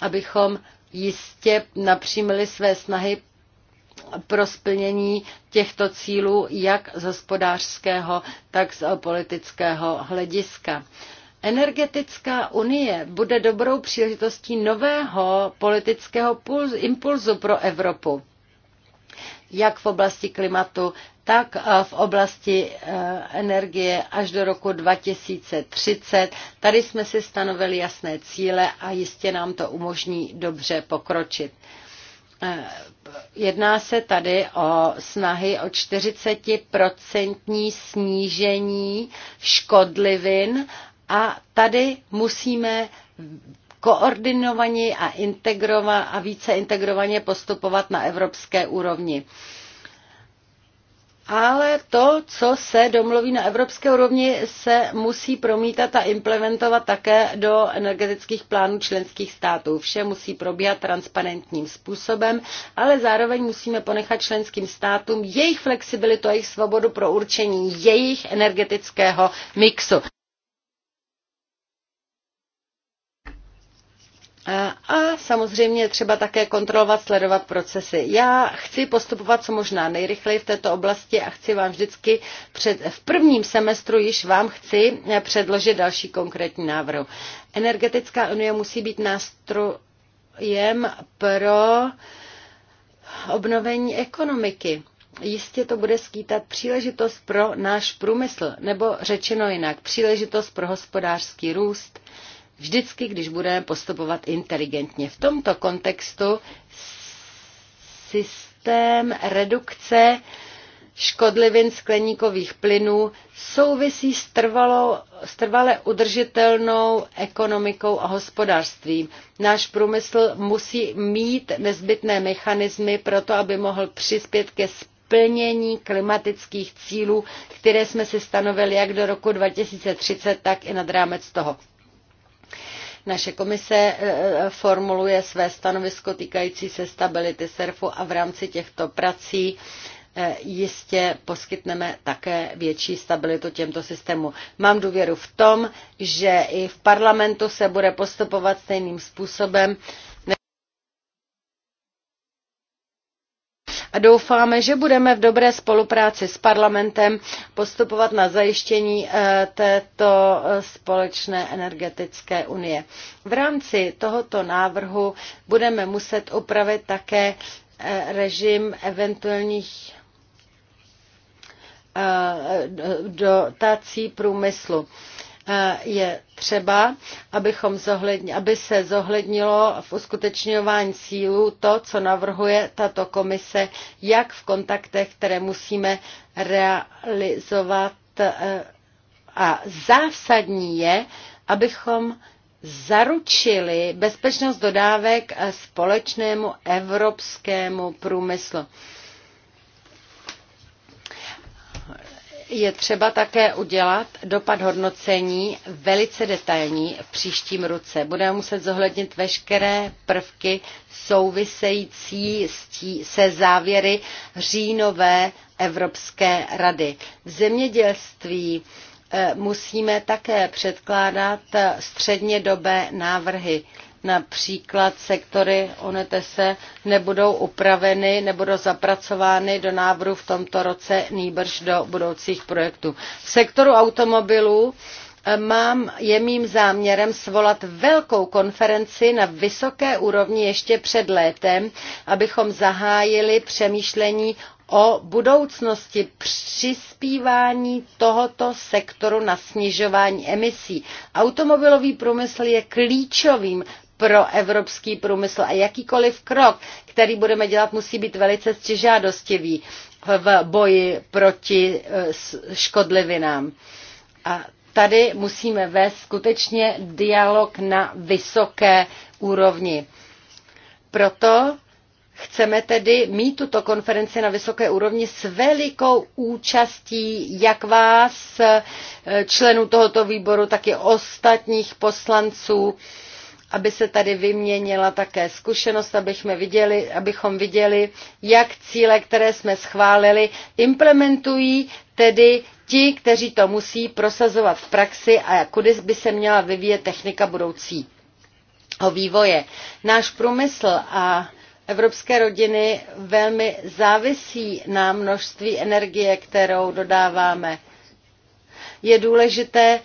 abychom jistě napřímili své snahy pro splnění těchto cílů jak z hospodářského, tak z politického hlediska. Energetická unie bude dobrou příležitostí nového politického impulzu pro Evropu, jak v oblasti klimatu, tak eh, v oblasti eh, energie až do roku 2030. Tady jsme si stanovili jasné cíle a jistě nám to umožní dobře pokročit. Eh, jedná se tady o snahy o 40% snížení škodlivin a tady musíme koordinovaně a, integrova, a více integrovaně postupovat na evropské úrovni. Ale to, co se domluví na evropské úrovni, se musí promítat a implementovat také do energetických plánů členských států. Vše musí probíhat transparentním způsobem, ale zároveň musíme ponechat členským státům jejich flexibilitu a jejich svobodu pro určení jejich energetického mixu. A samozřejmě třeba také kontrolovat, sledovat procesy. Já chci postupovat co možná nejrychleji v této oblasti a chci vám vždycky před, v prvním semestru již vám chci předložit další konkrétní návrh. Energetická unie musí být nástrojem pro obnovení ekonomiky. Jistě to bude skýtat příležitost pro náš průmysl, nebo řečeno jinak, příležitost pro hospodářský růst, vždycky, když budeme postupovat inteligentně. V tomto kontextu systém redukce škodlivin skleníkových plynů souvisí s, trvalo, s trvale udržitelnou ekonomikou a hospodářstvím. Náš průmysl musí mít nezbytné mechanismy pro to, aby mohl přispět ke plnění klimatických cílů, které jsme si stanovili jak do roku 2030, tak i nad rámec toho. Naše komise e, e, formuluje své stanovisko týkající se stability SERFU a v rámci těchto prací e, jistě poskytneme také větší stabilitu těmto systémům. Mám důvěru v tom, že i v parlamentu se bude postupovat stejným způsobem a doufáme, že budeme v dobré spolupráci s parlamentem postupovat na zajištění eh, této eh, společné energetické unie. V rámci tohoto návrhu budeme muset upravit také eh, režim eventuálních dotací průmyslu Eh, je třeba, abychom aby se zohlednilo v uskutečňování cílů to, co navrhuje tato komise, jak v kontaktech, které musíme realizovat. Eh, a zásadní je, abychom zaručili bezpečnost dodávek eh, společnému evropskému průmyslu. je třeba také udělat dopad hodnocení velice detailní v příštím roce. Budeme muset zohlednit veškeré prvky související se závěry říjnové Evropské rady. V zemědělství eh, musíme také předkládat eh, střednědobé návrhy například sektory ONETESE nebudou upraveny, nebudou zapracovány do návrhu v tomto roce, nýbrž do budoucích projektů. V sektoru automobilů eh, mám, je mým záměrem svolat velkou konferenci na vysoké úrovni ještě před létem, abychom zahájili přemýšlení o budoucnosti přispívání tohoto sektoru na snižování emisí. Automobilový průmysl je klíčovým pro evropský průmysl a jakýkoliv krok, který budeme dělat, musí být velice stěžádostivý v boji proti eh, škodlivinám. A tady musíme vést skutečně dialog na vysoké úrovni. Proto Chceme tedy mít tuto konferenci na vysoké úrovni s velikou účastí jak vás, eh, členů tohoto výboru, tak i ostatních poslanců aby se tady vyměnila také zkušenost, abychom viděli, abychom viděli, jak cíle, které jsme schválili, implementují tedy ti, kteří to musí prosazovat v praxi a kudy by se měla vyvíjet technika budoucího vývoje. Náš průmysl a evropské rodiny velmi závisí na množství energie, kterou dodáváme. Je důležité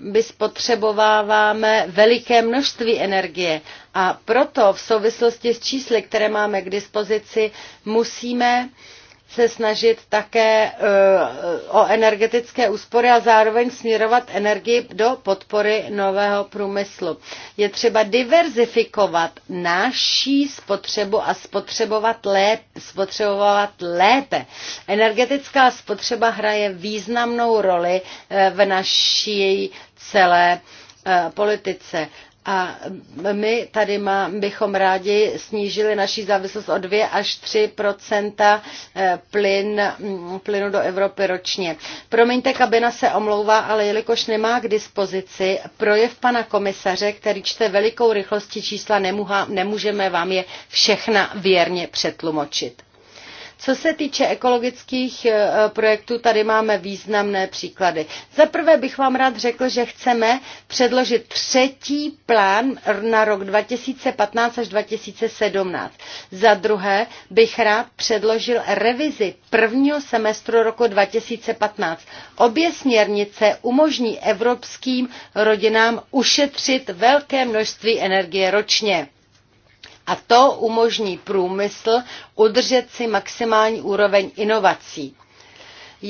my spotřebováváme veliké množství energie. A proto v souvislosti s čísly, které máme k dispozici, musíme se snažit také eh, o energetické úspory a zároveň směrovat energii do podpory nového průmyslu. Je třeba diverzifikovat naší spotřebu a spotřebovat lépe, spotřebovat lépe. Energetická spotřeba hraje významnou roli eh, v naší celé eh, politice. A my tady má, bychom rádi snížili naší závislost o 2 až 3 eh, plyn, mm, plynu do Evropy ročně. Promiňte, kabina se omlouvá, ale jelikož nemá k dispozici projev pana komisaře, který čte velikou rychlostí čísla, nemůha, nemůžeme vám je všechna věrně přetlumočit. Co se týče ekologických eh, projektů, tady máme významné příklady. Za prvé bych vám rád řekl, že chceme předložit třetí plán na rok 2015 až 2017. Za druhé bych rád předložil revizi prvního semestru roku 2015. Obě směrnice umožní evropským rodinám ušetřit velké množství energie ročně. A to umožní průmysl udržet si maximální úroveň inovací.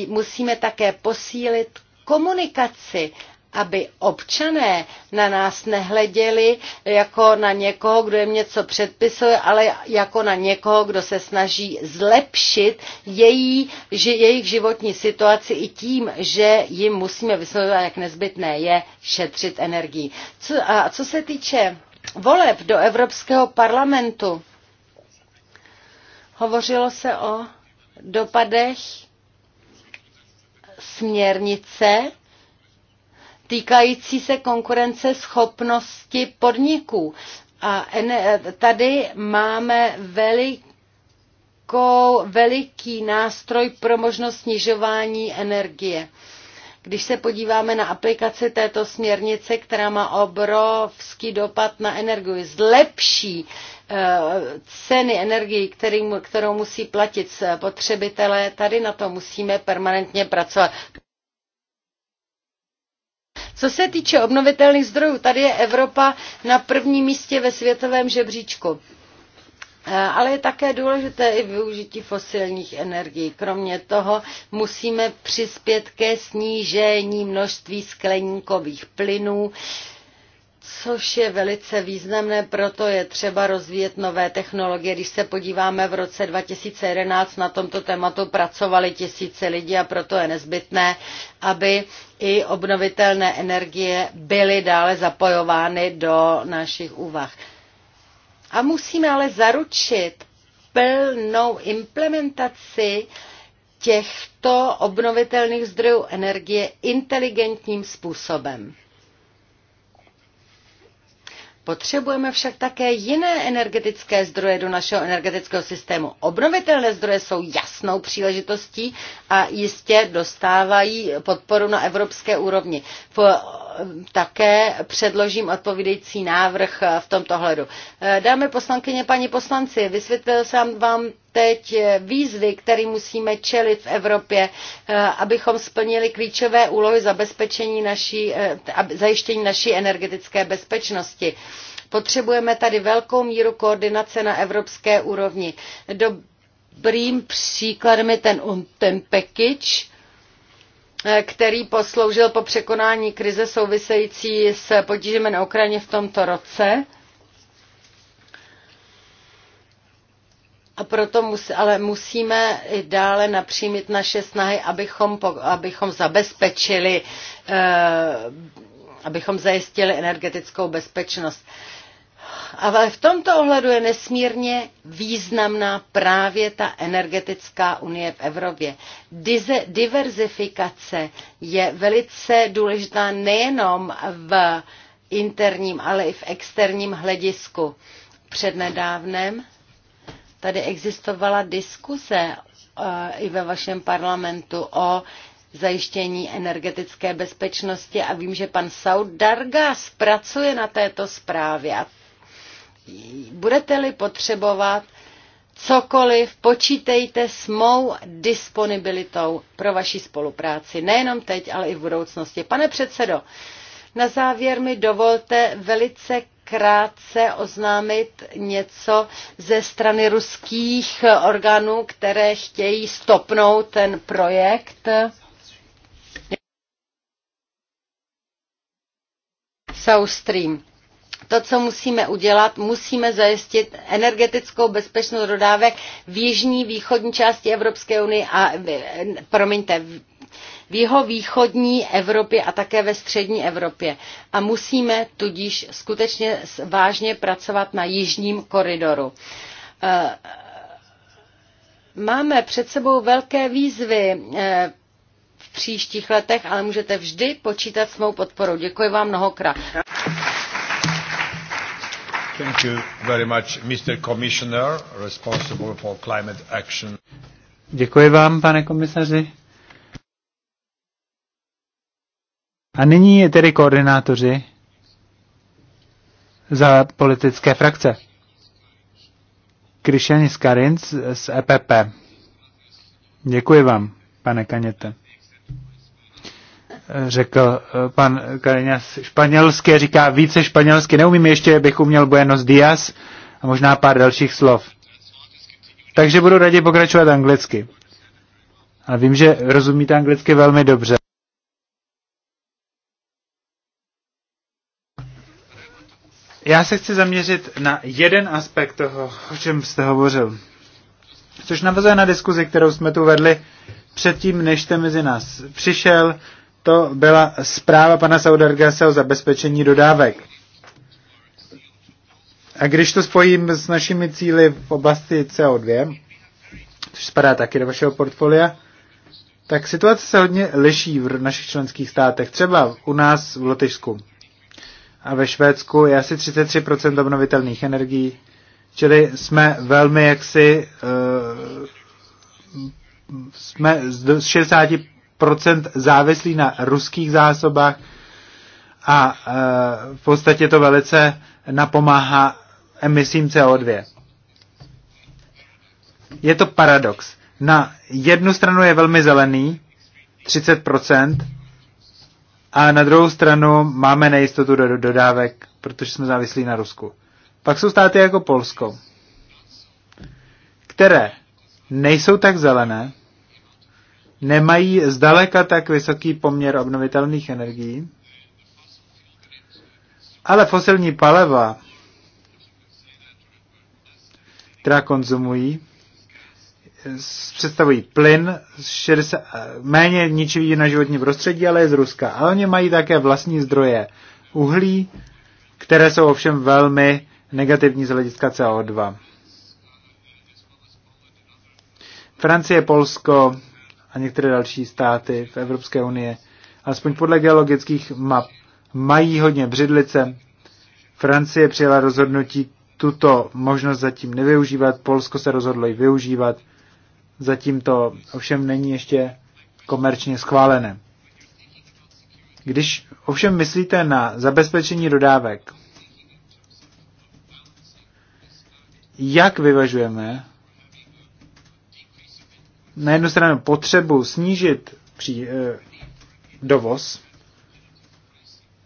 Musíme také posílit komunikaci, aby občané na nás nehleděli jako na někoho, kdo jim něco předpisuje, ale jako na někoho, kdo se snaží zlepšit její, že jejich životní situaci i tím, že jim musíme vysvětlovat, jak nezbytné je šetřit energii. Co, a co se týče voleb do Evropského parlamentu hovořilo se o dopadech směrnice týkající se konkurence schopnosti podniků. A tady máme velikou, veliký nástroj pro možnost snižování energie. Když se podíváme na aplikaci této směrnice, která má obrovský dopad na energii, zlepší eh, ceny energii, kterou musí platit spotřebitelé, tady na to musíme permanentně pracovat. Co se týče obnovitelných zdrojů, tady je Evropa na prvním místě ve světovém žebříčku. Eh, ale je také důležité i využití fosilních energií. Kromě toho musíme přispět ke snížení množství skleníkových plynů, což je velice významné, proto je třeba rozvíjet nové technologie. Když se podíváme v roce 2011, na tomto tématu pracovali tisíce lidí a proto je nezbytné, aby i obnovitelné energie byly dále zapojovány do našich úvah. A musíme ale zaručit plnou implementaci těchto obnovitelných zdrojů energie inteligentním způsobem. Potřebujeme však také jiné energetické zdroje do našeho energetického systému. Obnovitelné zdroje jsou jasnou příležitostí a jistě dostávají podporu na evropské úrovni. V také předložím odpovídající návrh v tomto hledu. Dámy poslankyně, paní poslanci, vysvětlil jsem vám teď výzvy, které musíme čelit v Evropě, abychom splnili klíčové úlohy zabezpečení naší, eh, zajištění naší energetické bezpečnosti. Potřebujeme tady velkou míru koordinace na evropské úrovni. Dobrým příkladem je ten, ten package, Eh, který posloužil po překonání krize související s potížemi na Ukrajině v tomto roce. A proto ale musíme i dále napřímit naše snahy, abychom, abychom zabezpečili, eh, abychom zajistili energetickou bezpečnost. Eh, ale v tomto ohledu je nesmírně významná právě ta energetická unie v Evropě. Dize, diverzifikace je velice důležitá nejenom v interním, ale i v externím hledisku. Přednedávnem tady existovala diskuse eh, i ve vašem parlamentu o zajištění energetické bezpečnosti a vím, že pan Saud Darga pracuje na této zprávě a budete-li potřebovat cokoliv, počítejte s mou disponibilitou pro vaši spolupráci. Nejenom teď, ale i v budoucnosti. Pane předsedo, na závěr mi dovolte velice krátce oznámit něco ze strany ruských orgánů, které chtějí stopnout ten projekt. South Stream. To, co musíme udělat, musíme zajistit energetickou bezpečnost dodávek v jižní, východní části Evropské unie a, eh, promiňte, v jeho východní Evropě a také ve střední Evropě. A musíme tudíž skutečně vážně pracovat na jižním koridoru. Eh, máme před sebou velké výzvy eh, v příštích letech, ale můžete vždy počítat s mou podporou. Děkuji vám mnohokrát. Thank you very much, Mr. Commissioner, responsible for climate action. Děkuji vám, pane komisaři. A nyní je tedy koordinátoři za politické frakce. Krišenis Karins z EPP. Děkuji vám, pane Kaněte řekl eh, pan Kareňas španělsky, říká více španělsky, neumím ještě, bych uměl Buenos Dias a možná pár dalších slov. Takže budu raději pokračovat anglicky. A vím, že rozumíte anglicky velmi dobře. Já se chci zaměřit na jeden aspekt toho, o čem jste hovořil. Což navazuje na diskuzi, kterou jsme tu vedli předtím, než jste mezi nás přišel to byla zpráva pana Saudargase o zabezpečení dodávek. A když to spojím s našimi cíly v oblasti CO2, což spadá taky do vašeho portfolia, tak situace se hodně liší v našich členských státech. Třeba u nás v Lotyšsku a ve Švédsku je asi 33% obnovitelných energií, čili jsme velmi jaksi uh, jsme z závislí na ruských zásobách a e, v podstatě to velice napomáhá emisím CO2. Je to paradox. Na jednu stranu je velmi zelený, 30%, a na druhou stranu máme nejistotu do dodávek, protože jsme závislí na Rusku. Pak jsou státy jako Polsko, které nejsou tak zelené, nemají zdaleka tak vysoký poměr obnovitelných energií, ale fosilní paliva, která konzumují, představují plyn, 60, méně ničivý na životní prostředí, ale je z Ruska. A oni mají také vlastní zdroje uhlí, které jsou ovšem velmi negativní z hlediska CO2. Francie, Polsko, a některé další státy v Evropské unii, alespoň podle geologických map, mají hodně břidlice. Francie přijela rozhodnutí tuto možnost zatím nevyužívat, Polsko se rozhodlo ji využívat, zatím to ovšem není ještě komerčně schválené. Když ovšem myslíte na zabezpečení dodávek, jak vyvažujeme na jednu stranu potřebu snížit pří, eh, dovoz,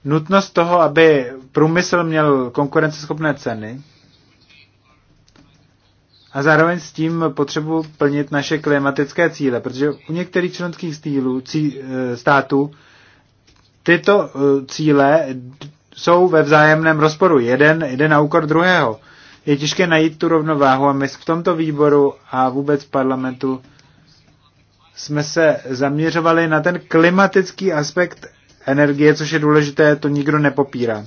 nutnost toho, aby průmysl měl konkurenceschopné ceny a zároveň s tím potřebu plnit naše klimatické cíle, protože u některých členských stílů, cí, eh, států tyto eh, cíle jsou ve vzájemném rozporu. Jeden jde na úkor druhého. Je těžké najít tu rovnováhu a my v tomto výboru a vůbec parlamentu jsme se zaměřovali na ten klimatický aspekt energie, což je důležité, to nikdo nepopírá.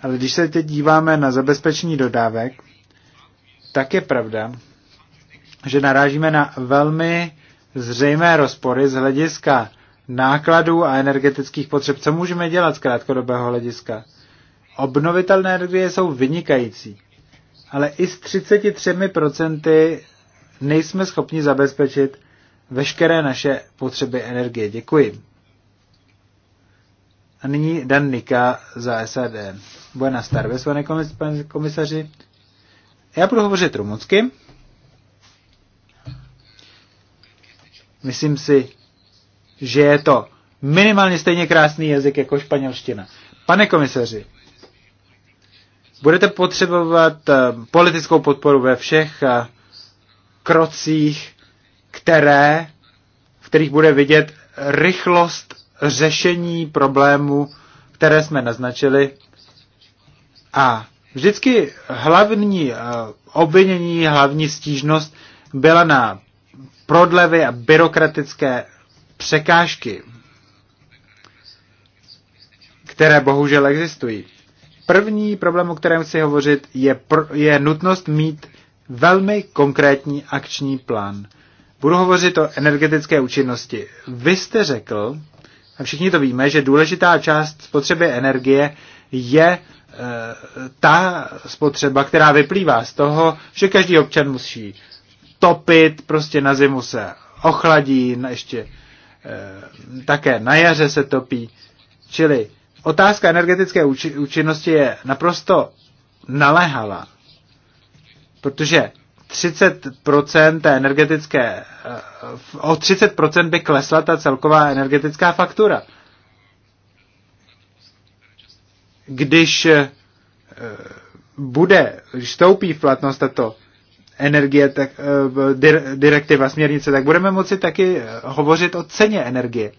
Ale když se teď díváme na zabezpečení dodávek, tak je pravda, že narážíme na velmi zřejmé rozpory z hlediska nákladů a energetických potřeb. Co můžeme dělat z krátkodobého hlediska? Obnovitelné energie jsou vynikající, ale i s 33% nejsme schopni zabezpečit veškeré naše potřeby energie. Děkuji. A nyní Dan Nika za SAD. na tardes, pane komisaři. Já budu hovořit rumunsky. Myslím si, že je to minimálně stejně krásný jazyk jako španělština. Pane komisaři, budete potřebovat eh, politickou podporu ve všech eh, krocích které, v kterých bude vidět rychlost řešení problému, které jsme naznačili. A vždycky hlavní eh, obvinění, hlavní stížnost byla na prodlevy a byrokratické překážky, které bohužel existují. První problém, o kterém chci hovořit, je, pr- je nutnost mít velmi konkrétní akční plán. Budu hovořit o energetické účinnosti. Vy jste řekl, a všichni to víme, že důležitá část spotřeby energie je e, ta spotřeba, která vyplývá z toho, že každý občan musí topit, prostě na zimu se ochladí, na ještě e, také na jaře se topí. Čili otázka energetické účinnosti je naprosto naléhala. protože 30% té energetické, eh, o 30% by klesla ta celková energetická faktura. Když eh, bude, když stoupí v platnost tato energie, tak, eh, direktiva, směrnice, tak budeme moci taky hovořit o ceně energie.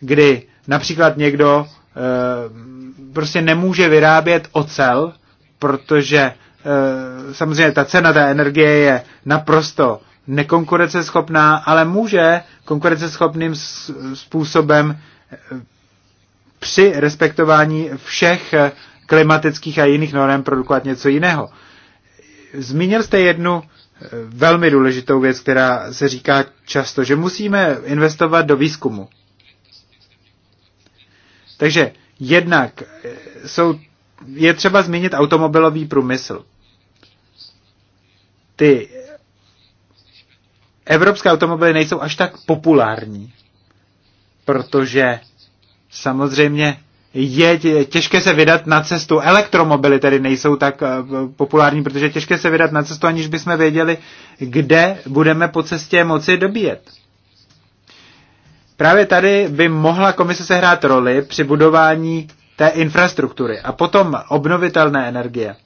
Kdy například někdo prostě nemůže vyrábět ocel, protože Eh, samozřejmě ta cena té energie je naprosto nekonkurenceschopná, ale může konkurenceschopným způsobem eh, při respektování všech eh, klimatických a jiných norm produkovat něco jiného. Zmínil jste jednu velmi důležitou věc, která se říká často, že musíme investovat do výzkumu. Takže jednak jsou, je třeba zmínit automobilový průmysl ty evropské automobily nejsou až tak populární, protože samozřejmě je těžké se vydat na cestu. Elektromobily tedy nejsou tak eh, populární, protože je těžké se vydat na cestu, aniž bychom věděli, kde budeme po cestě moci dobíjet. Právě tady by mohla komise sehrát roli při budování té infrastruktury a potom obnovitelné energie.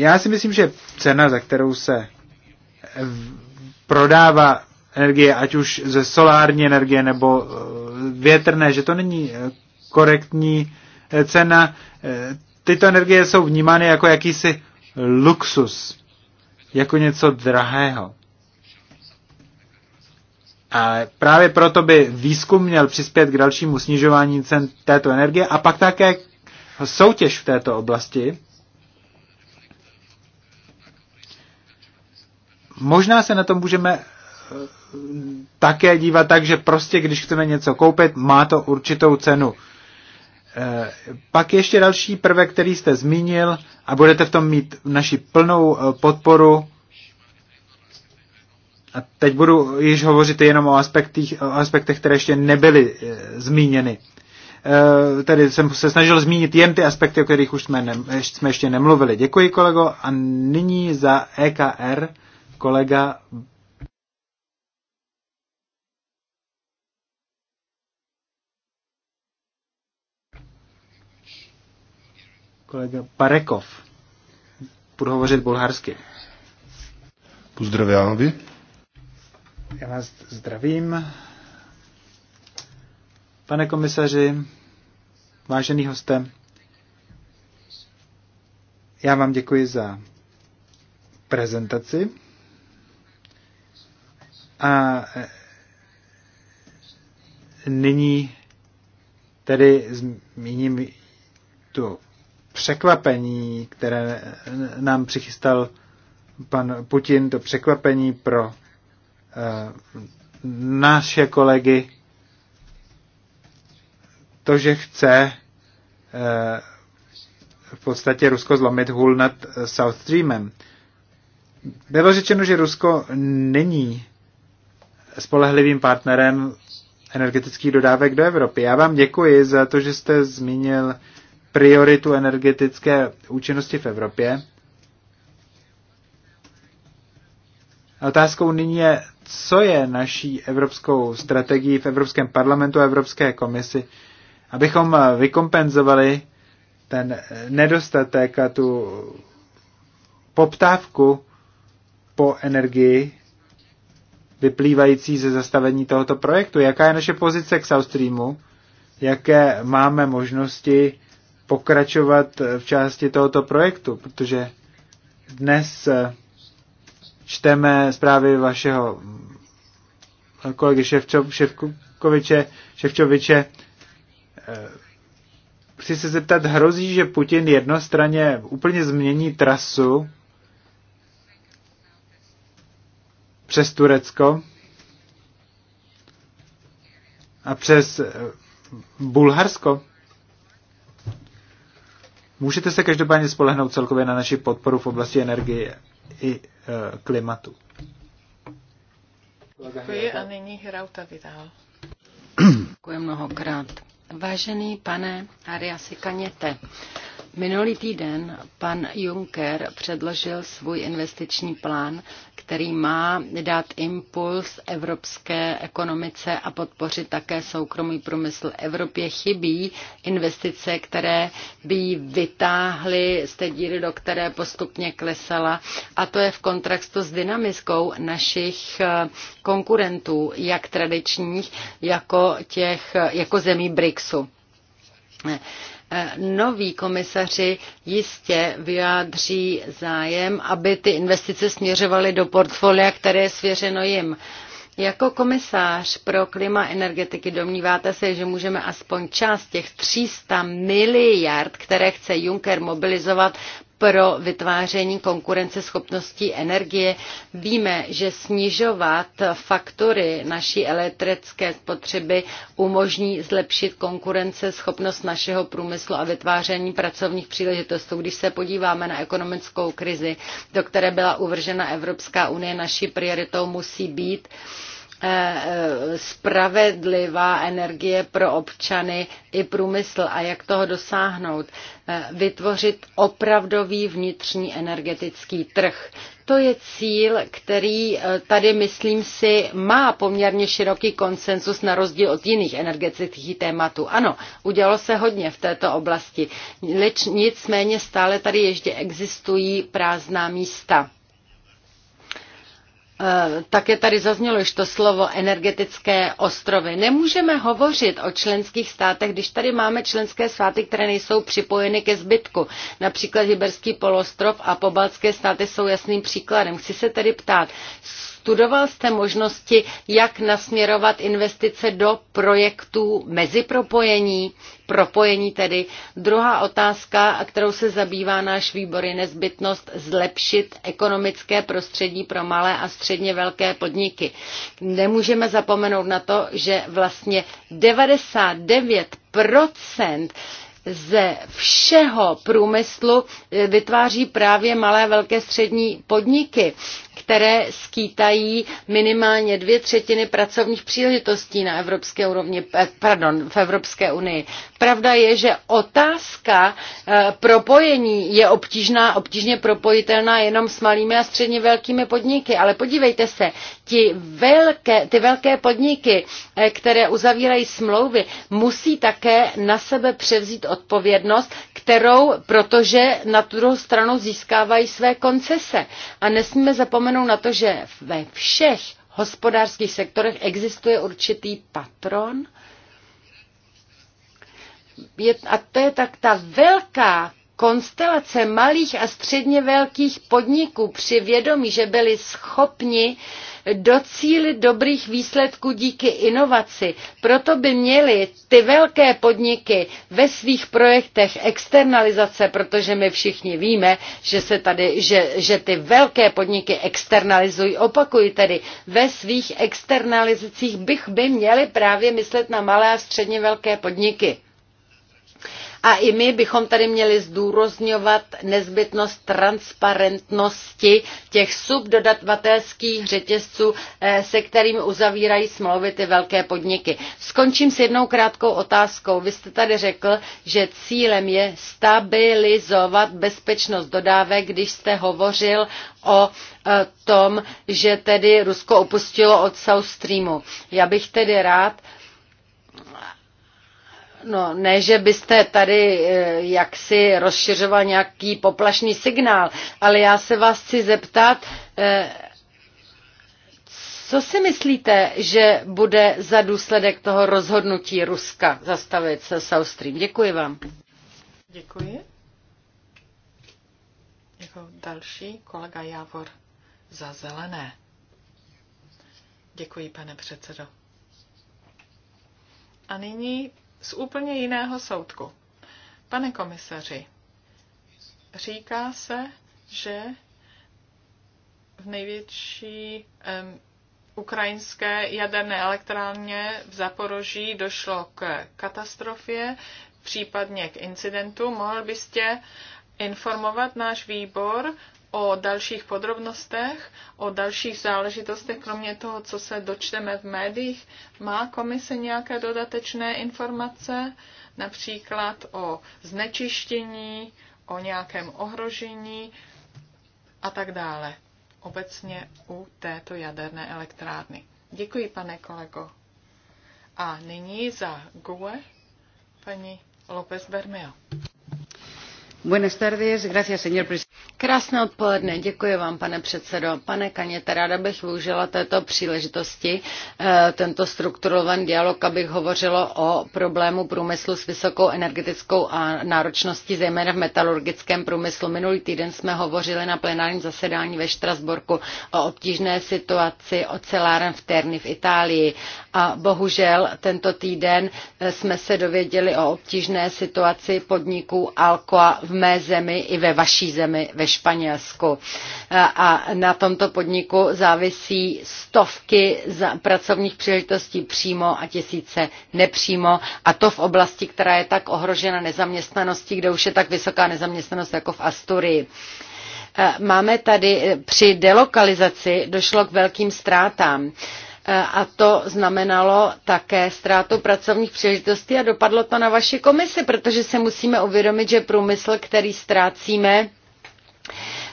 Já si myslím, že cena, za kterou se prodává energie, ať už ze solární energie nebo e, větrné, že to není e, korektní e, cena. Tyto energie jsou vnímány jako jakýsi luxus, jako něco drahého. A právě proto by výzkum měl přispět k dalšímu snižování cen této energie a pak také soutěž v této oblasti, Možná se na tom můžeme eh, také dívat tak, že prostě když chceme něco koupit, má to určitou cenu. Eh, pak ještě další prvek, který jste zmínil a budete v tom mít naši plnou eh, podporu. A teď budu již hovořit jenom o aspektech, o aspektech které ještě nebyly zmíněny. Tady jsem se snažil zmínit jen ty aspekty, o kterých už jsme, ne, jsme ještě nemluvili. Děkuji, kolego. A nyní za EKR kolega kolega Parekov. Budu hovořit bulharsky. Pozdravím vy. Já vás zdravím. Pane komisaři, vážený hoste, já vám děkuji za prezentaci. A e, nyní tedy zmíním tu překvapení, které nám přichystal pan Putin, to překvapení pro e, naše kolegy, to, že chce e, v podstatě Rusko zlomit hůl nad South Streamem. Bylo řečeno, že Rusko není spolehlivým partnerem energetických dodávek do Evropy. Já vám děkuji za to, že jste zmínil prioritu energetické účinnosti v Evropě. Otázkou nyní je, co je naší evropskou strategií v Evropském parlamentu a Evropské komisi, abychom vykompenzovali ten nedostatek a tu poptávku po energii, vyplývající ze zastavení tohoto projektu. Jaká je naše pozice k South Streamu? Jaké máme možnosti pokračovat v části tohoto projektu? Protože dnes eh, čteme zprávy vašeho kolegy Ševčo, Ševkoviče, Ševčoviče. Eh, chci se zeptat, hrozí, že Putin jednostranně úplně změní trasu přes Turecko a přes eh, Bulharsko. Můžete se každopádně spolehnout celkově na naši podporu v oblasti energie i e, klimatu. Děkuji a nyní Hrauta vidal? Děkuji mnohokrát. Vážený pane Ariasi Kaněte, Minulý týden pan Juncker předložil svůj investiční plán, který má dát impuls evropské ekonomice a podpořit také soukromý průmysl. Evropě chybí investice, které by ji vytáhly z té díry, do které postupně klesala. A to je v kontrastu s dynamickou našich eh, konkurentů, jak tradičních, jako, těch, jako zemí BRICSu noví komisaři jistě vyjádří zájem, aby ty investice směřovaly do portfolia, které je svěřeno jim. Jako komisář pro klima energetiky domníváte se, že můžeme aspoň část těch 300 miliard, které chce Juncker mobilizovat, pro vytváření konkurenceschopnosti energie. Víme, že snižovat faktory naší elektrické spotřeby umožní zlepšit konkurenceschopnost našeho průmyslu a vytváření pracovních příležitostí. Když se podíváme na ekonomickou krizi, do které byla uvržena Evropská unie, naší prioritou musí být Eh, eh, spravedlivá energie pro občany i průmysl a jak toho dosáhnout. Eh, vytvořit opravdový vnitřní energetický trh. To je cíl, který tady, myslím si, má poměrně široký konsensus na rozdíl od jiných energetických tématů. Ano, udělalo se hodně v této oblasti, nicméně stále tady ještě existují prázdná místa Eh, také tady zaznělo již to slovo energetické ostrovy. Nemůžeme hovořit o členských státech, když tady máme členské státy, které nejsou připojeny ke zbytku. Například Hyberský polostrov a pobaltské státy jsou jasným příkladem. Chci se tedy ptát, Studoval jste možnosti, jak nasměrovat investice do projektů mezi propojení, propojení tedy. Druhá otázka, kterou se zabývá náš výbor, je nezbytnost zlepšit ekonomické prostředí pro malé a středně velké podniky. Nemůžeme zapomenout na to, že vlastně 99 ze všeho průmyslu vytváří právě malé, velké, střední podniky které skýtají minimálně dvě třetiny pracovních příležitostí na evropské úrovni, eh, pardon, v Evropské unii. Pravda je, že otázka eh, propojení je obtížná, obtížně propojitelná jenom s malými a středně velkými podniky, ale podívejte se, ty velké, ty velké podniky, eh, které uzavírají smlouvy, musí také na sebe převzít odpovědnost, kterou, protože na druhou stranu získávají své koncese. A nesmíme zapomenout na to, že ve všech hospodářských sektorech existuje určitý patron. A to je tak ta velká konstelace malých a středně velkých podniků při vědomí, že byli schopni docílit dobrých výsledků díky inovaci. Proto by měly ty velké podniky ve svých projektech externalizace, protože my všichni víme, že, se tady, že, že ty velké podniky externalizují, opakují tedy, ve svých externalizacích bych by měly právě myslet na malé a středně velké podniky. A i my bychom tady měli zdůrozňovat nezbytnost transparentnosti těch subdodavatelských řetězců, eh, se kterými uzavírají smlouvy ty velké podniky. Skončím s jednou krátkou otázkou. Vy jste tady řekl, že cílem je stabilizovat bezpečnost dodávek, když jste hovořil o eh, tom, že tedy Rusko opustilo od South Streamu. Já bych tedy rád, No, ne, že byste tady eh, jaksi rozšiřoval nějaký poplašný signál, ale já se vás chci zeptat, eh, co si myslíte, že bude za důsledek toho rozhodnutí Ruska zastavit se South Stream? Děkuji vám. Děkuji. Jako další kolega Javor za zelené. Děkuji, pane předsedo. A nyní z úplně jiného soudku. Pane komisaři, říká se, že v největší um, ukrajinské jaderné elektrárně v Zaporoží došlo k katastrofě, případně k incidentu. Mohl byste informovat náš výbor o dalších podrobnostech, o dalších záležitostech, kromě toho, co se dočteme v médiích. Má komise nějaké dodatečné informace, například o znečištění, o nějakém ohrožení a tak dále, obecně u této jaderné elektrárny. Děkuji, pane kolego. A nyní za GUE paní López Bermeo. Buenas tardes, gracias, señor presidente. Krásné odpoledne, děkuji vám, pane předsedo. Pane Kaněte, ráda bych využila této příležitosti, eh, tento strukturovaný dialog, abych hovořilo o problému průmyslu s vysokou energetickou náročností, zejména v metalurgickém průmyslu. Minulý týden jsme hovořili na plenárním zasedání ve Štrasborku o obtížné situaci oceláren v Terni v Itálii a bohužel tento týden eh, jsme se dověděli o obtížné situaci podniků Alcoa v mé zemi i ve vaší zemi ve Španělsku. A na tomto podniku závisí stovky pracovních příležitostí přímo a tisíce nepřímo. A to v oblasti, která je tak ohrožena nezaměstnaností, kde už je tak vysoká nezaměstnanost jako v Asturii. Máme tady při delokalizaci došlo k velkým ztrátám a to znamenalo také ztrátu pracovních příležitostí a dopadlo to na vaši komisi, protože se musíme uvědomit, že průmysl, který ztrácíme,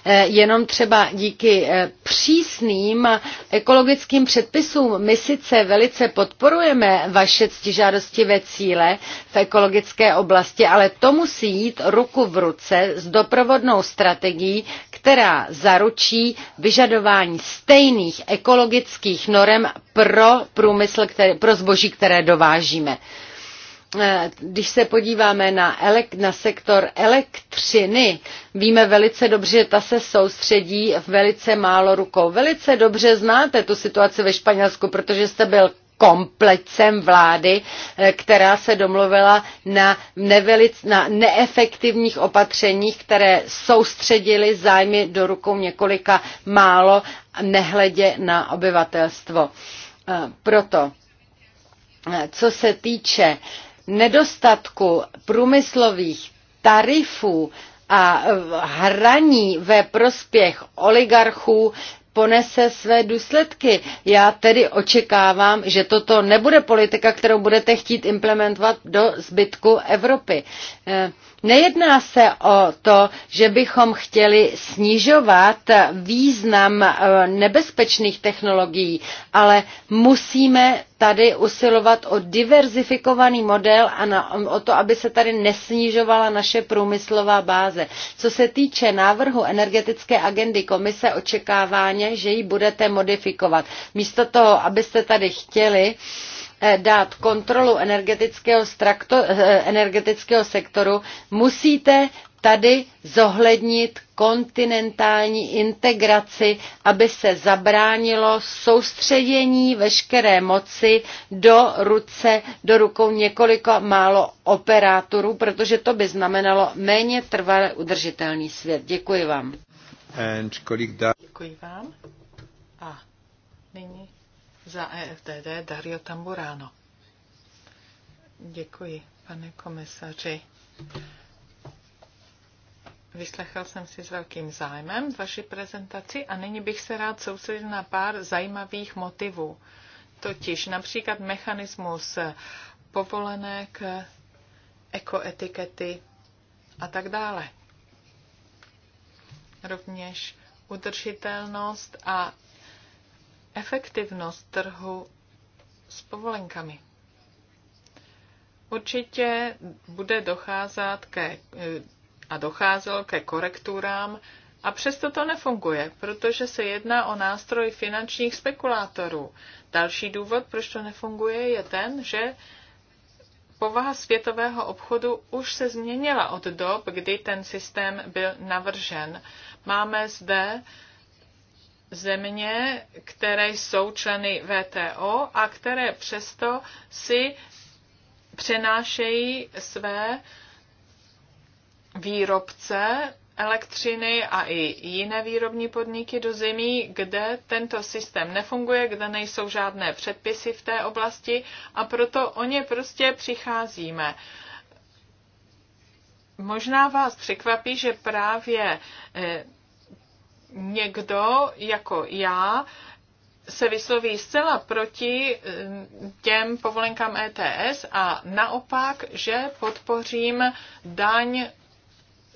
Eh, jenom třeba díky eh, přísným ekologickým předpisům. My sice velice podporujeme vaše ctižádostivé cíle v ekologické oblasti, ale to musí jít ruku v ruce s doprovodnou strategií, která zaručí vyžadování stejných ekologických norem pro průmysl, který, pro zboží, které dovážíme. Eh, když se podíváme na, elek, na sektor elektřiny, víme velice dobře, že ta se soustředí v velice málo rukou. Velice dobře znáte tu situaci ve Španělsku, protože jste byl komplecem vlády, eh, která se domluvila na, nevelic, na neefektivních opatřeních, které soustředily zájmy do rukou několika málo, nehledě na obyvatelstvo. Eh, proto, co se týče uh, nedostatku průmyslových tarifů a hraní ve prospěch oligarchů ponese své důsledky. Já tedy očekávám, že toto nebude politika, kterou budete chtít implementovat do zbytku Evropy. Eh, nejedná se o to, že bychom chtěli snižovat význam eh, nebezpečných technologií, ale musíme tady usilovat o diverzifikovaný model a na, o to, aby se tady nesnižovala naše průmyslová báze. Co se týče návrhu energetické agendy komise, očekávání, že ji budete modifikovat. Místo toho, abyste tady chtěli eh, dát kontrolu energetického, strakto, eh, energetického sektoru, musíte tady zohlednit kontinentální integraci, aby se zabránilo soustředění veškeré moci do ruce, do rukou několika málo operátorů, protože to by znamenalo méně trvale udržitelný svět. Děkuji vám. And Děkuji vám. A nyní za EFDD Dario Tamburano. Děkuji, pane komisaři. Vyslechal jsem si s velkým zájmem vaši prezentaci a nyní bych se rád soustředil na pár zajímavých motivů. Totiž například mechanismus povolenek, ekoetikety a tak dále. Rovněž udržitelnost a efektivnost trhu s povolenkami. Určitě bude docházet ke a docházelo ke korekturám a přesto to nefunguje, protože se jedná o nástroj finančních spekulátorů. Další důvod, proč to nefunguje, je ten, že povaha světového obchodu už se změnila od dob, kdy ten systém byl navržen. Máme zde země, které jsou členy VTO a které přesto si přenášejí své uh, výrobce elektřiny a i jiné výrobní podniky do zemí, kde tento systém nefunguje, kde nejsou žádné předpisy v té oblasti a proto o ně prostě přicházíme. Možná vás překvapí, že právě eh, někdo jako já se vysloví zcela proti eh, těm povolenkám ETS a naopak, že podpořím daň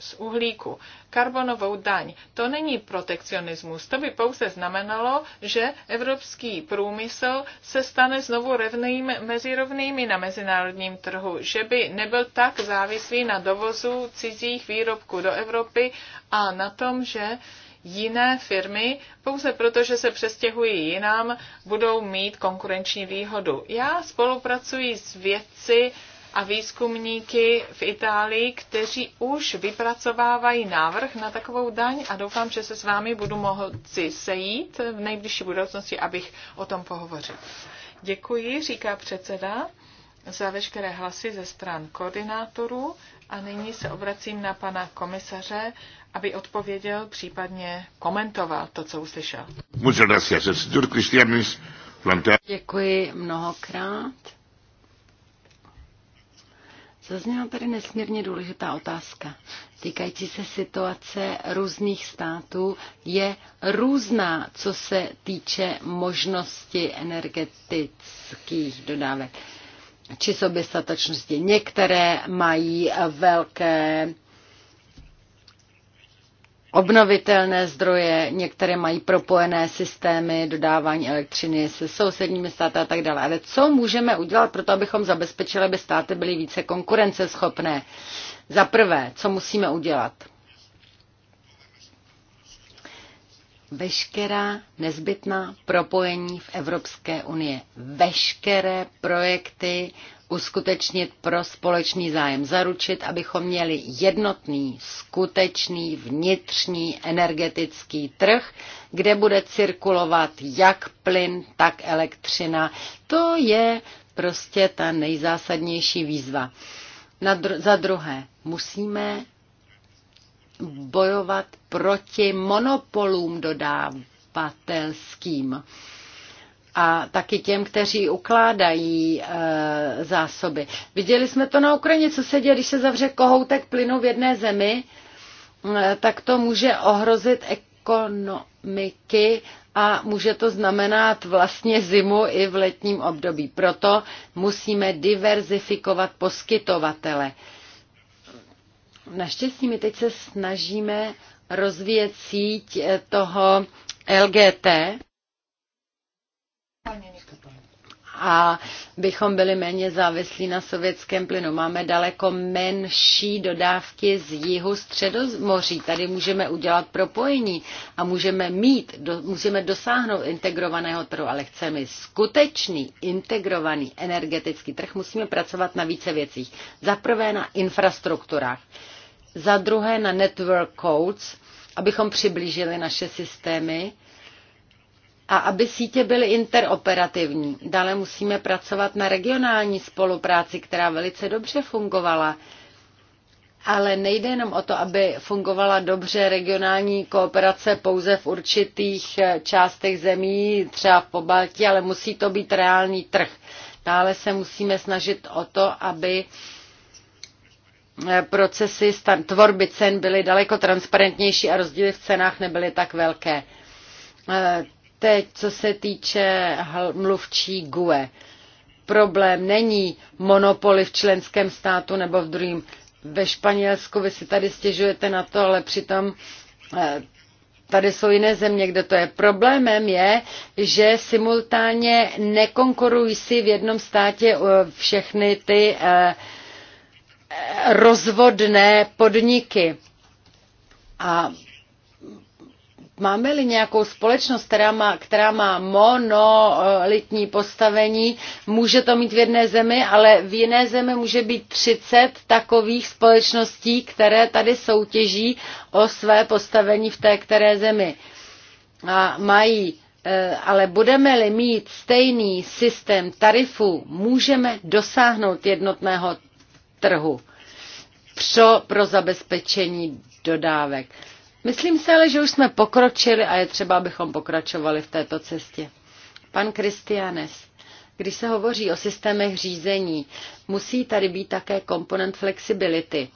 z uhlíku, karbonovou daň. To není protekcionismus, to by pouze znamenalo, že evropský průmysl se stane znovu rovným mezi rovnými na mezinárodním trhu, že by nebyl tak závislý na dovozu cizích výrobků do Evropy a na tom, že jiné firmy, pouze proto, že se přestěhují jinam, budou mít konkurenční výhodu. Já spolupracuji s vědci, a výzkumníky v Itálii, kteří už vypracovávají návrh na takovou daň a doufám, že se s vámi budu moci sejít v nejbližší budoucnosti, abych o tom pohovořil. Děkuji, říká předseda, za veškeré hlasy ze stran koordinátorů a nyní se obracím na pana komisaře, aby odpověděl, případně komentoval to, co uslyšel. Děkuji mnohokrát. Zazněla tady nesmírně důležitá otázka týkající se situace různých států je různá, co se týče možnosti energetických dodávek či soběstačnosti. Některé mají velké obnovitelné zdroje, některé mají propojené systémy dodávání elektřiny se sousedními státy a tak dále. Ale co můžeme udělat pro to, abychom zabezpečili, aby státy byly více konkurenceschopné? Za prvé, co musíme udělat? Veškerá nezbytná propojení v Evropské unie. Veškeré projekty uskutečnit pro společný zájem, zaručit, abychom měli jednotný, skutečný vnitřní energetický trh, kde bude cirkulovat jak plyn, tak elektřina. To je prostě ta nejzásadnější výzva. Na dru- za druhé, musíme bojovat proti monopolům dodávatelským a taky těm, kteří ukládají e, zásoby. Viděli jsme to na Ukrajině, co se děje, když se zavře kohoutek plynu v jedné zemi, e, tak to může ohrozit ekonomiky a může to znamenat vlastně zimu i v letním období. Proto musíme diverzifikovat poskytovatele. Naštěstí my teď se snažíme rozvíjet síť e, toho LGT, a bychom byli méně závislí na sovětském plynu. Máme daleko menší dodávky z jihu středomoří. Tady můžeme udělat propojení a můžeme mít, do, můžeme dosáhnout integrovaného trhu, ale chceme skutečný integrovaný energetický trh, musíme pracovat na více věcích. Za prvé na infrastrukturách, za druhé na network codes, abychom přiblížili naše systémy a aby sítě byly interoperativní. Dále musíme pracovat na regionální spolupráci, která velice dobře fungovala. Ale nejde jenom o to, aby fungovala dobře regionální kooperace pouze v určitých eh, částech zemí, třeba v Pobaltí, ale musí to být reálný trh. Dále se musíme snažit o to, aby eh, procesy tvorby cen byly daleko transparentnější a rozdíly v cenách nebyly tak velké. Eh, Teď, co se týče mluvčí GUE. Problém není monopoly v členském státu nebo v druhém. Ve Španělsku vy si tady stěžujete na to, ale přitom eh, tady jsou jiné země, kde to je. Problémem je, že simultánně nekonkurují si v jednom státě eh, všechny ty eh, rozvodné podniky. A Máme-li nějakou společnost, která má, která má monolitní postavení, může to mít v jedné zemi, ale v jiné zemi může být 30 takových společností, které tady soutěží o své postavení v té které zemi. A mají e, ale budeme-li mít stejný systém tarifů, můžeme dosáhnout jednotného trhu pro, pro zabezpečení dodávek. Myslím si ale, že už jsme pokročili a je třeba, abychom pokračovali v této cestě. Pan Kristianes, když se hovoří o systémech řízení, musí tady být také komponent flexibility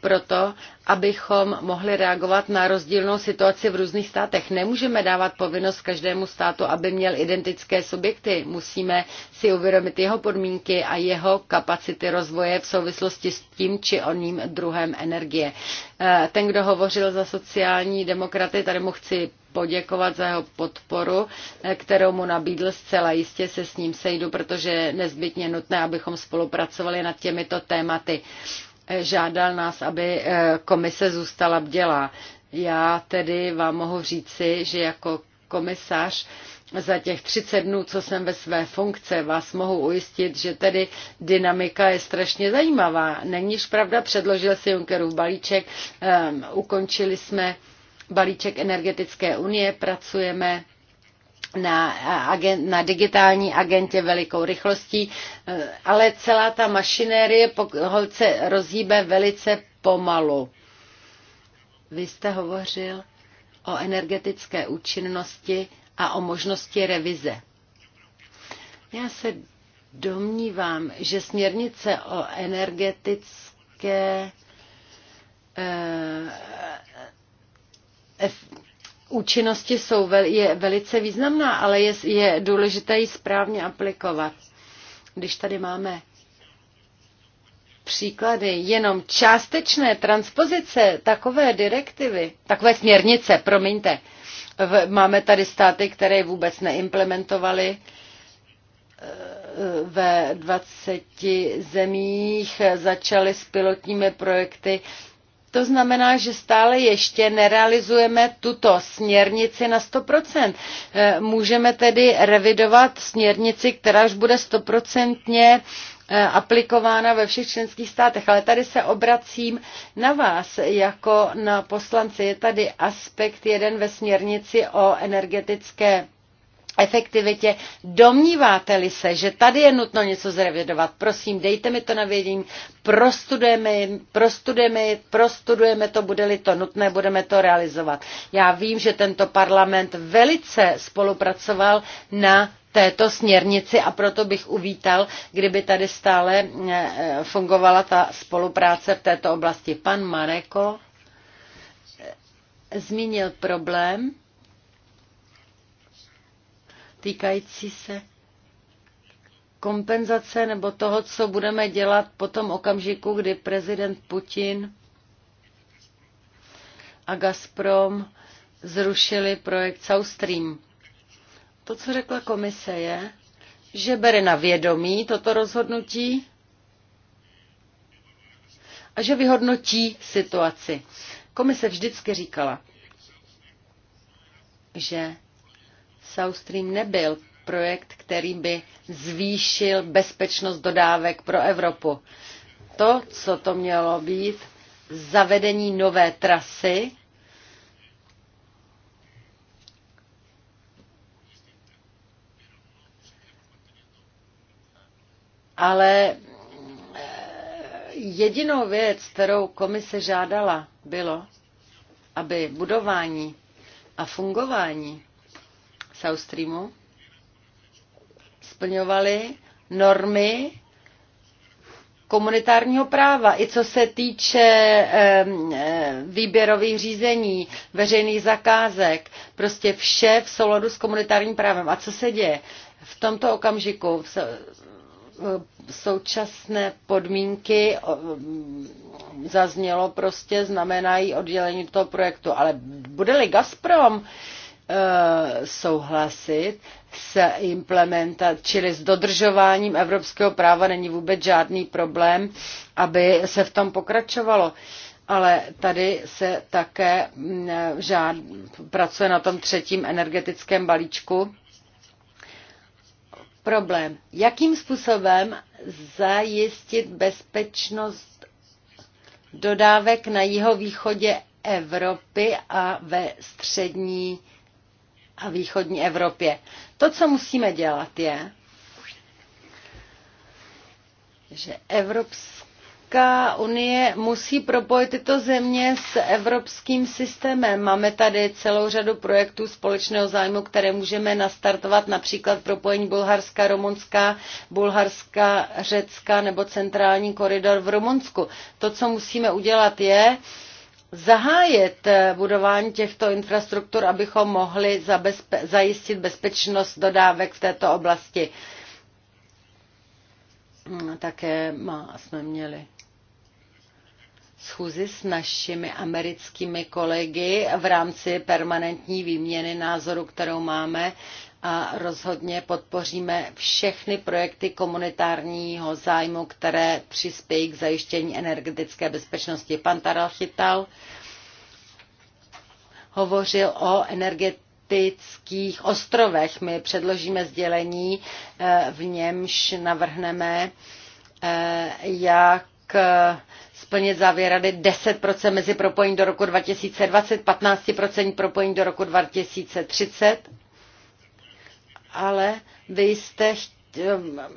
proto, abychom mohli reagovat na rozdílnou situaci v různých státech. Nemůžeme dávat povinnost každému státu, aby měl identické subjekty. Musíme si uvědomit jeho podmínky a jeho kapacity rozvoje v souvislosti s tím či oním druhem energie. Eh, ten, kdo hovořil za sociální demokraty, tady mu chci poděkovat za jeho podporu, eh, kterou mu nabídl zcela jistě se s ním sejdu, protože je nezbytně nutné, abychom spolupracovali nad těmito tématy žádal nás, aby eh, komise zůstala bdělá. Já tedy vám mohu říci, že jako komisař za těch 30 dnů, co jsem ve své funkce, vás mohu ujistit, že tedy dynamika je strašně zajímavá. Neníž pravda, předložil si Junckerův balíček, um, ukončili jsme balíček energetické unie, pracujeme na, na digitální agentě velikou rychlostí, e, ale celá ta mašinérie se rozhýbe velice pomalu. Vy jste hovořil o energetické účinnosti a o možnosti revize. Já se domnívám, že směrnice o energetické eh, účinnosti jsou, je velice významná, ale je, je důležité ji správně aplikovat. Když tady máme příklady jenom částečné transpozice takové direktivy, takové směrnice, promiňte, v, máme tady státy, které vůbec neimplementovaly eh, ve 20 zemích eh, začaly s pilotními projekty to znamená, že stále ještě nerealizujeme tuto směrnici na 100%. Eh, můžeme tedy revidovat směrnici, která už bude 100% eh, aplikována ve všech členských státech. Ale tady se obracím na vás jako na poslance. Je tady aspekt jeden ve směrnici o energetické efektivitě. Domníváte-li se, že tady je nutno něco zrevidovat, prosím, dejte mi to na vědění, prostudujeme, prostudujeme, prostudujeme to, bude-li to nutné, budeme to realizovat. Já vím, že tento parlament velice spolupracoval na této směrnici a proto bych uvítal, kdyby tady stále eh, fungovala ta spolupráce v této oblasti. Pan Mareko eh, zmínil problém, týkající se kompenzace nebo toho, co budeme dělat po tom okamžiku, kdy prezident Putin a Gazprom zrušili projekt South Stream. To, co řekla komise, je, že bere na vědomí toto rozhodnutí a že vyhodnotí situaci. Komise vždycky říkala, že South Stream nebyl projekt, který by zvýšil bezpečnost dodávek pro Evropu. To, co to mělo být, zavedení nové trasy, ale eh, jedinou věc, kterou komise žádala, bylo, aby budování a fungování South Streamu splňovaly normy komunitárního práva, i co se týče výběrových řízení, veřejných zakázek, prostě vše v souladu s komunitárním právem. A co se děje? V tomto okamžiku současné podmínky zaznělo prostě znamenají oddělení toho projektu. Ale bude-li Gazprom Eh, souhlasit s implementací, čili s dodržováním evropského práva není vůbec žádný problém, aby se v tom pokračovalo. Ale tady se také mm, eh, žád, pracuje na tom třetím energetickém balíčku. Problém. Jakým způsobem zajistit bezpečnost dodávek na jihovýchodě Evropy a ve střední a východní Evropě. To, co musíme dělat, je, že Evropská unie musí propojit tyto země s evropským systémem. Máme tady celou řadu projektů společného zájmu, které můžeme nastartovat, například propojení Bulharska, Rumunska, Bulharska, Řecka nebo centrální koridor v Rumunsku. To, co musíme udělat, je, zahájit eh, budování těchto infrastruktur, abychom mohli zabezpe- zajistit bezpečnost dodávek v této oblasti. Mm, také má, jsme měli schůzi s našimi americkými kolegy v rámci permanentní výměny názoru, kterou máme a rozhodně podpoříme všechny projekty komunitárního zájmu, které přispějí k zajištění energetické bezpečnosti. Pan Taral Chytal hovořil o energetických ostrovech. My předložíme sdělení, eh, v němž navrhneme, eh, jak eh, splnit závěrady 10% mezi propojení do roku 2020, 15% propojení do roku 2030 ale vy jste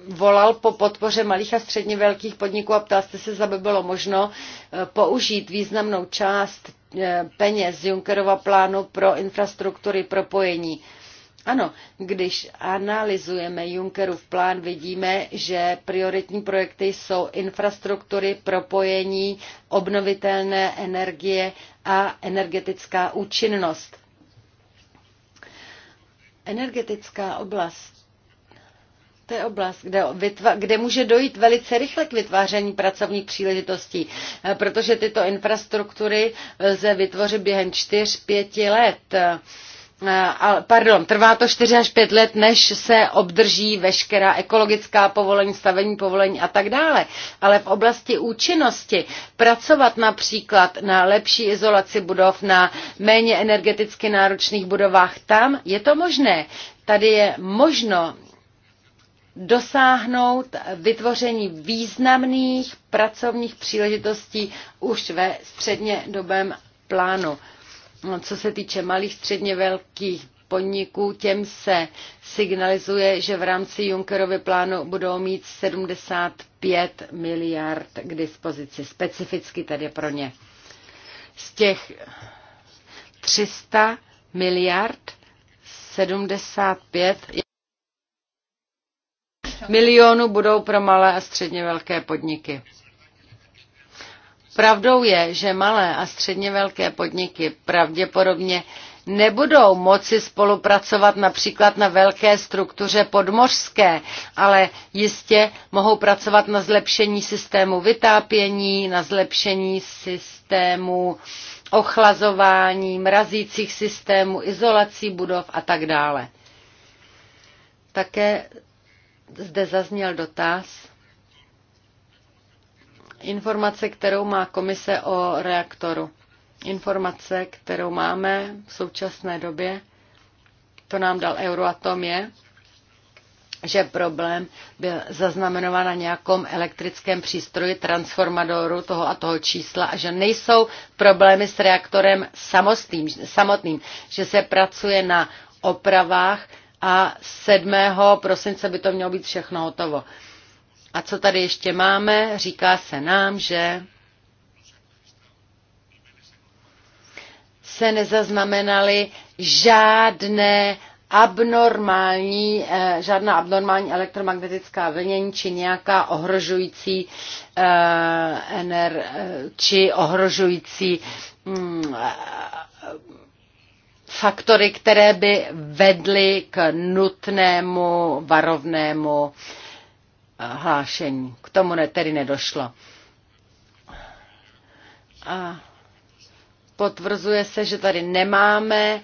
volal po podpoře malých a středně velkých podniků a ptal jste se, zda by bylo možno eh, použít významnou část eh, peněz Junckerova plánu pro infrastruktury propojení. Ano, když analyzujeme Junckerův plán, vidíme, že prioritní projekty jsou infrastruktury, propojení, obnovitelné energie a energetická účinnost. Energetická oblast. To je oblast, kde, kde může dojít velice rychle k vytváření pracovních příležitostí, eh, protože tyto infrastruktury eh, lze vytvořit během 4-5 let Eh, pardon, trvá to 4 až 5 let, než se obdrží veškerá ekologická povolení, stavení povolení a tak dále. Ale v oblasti účinnosti pracovat například na lepší izolaci budov, na méně energeticky náročných budovách, tam je to možné. Tady je možno dosáhnout vytvoření významných pracovních příležitostí už ve střednědobém plánu co se týče malých, středně velkých podniků, těm se signalizuje, že v rámci Junckerovy plánu budou mít 75 miliard k dispozici, specificky tady pro ně. Z těch 300 miliard 75 milionů budou pro malé a středně velké podniky. Pravdou je, že malé a středně velké podniky pravděpodobně nebudou moci spolupracovat například na velké struktuře podmořské, ale jistě mohou pracovat na zlepšení systému vytápění, na zlepšení systému ochlazování, mrazících systémů, izolací budov a tak dále. Také zde zazněl dotaz Informace, kterou má komise o reaktoru. Informace, kterou máme v současné době, to nám dal Euroatom, je, že problém byl zaznamenován na nějakom elektrickém přístroji transformadoru toho a toho čísla a že nejsou problémy s reaktorem samostým, samotným, že se pracuje na opravách a 7. prosince by to mělo být všechno hotovo. A co tady ještě máme? Říká se nám, že se nezaznamenaly žádné abnormální, eh, žádná abnormální elektromagnetická vlnění či nějaká ohrožující eh, ener, eh, či ohrožující mm, faktory, které by vedly k nutnému varovnému hlášení. K tomu ne, tedy nedošlo. A potvrzuje se, že tady nemáme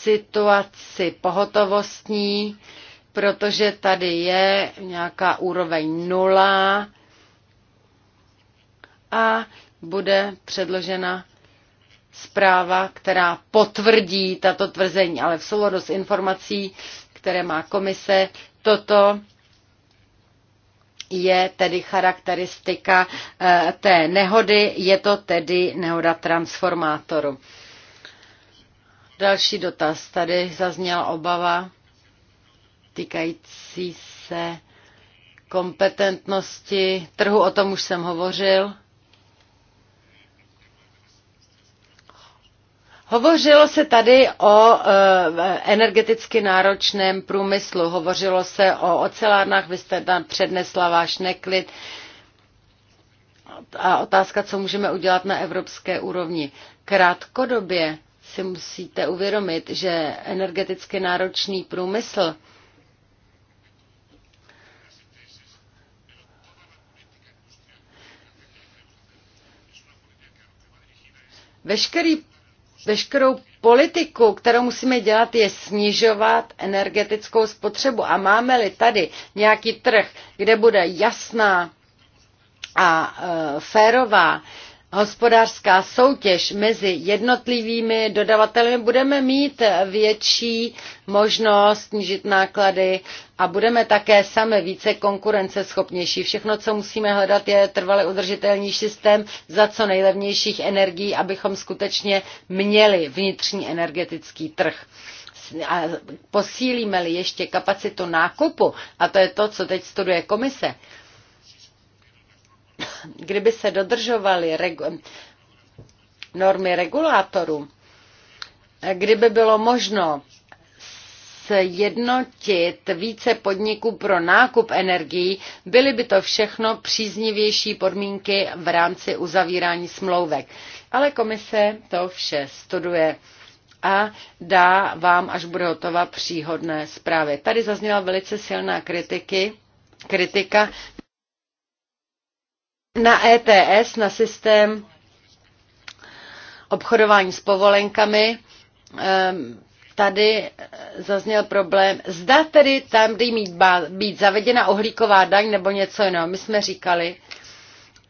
situaci pohotovostní, protože tady je nějaká úroveň nula a bude předložena zpráva, která potvrdí tato tvrzení, ale v souladu s informací, které má komise, toto je tedy charakteristika eh, té nehody, je to tedy nehoda transformátoru. Další dotaz. Tady zazněla obava týkající se kompetentnosti trhu, o tom už jsem hovořil. Hovořilo se tady o e, energeticky náročném průmyslu, hovořilo se o ocelárnách, vy jste tam přednesla váš neklid a otázka, co můžeme udělat na evropské úrovni. Krátkodobě si musíte uvědomit, že energeticky náročný průmysl Veškerý veškerou politiku, kterou musíme dělat, je snižovat energetickou spotřebu. A máme-li tady nějaký trh, kde bude jasná a e, férová hospodářská soutěž mezi jednotlivými dodavateli, budeme mít větší možnost snížit náklady a budeme také sami více konkurenceschopnější. Všechno, co musíme hledat, je trvale udržitelný systém za co nejlevnějších energií, abychom skutečně měli vnitřní energetický trh a posílíme-li ještě kapacitu nákupu, a to je to, co teď studuje komise, kdyby se dodržovaly regu- normy regulátorů, kdyby bylo možno sjednotit více podniků pro nákup energií, byly by to všechno příznivější podmínky v rámci uzavírání smlouvek. Ale komise to vše studuje a dá vám, až bude hotova, příhodné zprávy. Tady zazněla velice silná kritiky, kritika na ETS, na systém obchodování s povolenkami, ehm, tady zazněl problém, zda tedy tam, by mít být zavedena uhlíková daň nebo něco jiného. My jsme říkali,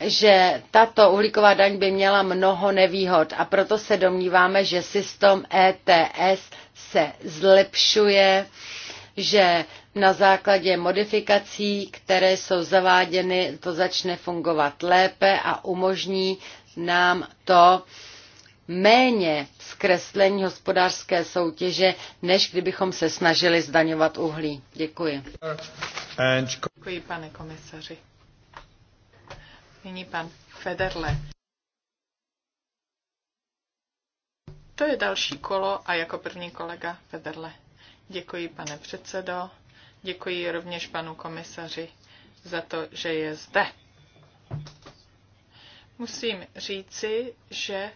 že tato uhlíková daň by měla mnoho nevýhod a proto se domníváme, že systém ETS se zlepšuje, že na základě modifikací, které jsou zaváděny, to začne fungovat lépe a umožní nám to méně zkreslení hospodářské soutěže, než kdybychom se snažili zdaňovat uhlí. Děkuji. Děkuji, pane komisaři. Nyní pan Federle. To je další kolo a jako první kolega Federle. Děkuji, pane předsedo. Děkuji rovněž panu komisaři za to, že je zde. Musím říci, že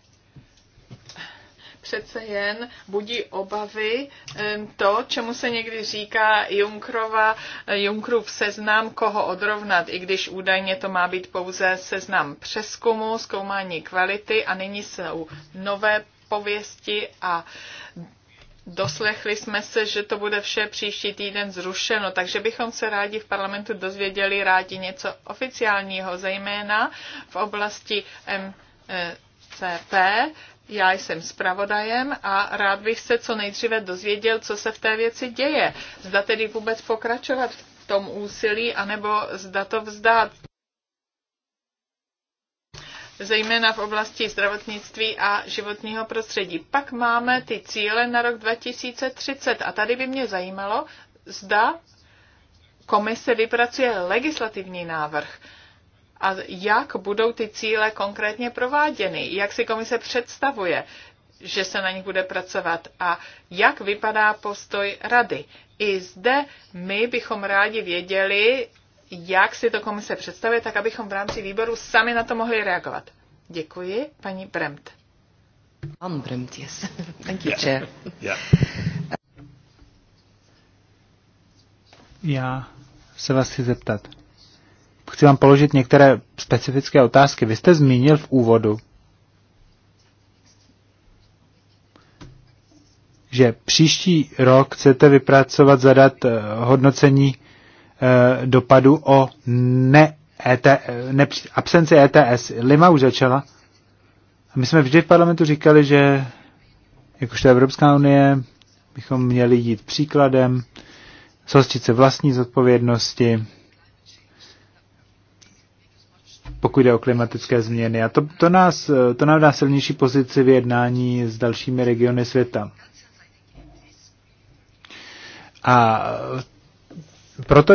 přece jen budí obavy to, čemu se někdy říká Junkrova, Junkrův seznam, koho odrovnat, i když údajně to má být pouze seznam přeskumu, zkoumání kvality a nyní jsou nové pověsti a Doslechli jsme se, že to bude vše příští týden zrušeno, takže bychom se rádi v parlamentu dozvěděli rádi něco oficiálního, zejména v oblasti MCP. Já jsem zpravodajem a rád bych se co nejdříve dozvěděl, co se v té věci děje. Zda tedy vůbec pokračovat v tom úsilí, anebo zda to vzdát zejména v oblasti zdravotnictví a životního prostředí. Pak máme ty cíle na rok 2030 a tady by mě zajímalo, zda komise vypracuje legislativní návrh a jak budou ty cíle konkrétně prováděny, jak si komise představuje, že se na nich bude pracovat a jak vypadá postoj rady. I zde my bychom rádi věděli, jak si to komise představuje, tak abychom v rámci výboru sami na to mohli reagovat. Děkuji, paní Bremt. Pan Bremt, yes. [LAUGHS] Thank you, chair. Já se vás chci zeptat. Chci vám položit některé specifické otázky. Vy jste zmínil v úvodu, že příští rok chcete vypracovat, zadat eh, hodnocení Eh, dopadu o ne, ET, ne, absenci ETS. Lima už začala. A my jsme vždy v parlamentu říkali, že jakožto Evropská unie bychom měli jít příkladem, zhostit se vlastní zodpovědnosti, pokud jde o klimatické změny. A to, to, nás, to nám dá silnější pozici v jednání s dalšími regiony světa. A proto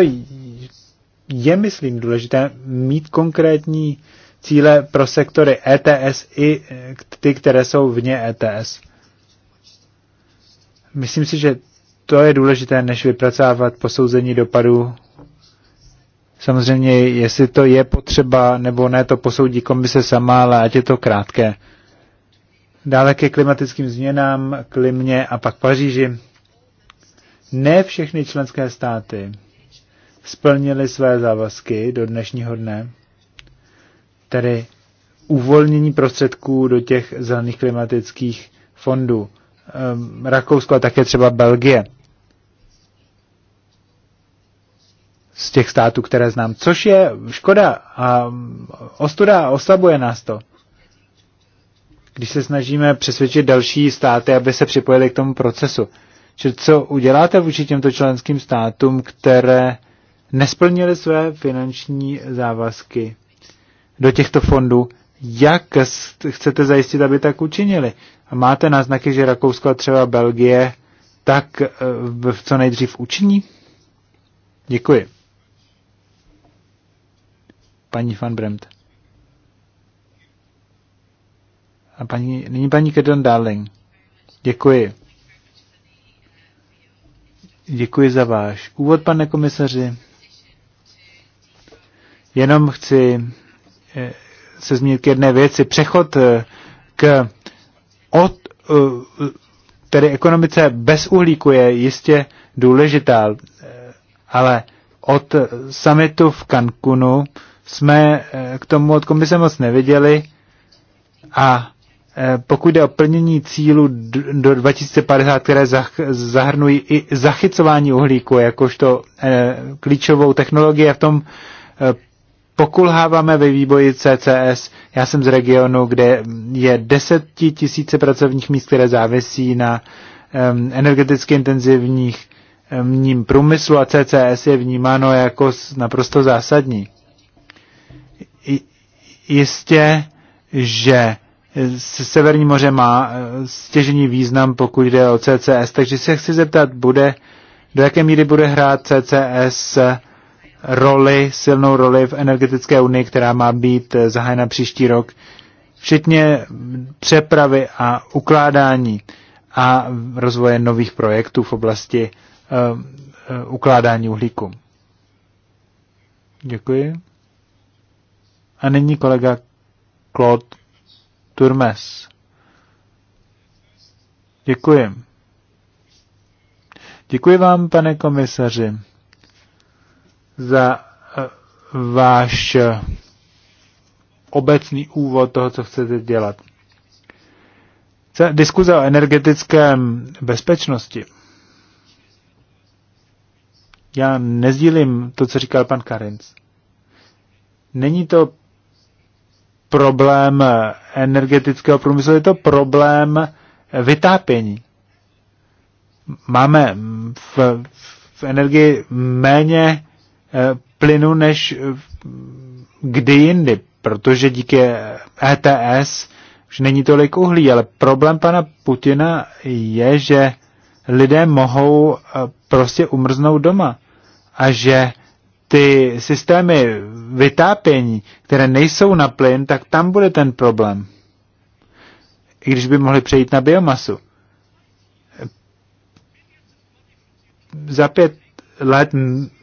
je, myslím, důležité mít konkrétní cíle pro sektory ETS i eh, ty, které jsou vně ETS. Myslím si, že to je důležité, než vypracávat posouzení dopadů. Samozřejmě, jestli to je potřeba nebo ne, to posoudí komise sama, ale ať je to krátké. Dále ke klimatickým změnám, klimě a pak Paříži. Ne všechny členské státy splnili své závazky do dnešního dne, tedy uvolnění prostředků do těch zelených klimatických fondů. Ehm, Rakousko a také třeba Belgie. Z těch států, které znám, což je škoda a ostuda a oslabuje nás to. Když se snažíme přesvědčit další státy, aby se připojili k tomu procesu. Čili co uděláte vůči těmto členským státům, které nesplnili své finanční závazky do těchto fondů, jak chcete zajistit, aby tak učinili? A máte náznaky, že Rakousko a třeba Belgie tak eh, co nejdřív učiní? Děkuji. Paní van Bremt. A paní, nyní paní Kedon Darling. Děkuji. Děkuji za váš úvod, pane komisaři. Jenom chci eh, se zmínit k jedné věci. Přechod eh, k od, eh, tedy ekonomice bez uhlíku je jistě důležitá, ale od samitu v Cancunu jsme k tomu od komise moc neviděli a pokud jde o plnění cílu do 2050, které zahrnují i zachycování uhlíku jakožto klíčovou technologii a v tom pokulháváme ve výboji CCS. Já jsem z regionu, kde je desetitisíce pracovních míst, které závisí na um, energeticky intenzivních um, průmyslu a CCS je vnímáno jako naprosto zásadní. jistě, že Severní moře má eh, stěžení význam, pokud jde o CCS, takže se chci zeptat, bude, do jaké míry bude hrát CCS roli, silnou roli v energetické unii, která má být eh, zahájena příští rok, včetně přepravy a ukládání a rozvoje nových projektů v oblasti uh, uh, ukládání uhlíku. Děkuji. A nyní kolega Claude Turmes. Děkuji. Děkuji vám, pane komisaři za eh, váš eh, obecný úvod toho, co chcete dělat. Diskuze o energetické bezpečnosti. Já nezdílím to, co říkal pan Karinc. Není to problém eh, energetického průmyslu, je to problém vytápění. Máme mm, v, v energii méně Eh, plynu než eh, kdy jindy, protože díky ETS už není tolik uhlí, ale problém pana Putina je, že lidé mohou eh, prostě umrznout doma a že ty systémy vytápění, které nejsou na plyn, tak tam bude ten problém. I když by mohli přejít na biomasu. Za pět let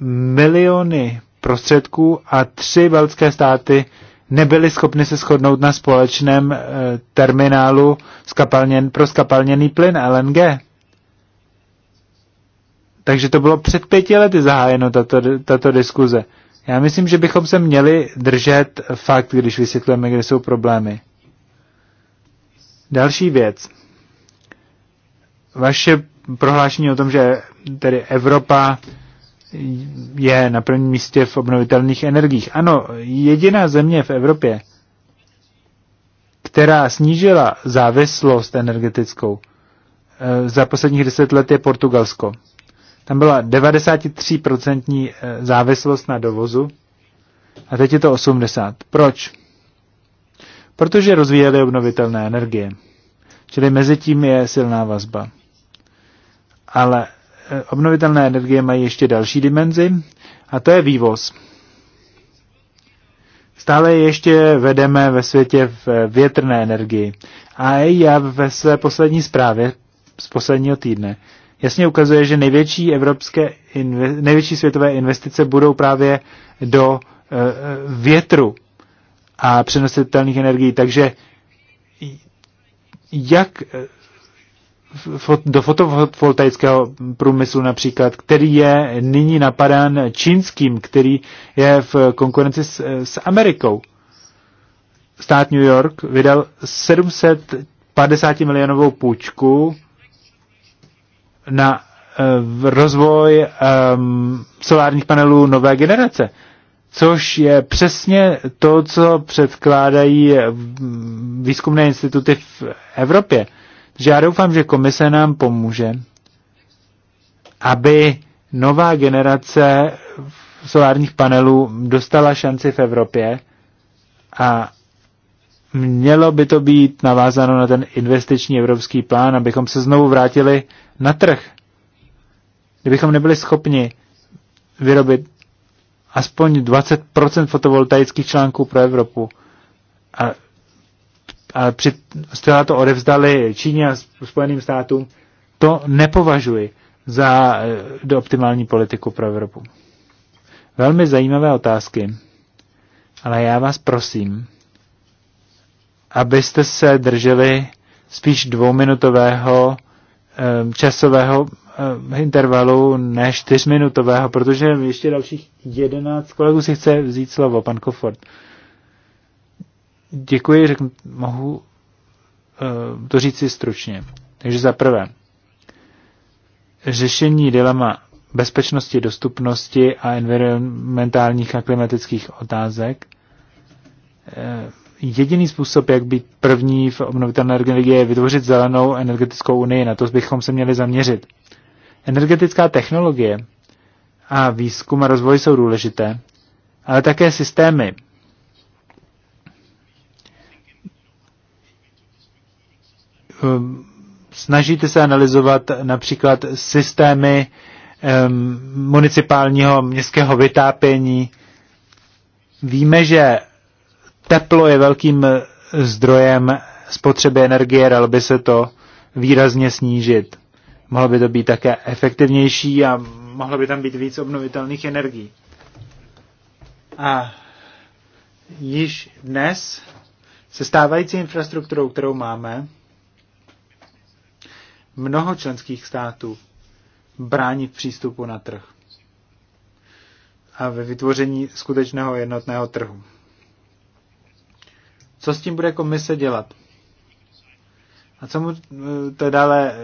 miliony prostředků a tři velké státy nebyly schopny se shodnout na společném eh, terminálu skapalněn, pro skapalněný plyn LNG. Takže to bylo před pěti lety zahájeno tato, tato diskuze. Já myslím, že bychom se měli držet fakt, když vysvětlujeme, kde jsou problémy. Další věc. Vaše prohlášení o tom, že tedy Evropa je na prvním místě v obnovitelných energiích. Ano, jediná země v Evropě, která snížila závislost energetickou eh, za posledních deset let, je Portugalsko. Tam byla 93% eh, závislost na dovozu a teď je to 80%. Proč? Protože rozvíjeli obnovitelné energie. Čili mezi tím je silná vazba. Ale Eh, obnovitelné energie mají ještě další dimenzi a to je vývoz. Stále ještě vedeme ve světě v eh, větrné energii. A já ve své poslední zprávě z posledního týdne jasně ukazuje, že největší, evropské, největší světové investice budou právě do eh, větru a přenositelných energií. Takže jak do fotovoltaického průmyslu například, který je nyní napadán čínským, který je v konkurenci s, s Amerikou. Stát New York vydal 750 milionovou půjčku na eh, v rozvoj um, solárních panelů nové generace, což je přesně to, co předkládají ehm, výzkumné instituty v Evropě. Takže já doufám, že komise nám pomůže, aby nová generace solárních panelů dostala šanci v Evropě a mělo by to být navázáno na ten investiční evropský plán, abychom se znovu vrátili na trh. Kdybychom nebyli schopni vyrobit aspoň 20% fotovoltaických článků pro Evropu a a při, zcela to odevzdali Číně a Spojeným státům, to nepovažuji za eh, do optimální politiku pro Evropu. Velmi zajímavé otázky, ale já vás prosím, abyste se drželi spíš dvouminutového eh, časového eh, intervalu ne čtyřminutového, protože ještě dalších jedenáct kolegů si chce vzít slovo, pan Kofort. Děkuji, řeknu, mohu uh, to říct si stručně. Takže za prvé, řešení dilema bezpečnosti, dostupnosti a environmentálních a klimatických otázek. Eh, jediný způsob, jak být první v obnovitelné energie, je vytvořit zelenou energetickou unii. Na to bychom se měli zaměřit. Energetická technologie a výzkum a rozvoj jsou důležité, ale také systémy, Um, snažíte se analyzovat například systémy um, municipálního městského vytápění. Víme, že teplo je velkým zdrojem spotřeby energie, dalo by se to výrazně snížit. Mohlo by to být také efektivnější a mohlo by tam být víc obnovitelných energií. A již dnes se stávající infrastrukturou, kterou máme, mnoho členských států brání přístupu na trh a ve vytvoření skutečného jednotného trhu. Co s tím bude komise dělat? A co mu eh, to dále eh,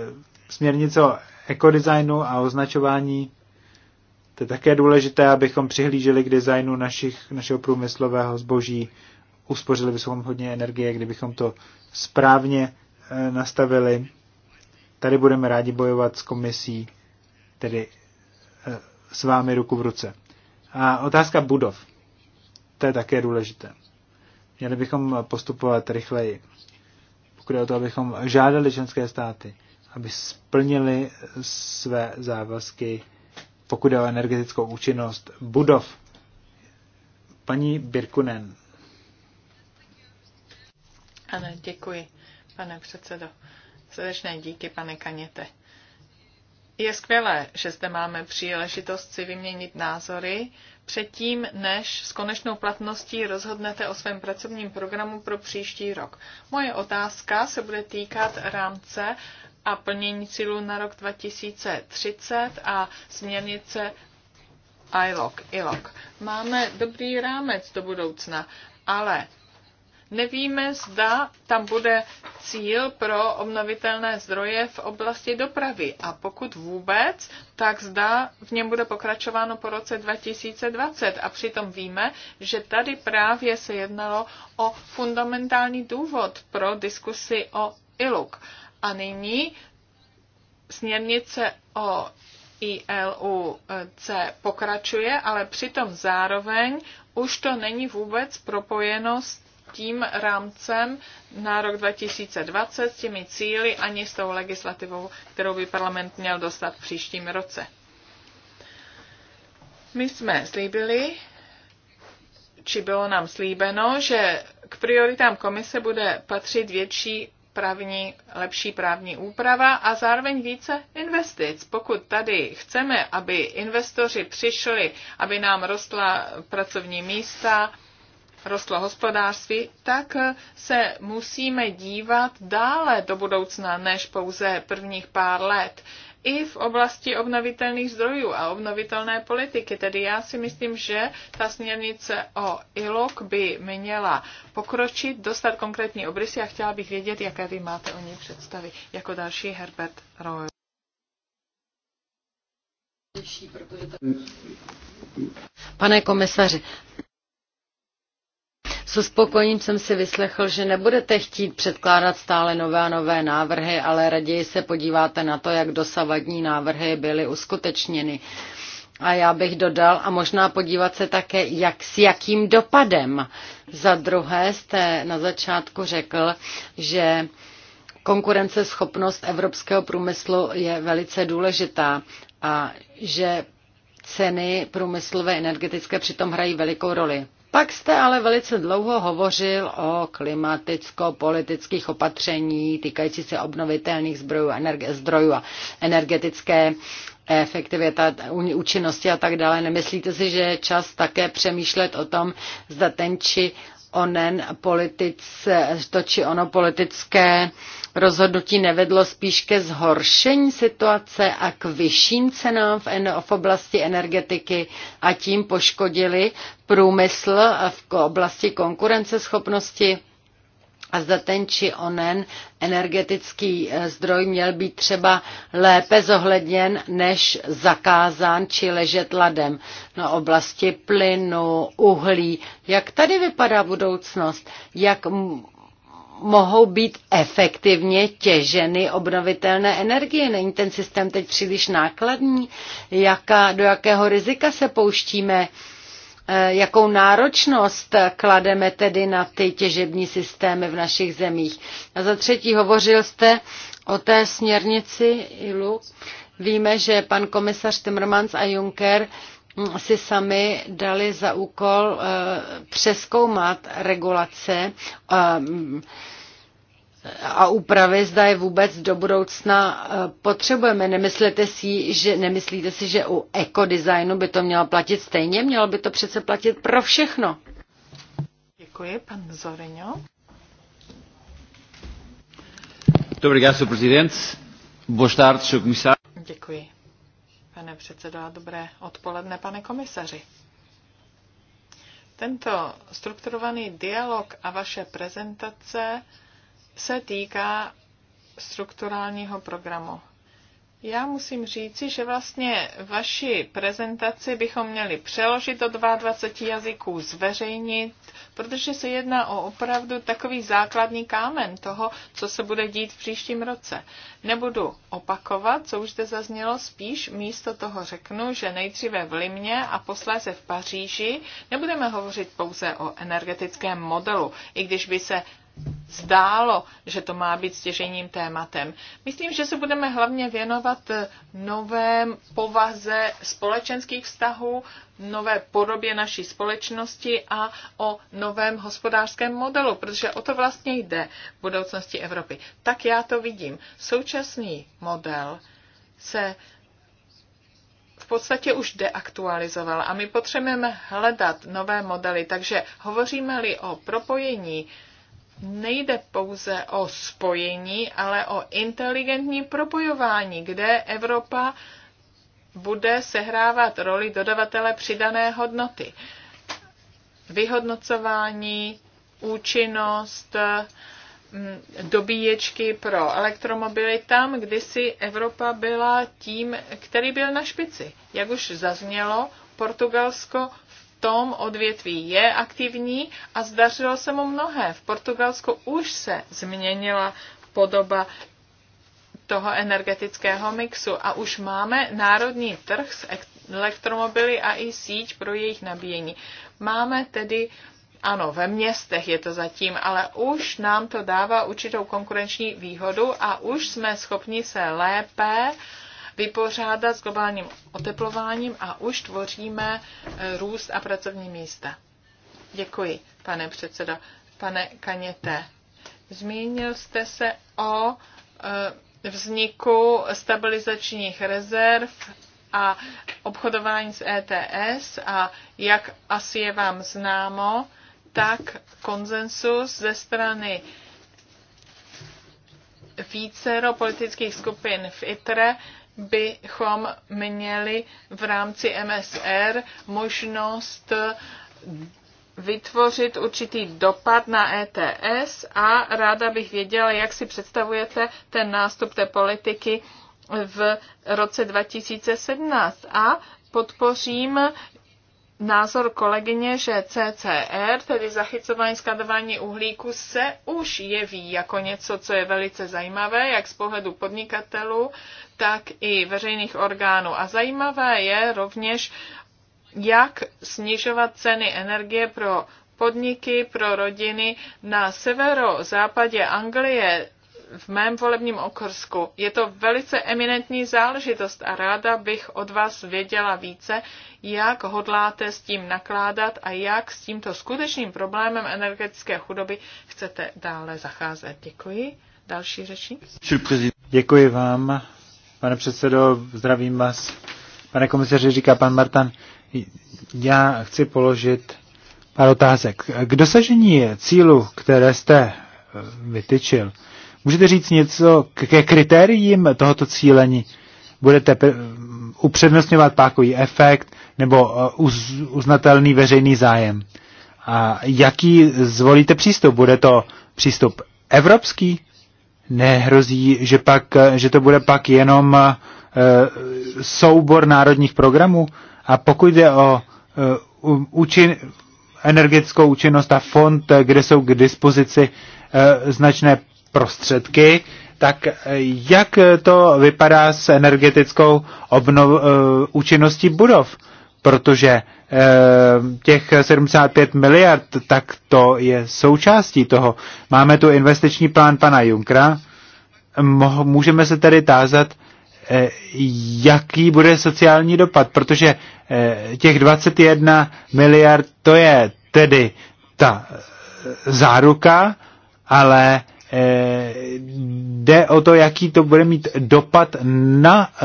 směrnice o ekodesignu a označování? To je také důležité, abychom přihlíželi k designu našich, našeho průmyslového zboží. Uspořili bychom hodně energie, kdybychom to správně eh, nastavili Tady budeme rádi bojovat s komisí, tedy eh, s vámi ruku v ruce. A otázka budov. To je také důležité. Měli bychom postupovat rychleji. Pokud je o to, abychom žádali členské státy, aby splnili své závazky, pokud je o energetickou účinnost budov. Paní Birkunen. Ano, děkuji, pane předsedo. Srdečné díky, pane Kaněte. Je skvělé, že zde máme příležitost si vyměnit názory předtím, než s konečnou platností rozhodnete o svém pracovním programu pro příští rok. Moje otázka se bude týkat rámce a plnění cílů na rok 2030 a směrnice ILOC. ILOC. Máme dobrý rámec do budoucna, ale Nevíme, zda tam bude cíl pro obnovitelné zdroje v oblasti dopravy a pokud vůbec, tak zda v něm bude pokračováno po roce 2020. A přitom víme, že tady právě se jednalo o fundamentální důvod pro diskusi o ILUK. A nyní směrnice o ILUC pokračuje, ale přitom zároveň už to není vůbec propojeno s tím rámcem na rok 2020 s těmi cíly ani s tou legislativou, kterou by parlament měl dostat v příštím roce. My jsme slíbili, či bylo nám slíbeno, že k prioritám komise bude patřit větší právní, lepší právní úprava a zároveň více investic. Pokud tady chceme, aby investoři přišli, aby nám rostla pracovní místa, rostlo hospodářství, tak se musíme dívat dále do budoucna než pouze prvních pár let. I v oblasti obnovitelných zdrojů a obnovitelné politiky. Tedy já si myslím, že ta směrnice o ILOK by měla pokročit, dostat konkrétní obrysy a chtěla bych vědět, jaké vy máte o ní představy. Jako další Herbert Roy. Pane komisaři, s uspokojením jsem si vyslechl, že nebudete chtít předkládat stále nové a nové návrhy, ale raději se podíváte na to, jak dosavadní návrhy byly uskutečněny. A já bych dodal, a možná podívat se také, jak, s jakým dopadem. Za druhé jste na začátku řekl, že konkurenceschopnost evropského průmyslu je velice důležitá a že ceny průmyslové energetické přitom hrají velikou roli. Pak jste ale velice dlouho hovořil o klimaticko-politických opatření týkající se obnovitelných zdrojů, energe, zdrojů a energetické efektivita, účinnosti a tak dále. Nemyslíte si, že je čas také přemýšlet o tom, zda ten či onen politic, to či ono politické rozhodnutí nevedlo spíš ke zhoršení situace a k vyšším cenám v, v oblasti energetiky a tím poškodili průmysl v oblasti konkurenceschopnosti? a zda ten či onen energetický eh, zdroj měl být třeba lépe zohledněn než zakázán či ležet ladem No oblasti plynu, uhlí. Jak tady vypadá budoucnost? Jak mohou být efektivně těženy obnovitelné energie. Není ten systém teď příliš nákladný? Jaká, do jakého rizika se pouštíme? Eh, jakou náročnost klademe tedy na ty těžební systémy v našich zemích? A za třetí, hovořil jste o té směrnici ILU. Víme, že pan komisař Timmermans a Juncker hm, si sami dali za úkol eh, přeskoumat regulace eh, hm, a úpravy, zda je vůbec do budoucna eh, potřebujeme. Nemyslíte si, že, nemyslíte si, že u ekodesignu by to mělo platit stejně? Mělo by to přece platit pro všechno. Děkuji, pan Zoreňo. Dobrý den, prezident. Boštárč, komisář. Děkuji, pane předsedo, a dobré odpoledne, pane komisaři. Tento strukturovaný dialog a vaše prezentace se týká strukturálního programu. Já musím říci, že vlastně vaši prezentaci bychom měli přeložit do 22 jazyků, zveřejnit, protože se jedná o opravdu takový základní kámen toho, co se bude dít v příštím roce. Nebudu opakovat, co už zde zaznělo, spíš místo toho řeknu, že nejdříve v Limě a posléze v Paříži nebudeme hovořit pouze o energetickém modelu, i když by se zdálo, že to má být stěžením tématem. Myslím, že se budeme hlavně věnovat eh, nové povaze společenských vztahů, nové podobě naší společnosti a o novém hospodářském modelu, protože o to vlastně jde v budoucnosti Evropy. Tak já to vidím. Současný model se v podstatě už deaktualizoval a my potřebujeme hledat nové modely. Takže hovoříme-li o propojení nejde pouze o spojení, ale o inteligentní propojování, kde Evropa bude sehrávat roli dodavatele přidané hodnoty. Vyhodnocování, účinnost, mm, dobíječky pro elektromobily tam, kdy si Evropa byla tím, který byl na špici. Jak už zaznělo, Portugalsko tom odvětví je aktivní a zdařilo se mu mnohé. V Portugalsku už se změnila podoba toho energetického mixu a už máme národní trh s elektromobily a i síť pro jejich nabíjení. Máme tedy ano, ve městech je to zatím, ale už nám to dává určitou konkurenční výhodu a už jsme schopni se lépe uh, vypořádat s globálním oteplováním a už tvoříme eh, růst a pracovní místa. Děkuji, pane předsedo. Pane Kaněte, zmínil jste se o eh, vzniku stabilizačních rezerv a obchodování s ETS a jak asi je vám známo, tak konsensus ze strany vícero politických skupin v ITRE bychom měli v rámci MSR možnost vytvořit určitý dopad na ETS a ráda bych věděla, jak si představujete ten nástup té politiky v roce 2017 a podpořím názor kolegyně, že CCR, tedy zachycování skladování uhlíku, se už jeví jako něco, co je velice zajímavé, jak z pohledu podnikatelů, tak i veřejných orgánů. A zajímavé je rovněž, jak snižovat ceny energie pro podniky, pro rodiny. Na severozápadě Anglie v mém volebním okrsku. Je to velice eminentní záležitost a ráda bych od vás věděla více, jak hodláte s tím nakládat a jak s tímto skutečným problémem energetické chudoby chcete dále zacházet. Děkuji. Další řečník. Děkuji vám, pane předsedo, zdravím vás. Pane komisaři, říká pan Martan, já chci položit pár otázek. K dosažení cílu, které jste eh, vytyčil, Můžete říct něco ke kritériím tohoto cílení? Budete mm, upřednostňovat pákový efekt nebo uh, uznatelný veřejný zájem? A jaký zvolíte přístup? Bude to přístup evropský? Nehrozí, že, pak, že to bude pak jenom uh, soubor národních programů? A pokud jde o účin, uh, energetickou účinnost a fond, kde jsou k dispozici značné prostředky, tak eh, jak to vypadá s energetickou obnov, eh, účinností budov? Protože eh, těch 75 miliard, tak to je součástí toho. Máme tu investiční plán pana Junkra. Můžeme se tedy tázat, jaký bude sociální dopad, protože těch 21 miliard to je tedy ta záruka, ale Eh, jde o to, jaký to bude mít dopad na eh,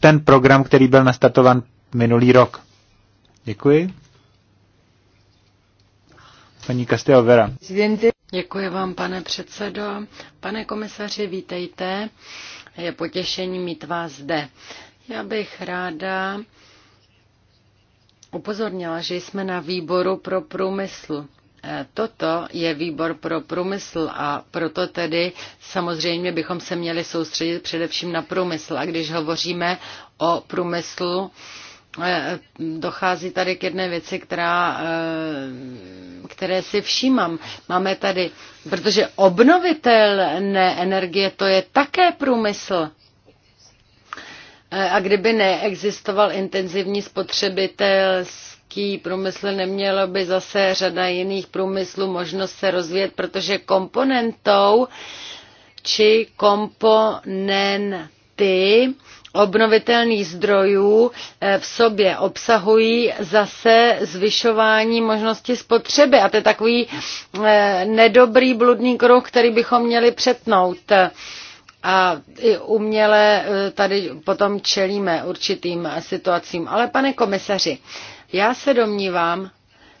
ten program, který byl nastartovan minulý rok. Děkuji. Paní Castillo Vera. Děkuji vám, pane předsedo. Pane komisaři, vítejte. Je potěšení mít vás zde. Já bych ráda upozornila, že jsme na výboru pro průmysl. Toto je výbor pro průmysl a proto tedy samozřejmě bychom se měli soustředit především na průmysl. A když hovoříme o průmyslu, eh, dochází tady k jedné věci, která, eh, které si všímám. Máme tady, protože obnovitelné energie, to je také průmysl. Eh, a kdyby neexistoval intenzivní spotřebitel, chemický průmysl, nemělo by zase řada jiných průmyslů možnost se rozvíjet, protože komponentou či komponenty obnovitelných zdrojů eh, v sobě obsahují zase zvyšování možnosti spotřeby. A to je takový eh, nedobrý bludný kruh, který bychom měli přetnout. A i uměle eh, tady potom čelíme určitým situacím. Ale pane komisaři, já se domnívám,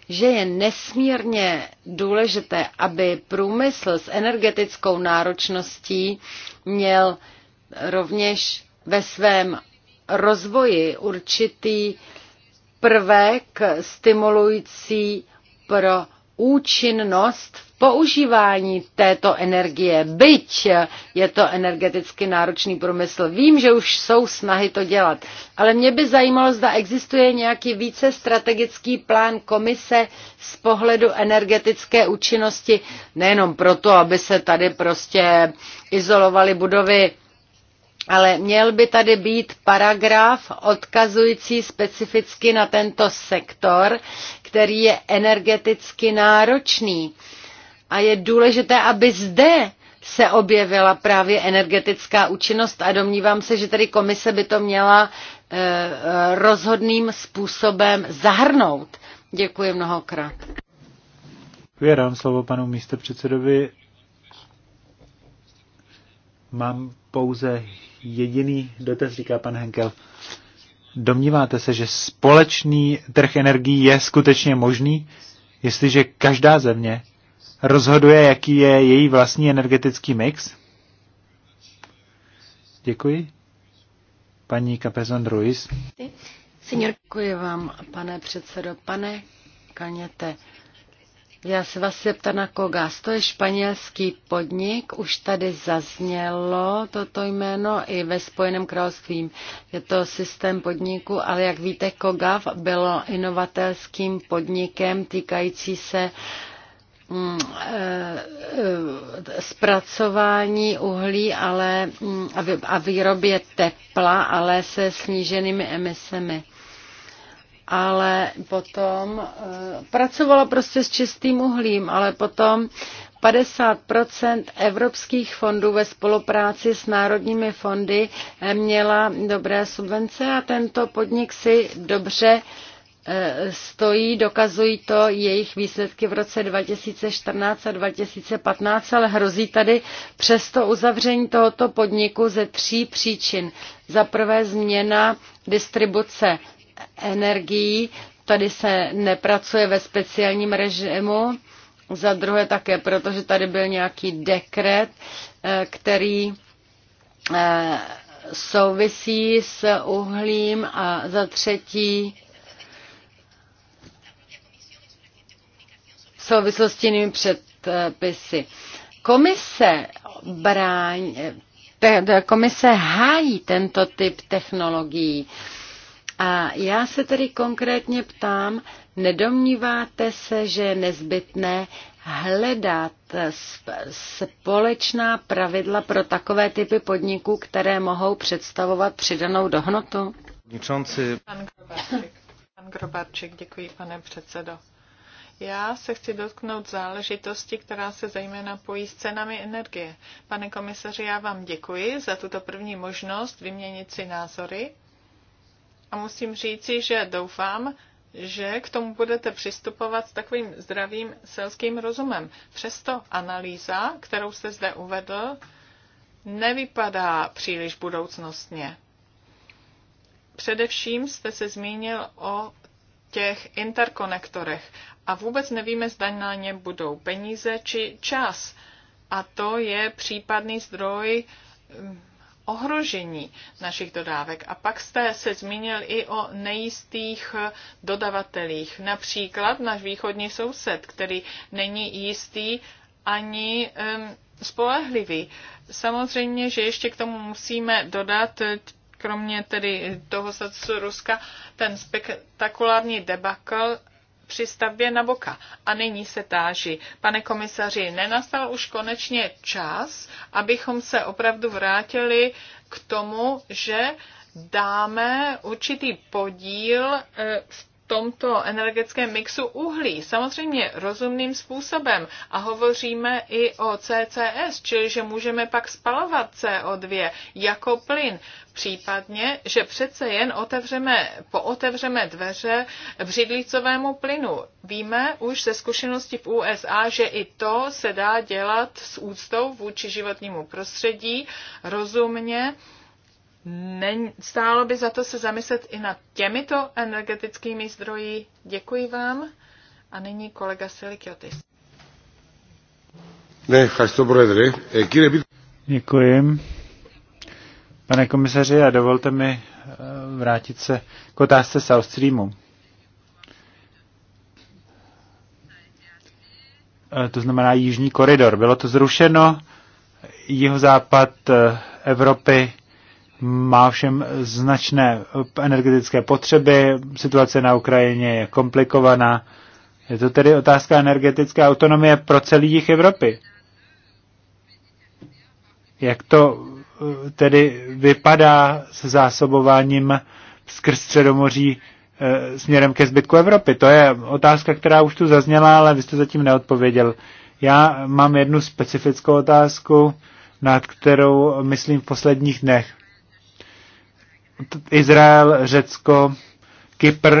že je nesmírně důležité, aby průmysl s energetickou náročností měl rovněž ve svém rozvoji určitý prvek stimulující pro účinnost v používání této energie, byť je to energeticky náročný průmysl. Vím, že už jsou snahy to dělat, ale mě by zajímalo, zda existuje nějaký více strategický plán komise z pohledu energetické účinnosti, nejenom proto, aby se tady prostě izolovaly budovy ale měl by tady být paragraf odkazující specificky na tento sektor, který je energeticky náročný. A je důležité, aby zde se objevila právě energetická účinnost a domnívám se, že tady komise by to měla eh, rozhodným způsobem zahrnout. Děkuji mnohokrát. Děkuji, dám slovo panu místopředsedovi. Mám pouze jediný dotaz, říká pan Henkel. Domníváte se, že společný trh energií je skutečně možný, jestliže každá země rozhoduje, jaký je její vlastní energetický mix? Děkuji. Paní Capezon Ruiz. Děkuji vám, pane předsedo. Pane Kaněte, já se vás zeptám, na Kogas. To je španělský podnik, už tady zaznělo toto jméno i ve Spojeném království. Je to systém podniku, ale jak víte, Kogav bylo inovatelským podnikem týkající se uh, Mm, eh, eh, zpracování uhlí ale, mm, a výrobě tepla, ale se sníženými emisemi. Ale potom eh, pracovala prostě s čistým uhlím, ale potom 50 evropských fondů ve spolupráci s národními fondy měla dobré subvence a tento podnik si dobře Eh, stojí, dokazují to jejich výsledky v roce 2014 a 2015, ale hrozí tady přesto uzavření tohoto podniku ze tří příčin. Za prvé změna distribuce energií, tady se nepracuje ve speciálním režimu, za druhé také, protože tady byl nějaký dekret, eh, který eh, souvisí s uhlím a za třetí souvislosti s jinými předpisy. Komise bráň, te, komise hájí tento typ technologií. A já se tedy konkrétně ptám, nedomníváte se, že je nezbytné hledat společná pravidla pro takové typy podniků, které mohou představovat přidanou dohnotu? Pan Grobarček, pan Grobarček děkuji, pane předsedo. Já se chci dotknout záležitosti, která se zejména pojí s cenami energie. Pane komisaři, já vám děkuji za tuto první možnost vyměnit si názory a musím říci, že doufám, že k tomu budete přistupovat s takovým zdravým selským rozumem. Přesto analýza, kterou jste zde uvedl, nevypadá příliš budoucnostně. Především jste se zmínil o těch interkonektorech a vůbec nevíme, zda na ně budou peníze či čas. A to je případný zdroj mm, ohrožení našich dodávek. A pak jste se zmínil i o nejistých eh, dodavatelích. Například náš východní soused, který není jistý ani um, spolehlivý. Samozřejmě, že ještě k tomu musíme dodat eh, kromě tedy toho statusu Ruska, ten spektakulární debakl při stavbě na boka. A nyní se táží, pane komisaři, nenastal už konečně čas, abychom se opravdu vrátili k tomu, že dáme určitý podíl v eh, tomto energetickém mixu uhlí, samozřejmě rozumným způsobem. A hovoříme i o CCS, čili že můžeme pak spalovat CO2 jako plyn. Případně, že přece jen otevřeme, pootevřeme dveře břidlicovému plynu. Víme už ze zkušenosti v USA, že i to se dá dělat s úctou vůči životnímu prostředí, rozumně stálo by za to se zamyslet i nad těmito energetickými zdroji. Děkuji vám. A nyní kolega Silikiotis. Ne, e, Děkuji. Pane komisaři, a dovolte mi e, vrátit se k otázce South Streamu. E, to znamená Jižní koridor. Bylo to zrušeno, jihozápad Evropy má všem značné energetické potřeby, situace na Ukrajině je komplikovaná. Je to tedy otázka energetické autonomie pro celý jich Evropy. Jak to eh, tedy vypadá s zásobováním skrz Středomoří eh, směrem ke zbytku Evropy? To je otázka, která už tu zazněla, ale vy jste zatím neodpověděl. Já mám jednu specifickou otázku, nad kterou myslím v posledních dnech. Izrael, Řecko, Kypr,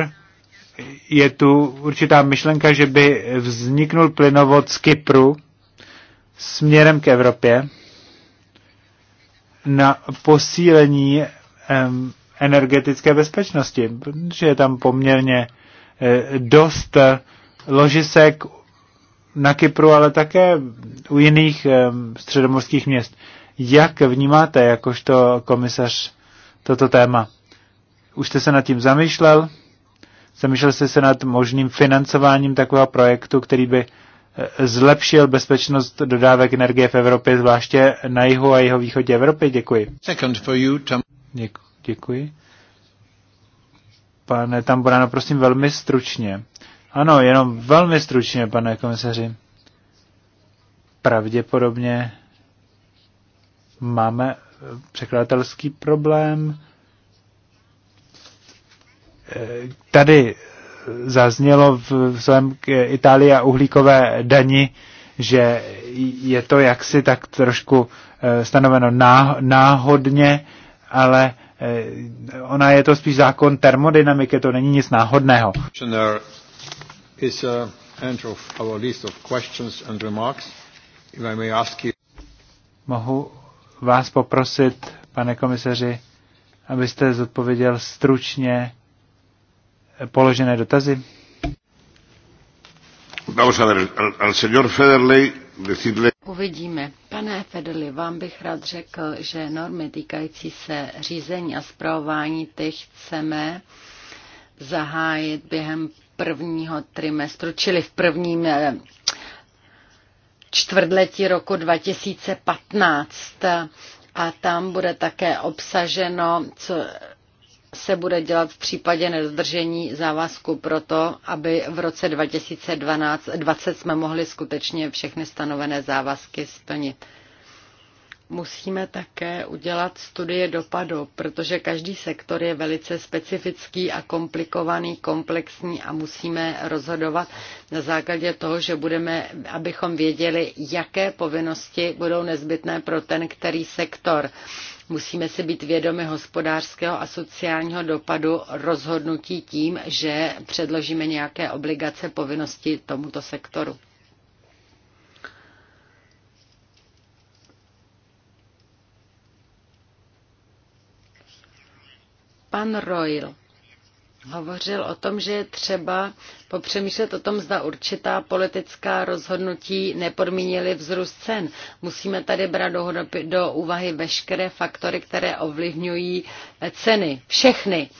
je tu určitá myšlenka, že by vzniknul plynovod z Kypru směrem k Evropě na posílení um, energetické bezpečnosti, protože je tam poměrně e, dost e, ložisek na Kypru, ale také u jiných středomorských měst. Jak vnímáte, jakožto komisař toto téma. Už jste se nad tím zamýšlel? Zamýšlel jste se nad možným financováním takového projektu, který by eh, zlepšil bezpečnost dodávek energie v Evropě, zvláště na jihu a jeho východě Evropy? Děkuji. for you, Tom. Děku, děkuji. Pane Tamborano, prosím velmi stručně. Ano, jenom velmi stručně, pane komisaři. Pravděpodobně máme překladatelský problém. Tady zaznělo v k Itálii a uhlíkové dani, že je to jaksi tak trošku eh, stanoveno náhodně, ale eh, ona je to spíš zákon termodynamiky, to není nic náhodného. Eh, Mohu vás poprosit, pane komisaři, abyste zodpověděl stručně položené dotazy? Vamos a ver, al, al señor Federley decirle... Uvidíme. Pane Federli, vám bych rád řekl, že normy týkající se řízení a zpravování, ty chceme zahájit během prvního trimestru, čili v prvním eh, čtvrtletí roku 2015 a tam bude také obsaženo, co se bude dělat v případě nedodržení závazku proto, aby v roce 2012 20 jsme mohli skutečně všechny stanovené závazky splnit musíme také udělat studie dopadu, protože každý sektor je velice specifický a komplikovaný, komplexní a musíme rozhodovat na základě toho, že budeme, abychom věděli, jaké povinnosti budou nezbytné pro ten, který sektor. Musíme si být vědomi hospodářského a sociálního dopadu rozhodnutí tím, že předložíme nějaké obligace povinnosti tomuto sektoru. Pan Royal hovořil o tom, že je třeba popřemýšlet o tom, zda určitá politická rozhodnutí nepodmínily vzrůst cen. Musíme tady brát do, do úvahy veškeré faktory, které ovlivňují eh, ceny. Všechny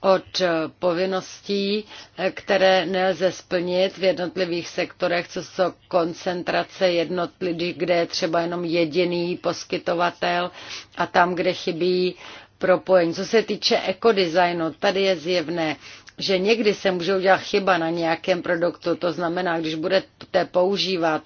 od eh, povinností, eh, které nelze splnit v jednotlivých sektorech, co jsou koncentrace jednotlivých, kde je třeba jenom jediný poskytovatel a tam, kde chybí propojení. Co se týče ekodesignu, tady je zjevné, že někdy se může udělat chyba na nějakém produktu. To znamená, když budete používat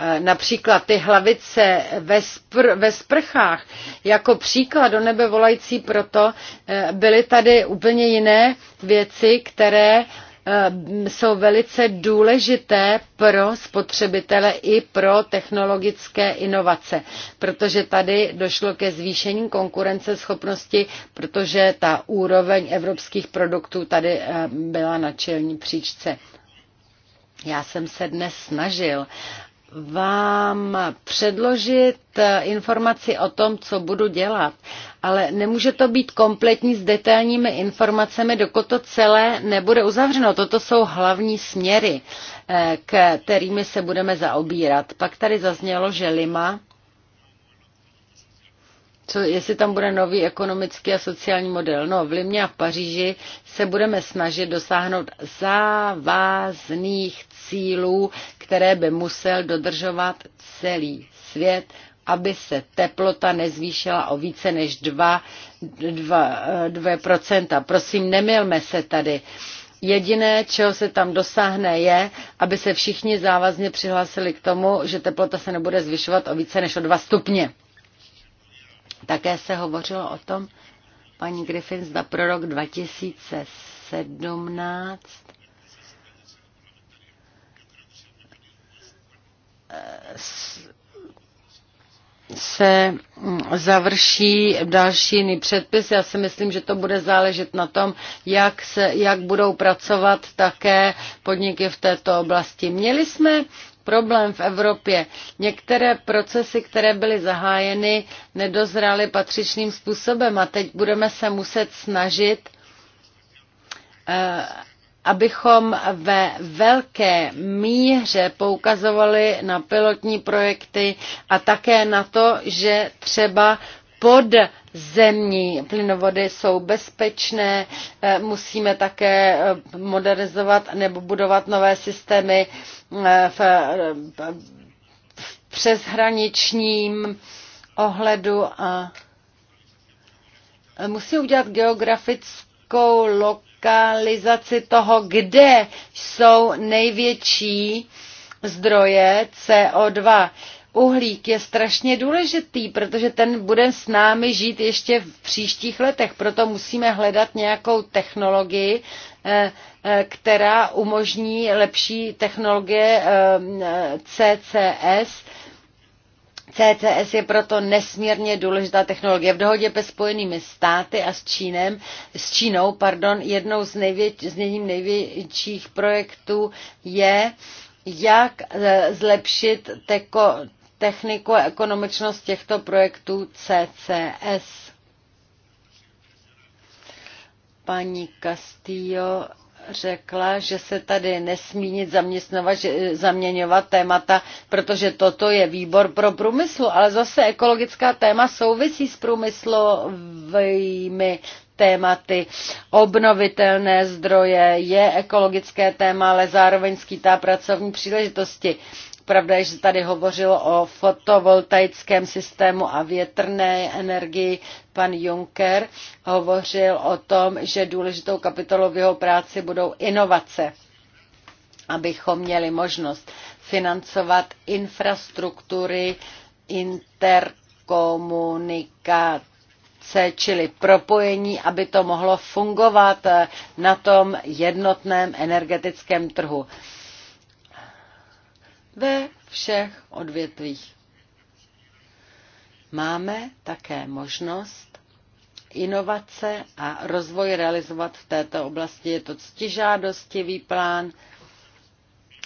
eh, například ty hlavice ve, spr- ve sprchách jako příklad do nebe volající proto, eh, byly tady úplně jiné věci, které Ehm, jsou velice důležité pro spotřebitele i pro technologické inovace, protože tady došlo ke zvýšení konkurenceschopnosti, protože ta úroveň evropských produktů tady ehm, byla na čelní příčce. Já jsem se dnes snažil vám předložit eh, informaci o tom, co budu dělat, ale nemůže to být kompletní s detailními informacemi, dokud to celé nebude uzavřeno. Toto jsou hlavní směry, eh, kterými se budeme zaobírat. Pak tady zaznělo, že Lima co, jestli tam bude nový ekonomický a sociální model. No, v Limě a v Paříži se budeme snažit dosáhnout závazných cílů, které by musel dodržovat celý svět, aby se teplota nezvýšila o více než 2, 2, 2%. Prosím, nemilme se tady. Jediné, čeho se tam dosáhne, je, aby se všichni závazně přihlásili k tomu, že teplota se nebude zvyšovat o více než o 2 stupně. Také se hovořilo o tom, paní Griffin, zda pro rok 2017 eh, se mm, završí další jiný předpis. Já si myslím, že to bude záležet na tom, jak, se, jak budou pracovat také podniky v této oblasti. Měli jsme problém v Evropě. Některé procesy, které byly zahájeny, nedozraly patřičným způsobem a teď budeme se muset snažit, eh, abychom ve velké míře poukazovali na pilotní projekty a také na to, že třeba pod zemní Plynovody jsou bezpečné, eh, musíme také eh, modernizovat nebo budovat nové systémy eh, v, v přeshraničním ohledu a musí udělat geografickou lokalizaci toho, kde jsou největší zdroje CO2. Uhlík je strašně důležitý, protože ten bude s námi žít ještě v příštích letech. Proto musíme hledat nějakou technologii, eh, eh, která umožní lepší technologie eh, CCS, CCS je proto nesmírně důležitá technologie. V dohodě se Spojenými státy a s, Čínem, s Čínou pardon, jednou z, největ, z jedním největších projektů je jak zlepšit teko, techniku a ekonomičnost těchto projektů CCS. Paní Castillo řekla, že se tady nesmí nic zaměňovat témata, protože toto je výbor pro průmysl, ale zase ekologická téma souvisí s průmyslovými tématy. Obnovitelné zdroje je ekologické téma, ale zároveň skýtá pracovní příležitosti. Uh, Pravda je, že tady hovořilo o fotovoltaickém systému a větrné energii. Pan Juncker hovořil o tom, že důležitou kapitolou v jeho práci budou inovace, abychom měli možnost financovat infrastruktury interkomunikace čili propojení, aby to mohlo fungovat na tom jednotném energetickém trhu ve všech odvětvích. Máme také možnost inovace a rozvoj realizovat v této oblasti. Je to ctižádostivý plán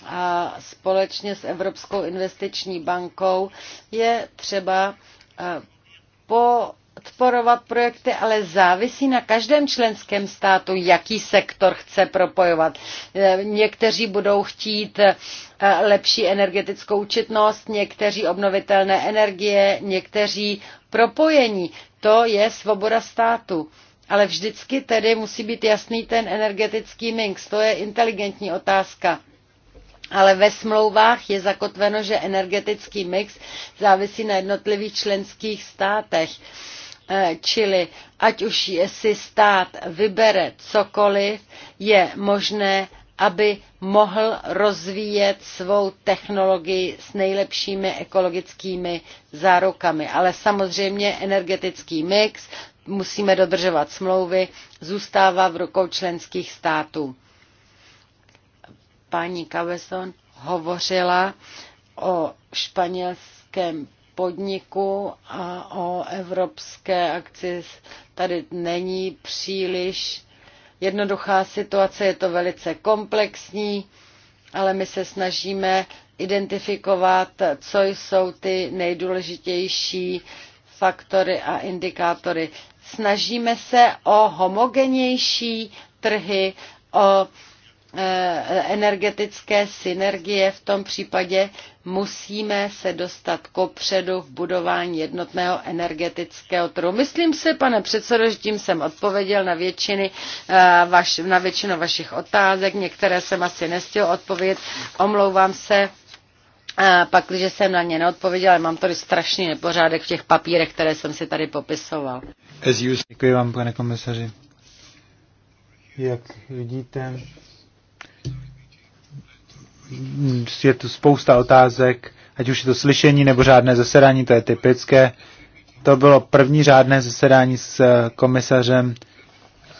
a společně s Evropskou investiční bankou je třeba eh, po podporovat projekty, ale závisí na každém členském státu, jaký sektor chce propojovat. Eh, někteří budou chtít eh, lepší energetickou účetnost, někteří obnovitelné energie, někteří propojení. To je svoboda státu. Ale vždycky tedy musí být jasný ten energetický mix. To je inteligentní otázka ale ve smlouvách je zakotveno, že energetický mix závisí na jednotlivých členských státech. E, čili ať už si stát vybere cokoliv, je možné, aby mohl rozvíjet svou technologii s nejlepšími ekologickými zárukami. Ale samozřejmě energetický mix, musíme dodržovat smlouvy, zůstává v rukou členských států paní Cabezón hovořila o španělském podniku a o evropské akci. Tady není příliš jednoduchá situace, je to velice komplexní, ale my se snažíme identifikovat, co jsou ty nejdůležitější faktory a indikátory. Snažíme se o homogenější trhy, o Eh, energetické synergie v tom případě musíme se dostat předu v budování jednotného energetického trhu. Myslím si, pane předsedo, že tím jsem odpověděl na, většiny, eh, vaš, na většinu vašich otázek. Některé jsem asi nestihl odpovědět. Omlouvám se, eh, pak, když jsem na ně neodpověděl, mám tady strašný nepořádek v těch papírech, které jsem si tady popisoval. Děkuji vám, pane komisaři. Jak vidíte, je tu spousta otázek, ať už je to slyšení nebo řádné zasedání, to je typické. To bylo první řádné zasedání s eh, komisařem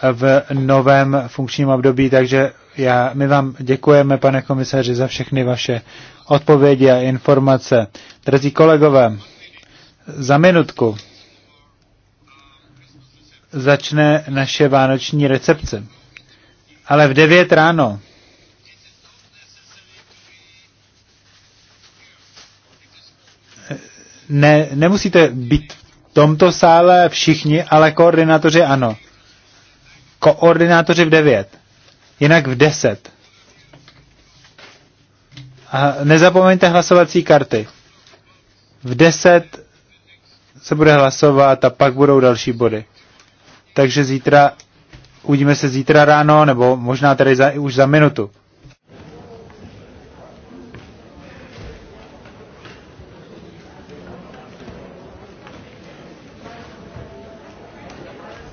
eh, v novém funkčním období, takže já, my vám děkujeme, pane komisaři, za všechny vaše odpovědi a informace. Drazí kolegové, za minutku začne naše vánoční recepce. Ale v 9 ráno ne, nemusíte být v tomto sále všichni, ale koordinátoři ano. Koordinátoři v 9. Jinak v 10. A nezapomeňte hlasovací karty. V 10 se bude hlasovat a pak budou další body. Takže zítra, uvidíme se zítra ráno, nebo možná tady za, už za minutu.